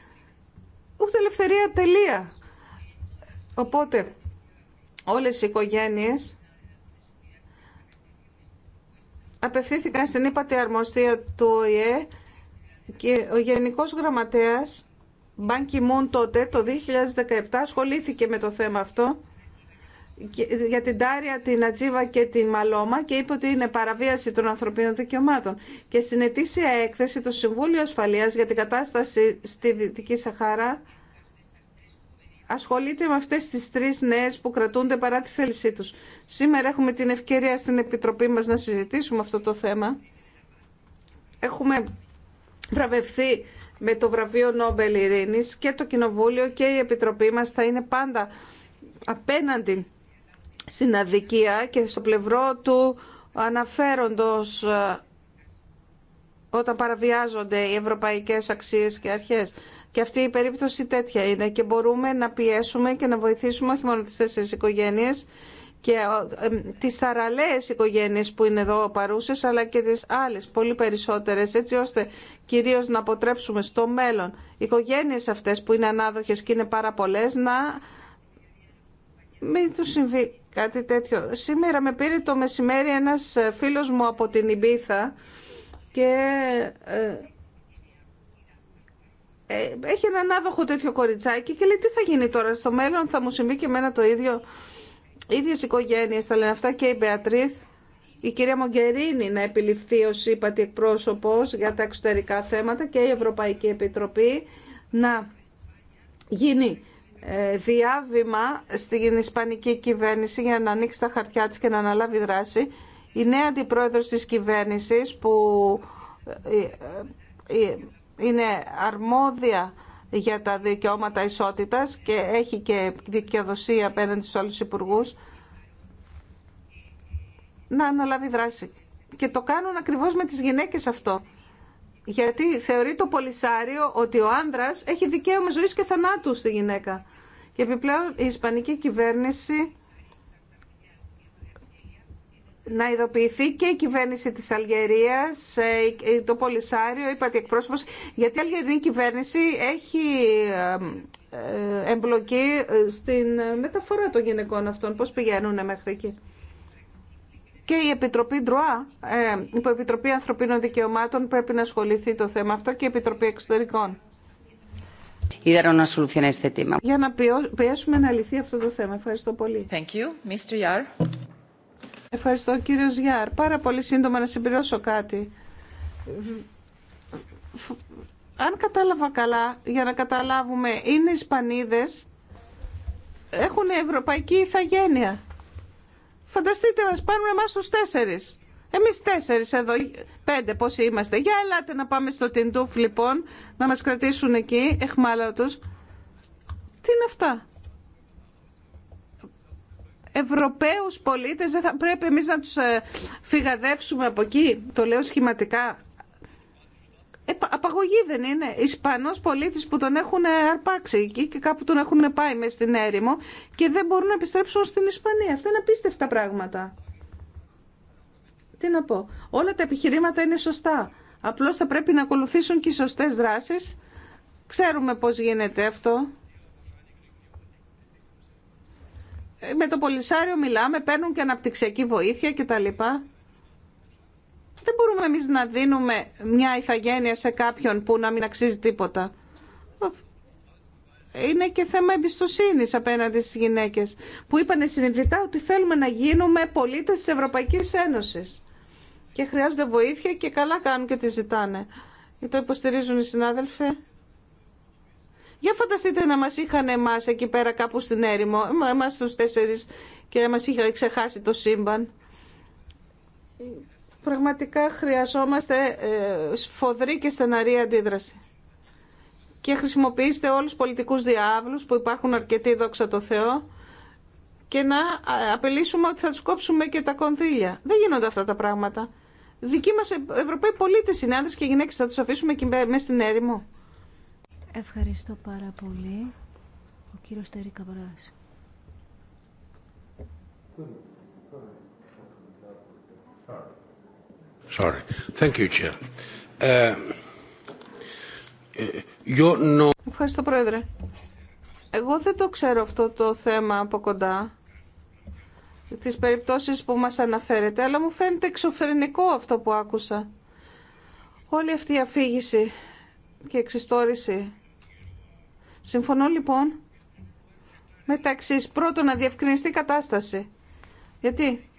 ούτε ελευθερία τελεία. Οπότε, όλες οι οικογένειες απευθύνθηκαν στην ύπατη αρμοστία του ΟΗΕ και ο Γενικός Γραμματέας Ban τότε, το 2017, ασχολήθηκε με το θέμα αυτό για την Τάρια, την Ατζίβα και την Μαλώμα και είπε ότι είναι παραβίαση των ανθρωπίνων δικαιωμάτων. Και στην ετήσια έκθεση του Συμβούλιο Ασφαλείας για την κατάσταση στη Δυτική Σαχάρα ασχολείται με αυτές τις τρεις νέες που κρατούνται παρά τη θέλησή τους. Σήμερα έχουμε την ευκαιρία στην Επιτροπή μας να συζητήσουμε αυτό το θέμα. Έχουμε βραβευθεί με το βραβείο Νόμπελ Ειρηνή και το Κοινοβούλιο και η Επιτροπή μας θα είναι πάντα απέναντι στην αδικία και στο πλευρό του αναφέροντος ε, όταν παραβιάζονται οι ευρωπαϊκές αξίες και αρχές. Και αυτή η περίπτωση τέτοια είναι και μπορούμε να πιέσουμε και να βοηθήσουμε όχι μόνο τις τέσσερις οικογένειες και ε, τις θαραλέες οικογένειες που είναι εδώ παρούσες αλλά και τις άλλες πολύ περισσότερες έτσι ώστε κυρίως να αποτρέψουμε στο μέλλον οικογένειες αυτές που είναι ανάδοχες και είναι πάρα πολλές να μην του συμβεί κάτι τέτοιο. Σήμερα με πήρε το μεσημέρι ένας ε, φίλος μου από την Ιμπίθα και ε, έχει έναν ανάδοχο τέτοιο κοριτσάκι και λέει τι θα γίνει τώρα στο μέλλον θα μου συμβεί και εμένα το ίδιο ίδιες οικογένειε θα λένε αυτά και η Μπεατρίθ η κυρία Μογκερίνη να επιληφθεί ως ύπατη εκπρόσωπος για τα εξωτερικά θέματα και η Ευρωπαϊκή Επιτροπή να γίνει ε, διάβημα στην Ισπανική κυβέρνηση για να ανοίξει τα χαρτιά της και να αναλάβει δράση. Η νέα αντιπρόεδρος της κυβέρνησης που ε, ε, είναι αρμόδια για τα δικαιώματα ισότητας και έχει και δικαιοδοσία απέναντι στους άλλους υπουργούς να αναλάβει δράση. Και το κάνουν ακριβώς με τις γυναίκες αυτό. Γιατί θεωρεί το πολυσάριο ότι ο άνδρας έχει δικαίωμα ζωής και θανάτου στη γυναίκα. Και επιπλέον η Ισπανική κυβέρνηση να ειδοποιηθεί και η κυβέρνηση της Αλγερίας, ε, ε, το Πολυσάριο, είπατε εκπρόσωπος, γιατί η αλγερινή κυβέρνηση έχει ε, εμπλοκή στην μεταφορά των γυναικών αυτών, πώς πηγαίνουν μέχρι εκεί. Και η Επιτροπή Ντροά, η Επιτροπή Ανθρωπίνων Δικαιωμάτων πρέπει να ασχοληθεί το θέμα αυτό και η Επιτροπή Εξωτερικών. Για να πιέσουμε να λυθεί αυτό το θέμα. Ευχαριστώ πολύ. Thank you. Mr. Ευχαριστώ κύριο Γιάρ. Πάρα πολύ σύντομα να συμπληρώσω κάτι. Αν κατάλαβα καλά, για να καταλάβουμε, είναι Ισπανίδες, έχουν ευρωπαϊκή ηθαγένεια. Φανταστείτε μας πάρουν εμάς τους τέσσερις. Εμείς τέσσερις εδώ, πέντε πόσοι είμαστε. Για ελάτε να πάμε στο Τιντούφ λοιπόν, να μας κρατήσουν εκεί, εχμάλωτος. Τι είναι αυτά. Ευρωπαίους πολίτες δεν θα πρέπει εμείς να τους ε, φυγαδεύσουμε από εκεί. Το λέω σχηματικά. απαγωγή δεν είναι. Ισπανός πολίτης που τον έχουν ε, αρπάξει εκεί και κάπου τον έχουν πάει μέσα στην έρημο και δεν μπορούν να επιστρέψουν στην Ισπανία. Αυτά είναι απίστευτα πράγματα. Τι να πω. Όλα τα επιχειρήματα είναι σωστά. Απλώς θα πρέπει να ακολουθήσουν και οι σωστές δράσεις. Ξέρουμε πώς γίνεται αυτό. Ε, με το Πολυσάριο μιλάμε, παίρνουν και αναπτυξιακή βοήθεια κτλ. Δεν μπορούμε εμείς να δίνουμε μια ηθαγένεια σε κάποιον που να μην αξίζει τίποτα. Είναι και θέμα εμπιστοσύνη απέναντι στι γυναίκε που είπαν συνειδητά ότι θέλουμε να γίνουμε πολίτε τη Ευρωπαϊκή Ένωση. Και χρειάζονται βοήθεια και καλά κάνουν και τη ζητάνε. Το υποστηρίζουν οι συνάδελφοι. Για φανταστείτε να μας είχαν εμά εκεί πέρα κάπου στην έρημο, εμάς τους τέσσερις και να μας είχε ξεχάσει το σύμπαν. Πραγματικά χρειαζόμαστε ε, φοδρή και στεναρή αντίδραση. Και χρησιμοποιήστε όλους τους πολιτικούς διάβλους που υπάρχουν αρκετοί δόξα τω Θεώ και να ε, απελήσουμε ότι θα τους κόψουμε και τα κονδύλια. Δεν γίνονται αυτά τα πράγματα. Δικοί μας ε, Ευρωπαίοι πολίτες είναι και γυναίκες, θα τους αφήσουμε εκεί μέσα στην έρημο. Ευχαριστώ πάρα πολύ. Ο κύριος Τέρη Καβράς. Sorry. Thank you, Chair. Ε, ε, Ευχαριστώ, Πρόεδρε. Εγώ δεν το ξέρω αυτό το θέμα από κοντά, τις περιπτώσεις που μας αναφέρετε, αλλά μου φαίνεται εξωφρενικό αυτό που άκουσα. Όλη αυτή η αφήγηση και εξιστόρηση Συμφωνώ λοιπόν με τα εξής. Πρώτον, να διευκρινιστεί η κατάσταση. Γιατί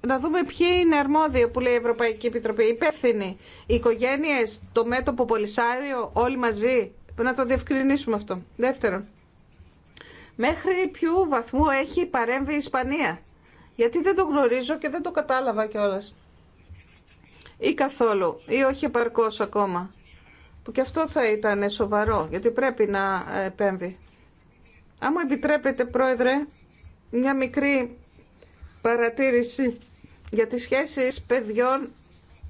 να δούμε ποιοι είναι αρμόδιοι που λέει η Ευρωπαϊκή Επιτροπή, υπεύθυνοι, οι οικογένειες, το μέτωπο Πολυσάριο, όλοι μαζί. Να το διευκρινίσουμε αυτό. Δεύτερον, μέχρι ποιου βαθμού έχει παρέμβει η Ισπανία. Γιατί δεν το γνωρίζω και δεν το κατάλαβα κιόλα. Ή καθόλου, ή όχι επαρκώς ακόμα που και αυτό θα ήταν σοβαρό, γιατί πρέπει να επέμβει. Αν μου επιτρέπετε, Πρόεδρε, μια μικρή παρατήρηση για τις σχέσεις παιδιών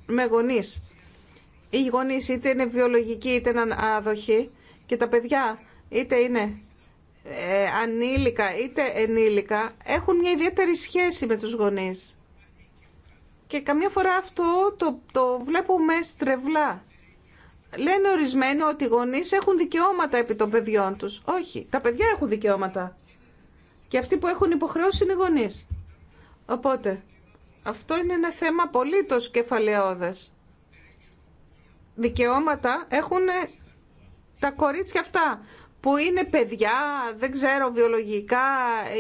με γονείς. Οι γονείς είτε είναι βιολογικοί είτε είναι άδοχοι και τα παιδιά είτε είναι ε, ανήλικα είτε ενήλικα έχουν μια ιδιαίτερη σχέση με τους γονείς. Και καμιά φορά αυτό το, το βλέπουμε στρεβλά. Λένε ορισμένοι ότι οι γονείς έχουν δικαιώματα επί των παιδιών τους. Όχι, τα παιδιά έχουν δικαιώματα. Και αυτοί που έχουν υποχρεώσει είναι οι γονείς. Οπότε, αυτό είναι ένα θέμα απολύτως κεφαλαιόδες. Δικαιώματα έχουν ε, τα κορίτσια αυτά που είναι παιδιά, δεν ξέρω, βιολογικά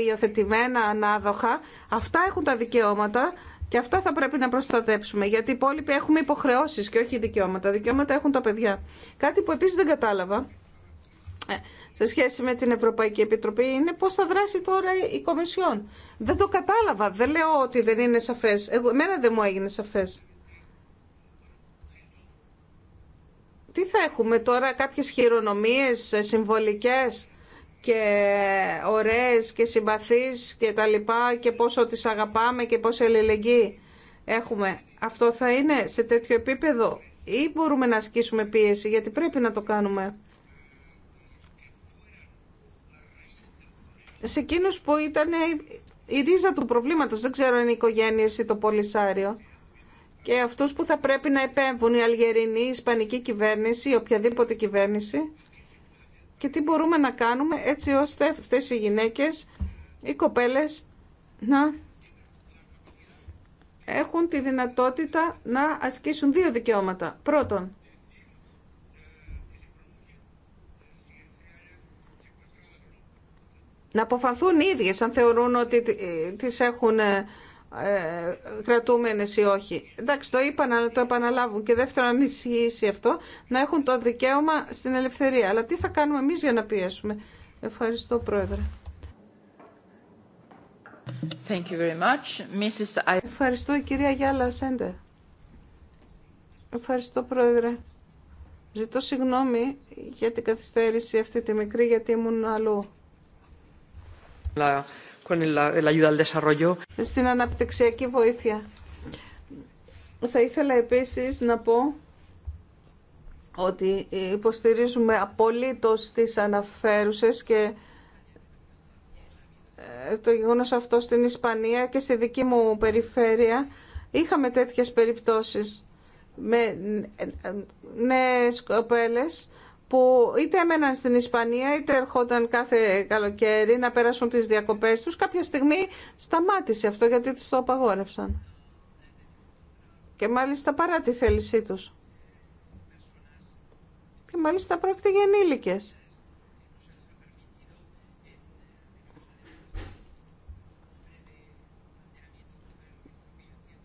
υιοθετημένα ανάδοχα. Αυτά έχουν τα δικαιώματα και αυτά θα πρέπει να προστατέψουμε, γιατί οι υπόλοιποι έχουμε υποχρεώσεις και όχι δικαιώματα. Δικαιώματα έχουν τα παιδιά. Κάτι που επίσης δεν κατάλαβα ε, σε σχέση με την Ευρωπαϊκή Επιτροπή είναι πώ θα δράσει τώρα η Κομισιόν. Δεν το κατάλαβα. Δεν λέω ότι δεν είναι σαφές. εμένα δεν μου έγινε σαφές. Τι θα έχουμε τώρα, κάποιες χειρονομίες ε, συμβολικές και ωραίες και συμπαθείς και τα λοιπά και πόσο τις αγαπάμε και πόσο ελληνική έχουμε. Αυτό θα είναι σε τέτοιο επίπεδο ή μπορούμε να ασκήσουμε πίεση γιατί πρέπει να το κάνουμε. Σε εκείνους που ήταν η ρίζα του προβλήματος, δεν ξέρω αν είναι οι ή το πολυσάριο και αυτούς που θα πρέπει να επέμβουν η Αλγερινή, η Ισπανική κυβέρνηση ή οποιαδήποτε κυβέρνηση και τι μπορούμε να κάνουμε έτσι ώστε αυτές οι γυναίκες, οι κοπέλες να έχουν τη δυνατότητα να ασκήσουν δύο δικαιώματα. Πρώτον, να αποφανθούν οι ίδιες αν θεωρούν ότι ε, τις έχουν ε, ε, ή όχι. Εντάξει, το είπα να το επαναλάβουν. Και δεύτερον, αν ισχύσει αυτό, να έχουν το δικαίωμα στην ελευθερία. Αλλά τι θα κάνουμε εμεί για να πιέσουμε. Ευχαριστώ, Πρόεδρε. Thank Ευχαριστώ, η κυρία Γιάλα Σέντερ. Ευχαριστώ, Πρόεδρε. Ζητώ συγγνώμη για την καθυστέρηση αυτή τη μικρή, γιατί ήμουν αλλού. Στην αναπτυξιακή βοήθεια. Θα ήθελα επίσης να πω ότι υποστηρίζουμε απολύτως τις αναφέρουσες και ε, το γεγονός αυτό στην Ισπανία και στη δική μου περιφέρεια είχαμε τέτοιες περιπτώσεις με ε, ε, νέες κοπέλες που είτε έμεναν στην Ισπανία είτε ερχόταν κάθε καλοκαίρι να πέρασουν τις διακοπές τους. Κάποια στιγμή σταμάτησε αυτό γιατί τους το απαγόρευσαν. Και μάλιστα παρά τη θέλησή τους. Και μάλιστα πρόκειται για ενήλικες.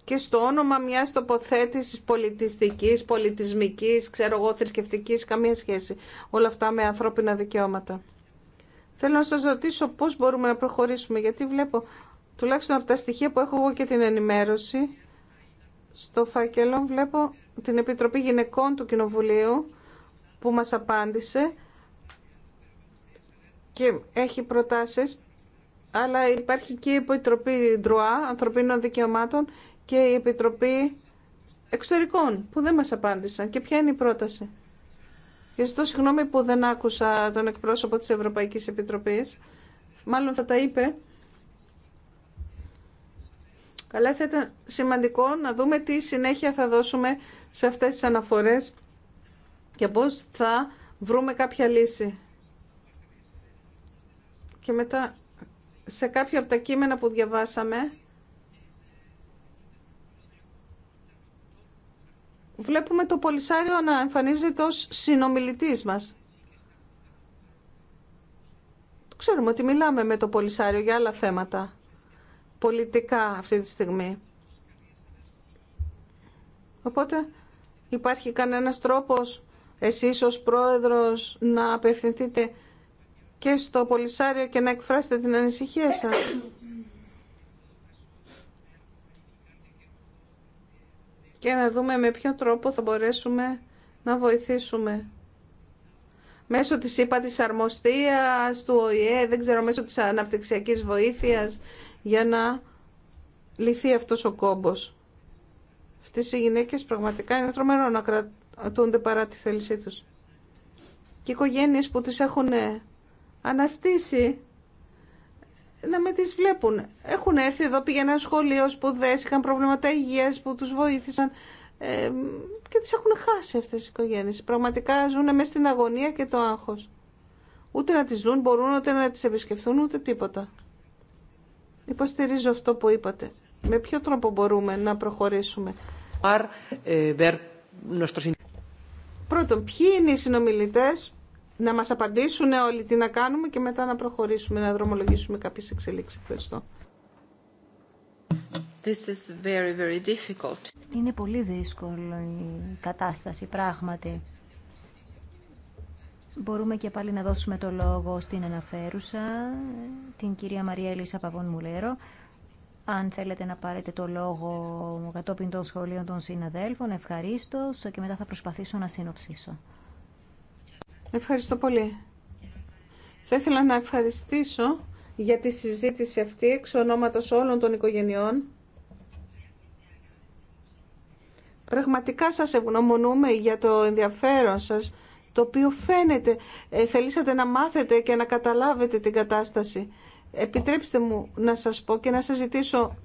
και στο όνομα μιας τοποθέτησης πολιτιστικής, πολιτισμικής, ξέρω εγώ, θρησκευτικής, καμία σχέση. Όλα αυτά με ανθρώπινα δικαιώματα. Θέλω να σας ρωτήσω πώς μπορούμε να προχωρήσουμε, γιατί βλέπω τουλάχιστον από τα στοιχεία που έχω εγώ και την ενημέρωση, στο φάκελο βλέπω την Επιτροπή Γυναικών του Κοινοβουλίου που μας απάντησε και έχει προτάσεις αλλά υπάρχει και η Επιτροπή Ντρουά Ανθρωπίνων Δικαιωμάτων και η Επιτροπή Εξωτερικών που δεν μας απάντησαν. Και ποια είναι η πρόταση. Και ζητώ συγγνώμη που δεν άκουσα τον εκπρόσωπο της Ευρωπαϊκής Επιτροπής. Μάλλον θα τα είπε. Αλλά θα ήταν σημαντικό να δούμε τι συνέχεια θα δώσουμε σε αυτές τις αναφορές και πώς θα βρούμε κάποια λύση. Και μετά, σε κάποια από τα κείμενα που διαβάσαμε, βλέπουμε το Πολυσάριο να εμφανίζεται ως συνομιλητής μας. Ξέρουμε ότι μιλάμε με το Πολυσάριο για άλλα θέματα πολιτικά αυτή τη στιγμή. Οπότε υπάρχει κανένας τρόπος εσείς ως πρόεδρος να απευθυνθείτε και στο Πολυσάριο και να εκφράσετε την ανησυχία σας. και να δούμε με ποιο τρόπο θα μπορέσουμε να βοηθήσουμε. Μέσω της είπα της αρμοστίας, του ΟΗΕ, δεν ξέρω, μέσω της αναπτυξιακής βοήθειας, για να λυθεί αυτός ο κόμπος. Αυτές οι γυναίκες πραγματικά είναι τρομερό να κρατούνται παρά τη θέλησή τους. Και οι οικογένειες που τις έχουν ε, αναστήσει να με τις βλέπουν. Έχουν έρθει εδώ, πήγαιναν σχολείο, σπουδέ, είχαν προβλήματα υγεία, που τους βοήθησαν ε, και τις έχουν χάσει αυτές οι οικογένειες. Πραγματικά ζουν μέσα στην αγωνία και το άγχος. Ούτε να τις ζουν μπορούν, ούτε να τις επισκεφθούν, ούτε τίποτα. Υποστηρίζω αυτό που είπατε. Με ποιο τρόπο μπορούμε να προχωρήσουμε. Ε, Πρώτον, ποιοι είναι οι συνομιλητές να μας απαντήσουν όλοι τι να κάνουμε και μετά να προχωρήσουμε, να δρομολογήσουμε κάποιες εξελίξεις. Ευχαριστώ. This is very, very difficult. Είναι πολύ δύσκολη η κατάσταση, πράγματι. Μπορούμε και πάλι να δώσουμε το λόγο στην αναφέρουσα, την κυρία Μαρία Ελίσα Παβών Μουλέρο. Αν θέλετε να πάρετε το λόγο κατόπιν των σχολείων των συναδέλφων, ευχαρίστω και μετά θα προσπαθήσω να συνοψίσω. Ευχαριστώ πολύ. Θα ήθελα να ευχαριστήσω για τη συζήτηση αυτή εξ ονόματος όλων των οικογενειών. Πραγματικά σας ευγνωμονούμε για το ενδιαφέρον σας, το οποίο φαίνεται, ε, θελήσατε να μάθετε και να καταλάβετε την κατάσταση. Επιτρέψτε μου να σας πω και να σας ζητήσω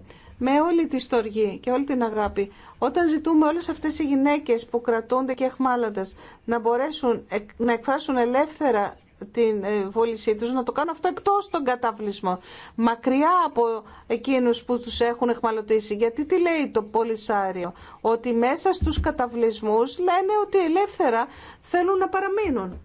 με όλη τη στοργή και όλη την αγάπη. Όταν ζητούμε όλες αυτές οι γυναίκες που κρατούνται και εχμάλωτες να μπορέσουν να εκφράσουν ελεύθερα την ε, βόλησή τους, να το κάνουν αυτό εκτός των καταβλισμών, μακριά από εκείνους που τους έχουν εχμαλωτήσει. Γιατί τι λέει το Πολυσάριο, ότι μέσα στους καταβλισμούς λένε ότι ελεύθερα θέλουν να παραμείνουν.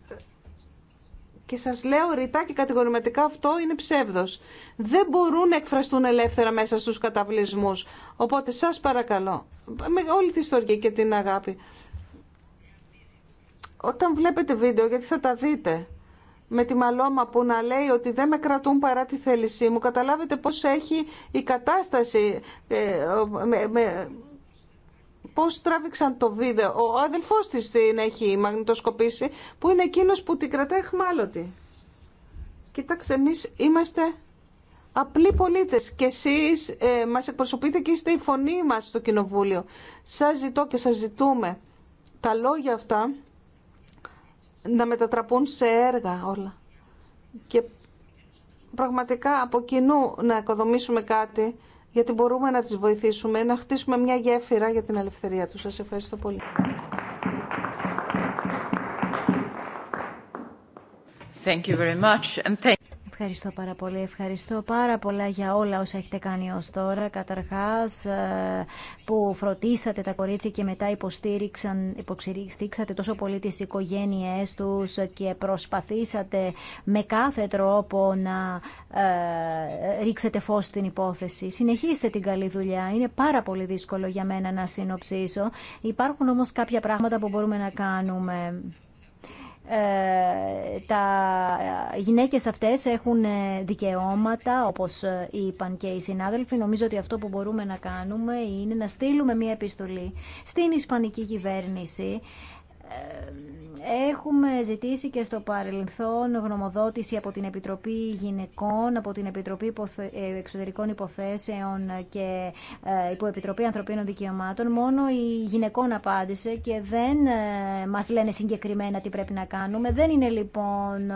Και σας λέω ρητά και κατηγορηματικά αυτό είναι ψεύδος. Δεν μπορούν να εκφραστούν ελεύθερα μέσα στους καταβλισμούς. Οπότε σας παρακαλώ, με όλη τη ιστορία και την αγάπη, όταν βλέπετε βίντεο, γιατί θα τα δείτε, με τη μαλώμα που να λέει ότι δεν με κρατούν παρά τη θέλησή μου, καταλάβετε πώς έχει η κατάσταση ε, Πώ τράβηξαν το βίντεο. Ο αδελφό της την έχει μαγνητοσκοπήσει, που είναι εκείνο που την κρατάει χμάλωτη. Κοιτάξτε, εμεί είμαστε απλοί πολίτες και εσείς ε, μας εκπροσωπείτε και είστε η φωνή μας στο Κοινοβούλιο. Σας ζητώ και σας ζητούμε τα λόγια αυτά να μετατραπούν σε έργα όλα. Και πραγματικά από κοινού να οικοδομήσουμε κάτι γιατί μπορούμε να τις βοηθήσουμε, να χτίσουμε μια γέφυρα για την ελευθερία τους. Σας ευχαριστώ πολύ. Ευχαριστώ πάρα πολύ. Ευχαριστώ πάρα πολλά για όλα όσα έχετε κάνει ως τώρα. Καταρχάς ε, που φροντίσατε τα κορίτσια και μετά υποστήριξαν, υποστήριξατε τόσο πολύ τις οικογένειές τους και προσπαθήσατε με κάθε τρόπο να ε, ρίξετε φως στην υπόθεση. Συνεχίστε την καλή δουλειά. Είναι πάρα πολύ δύσκολο για μένα να συνοψίσω. Υπάρχουν όμως κάποια πράγματα που μπορούμε να κάνουμε. Ε, τα γυναίκες αυτές έχουν ε, δικαιώματα όπως ε, είπαν και οι συνάδελφοι νομίζω ότι αυτό που μπορούμε να κάνουμε είναι να στείλουμε μια επιστολή στην Ισπανική κυβέρνηση Έχουμε ζητήσει και στο παρελθόν γνωμοδότηση από την Επιτροπή Γυναικών, από την Επιτροπή ε, Εξωτερικών Υποθέσεων και ε, Υποεπιτροπή Ανθρωπίνων Δικαιωμάτων. Μόνο η γυναικών απάντησε και δεν ε, μας λένε συγκεκριμένα τι πρέπει να κάνουμε. Δεν είναι λοιπόν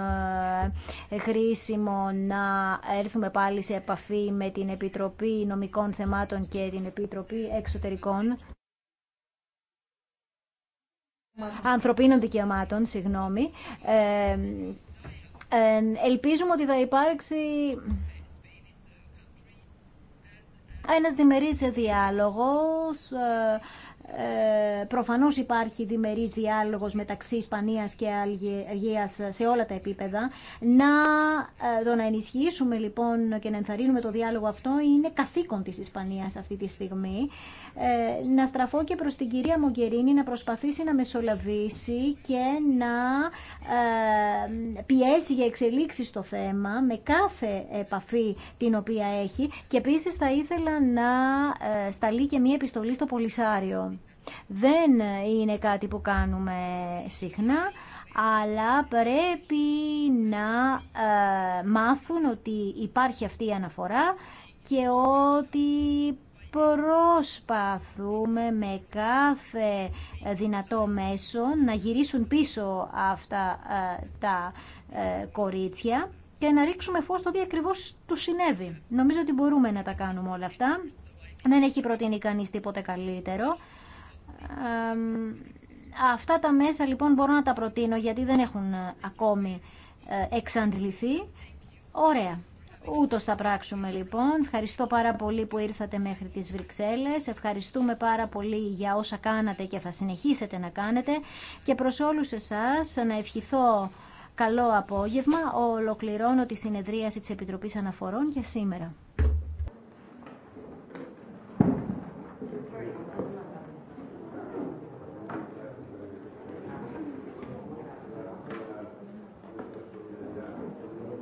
χρήσιμο να έρθουμε πάλι σε επαφή με την Επιτροπή Νομικών Θεμάτων και την Επιτροπή Εξωτερικών ανθρωπίνων δικαιωμάτων, συγγνώμη. Ε, ε, ελπίζουμε ότι θα υπάρξει ένας διμερής διάλογος ε, ε, προφανώς υπάρχει διμερής διάλογος μεταξύ Ισπανίας και Αλγερία σε όλα τα επίπεδα. Να ε, το να ενισχύσουμε λοιπόν και να ενθαρρύνουμε το διάλογο αυτό είναι καθήκον τη Ισπανίας αυτή τη στιγμή. Ε, να στραφώ και προς την κυρία Μογκερίνη να προσπαθήσει να μεσολαβήσει και να ε, πιέσει για εξελίξεις στο θέμα με κάθε επαφή την οποία έχει και επίση θα ήθελα να ε, σταλεί και μία επιστολή στο Πολυσάριο δεν είναι κάτι που κάνουμε συχνά, αλλά πρέπει να ε, μάθουν ότι υπάρχει αυτή η αναφορά και ότι προσπαθούμε με κάθε δυνατό μέσο να γυρίσουν πίσω αυτά ε, τα ε, κορίτσια και να ρίξουμε φως στο τι ακριβώς του συνέβη. Νομίζω ότι μπορούμε να τα κάνουμε όλα αυτά. Δεν έχει προτείνει κανείς τίποτε καλύτερο. Αυτά τα μέσα λοιπόν μπορώ να τα προτείνω γιατί δεν έχουν ε, ακόμη ε, εξαντληθεί. Ωραία. Ούτω θα πράξουμε λοιπόν. Ευχαριστώ πάρα πολύ που ήρθατε μέχρι τις Βρυξέλλες. Ευχαριστούμε πάρα πολύ για όσα κάνατε και θα συνεχίσετε να κάνετε. Και προς όλους εσάς να ευχηθώ καλό απόγευμα. Ολοκληρώνω τη συνεδρίαση της Επιτροπής Αναφορών για σήμερα.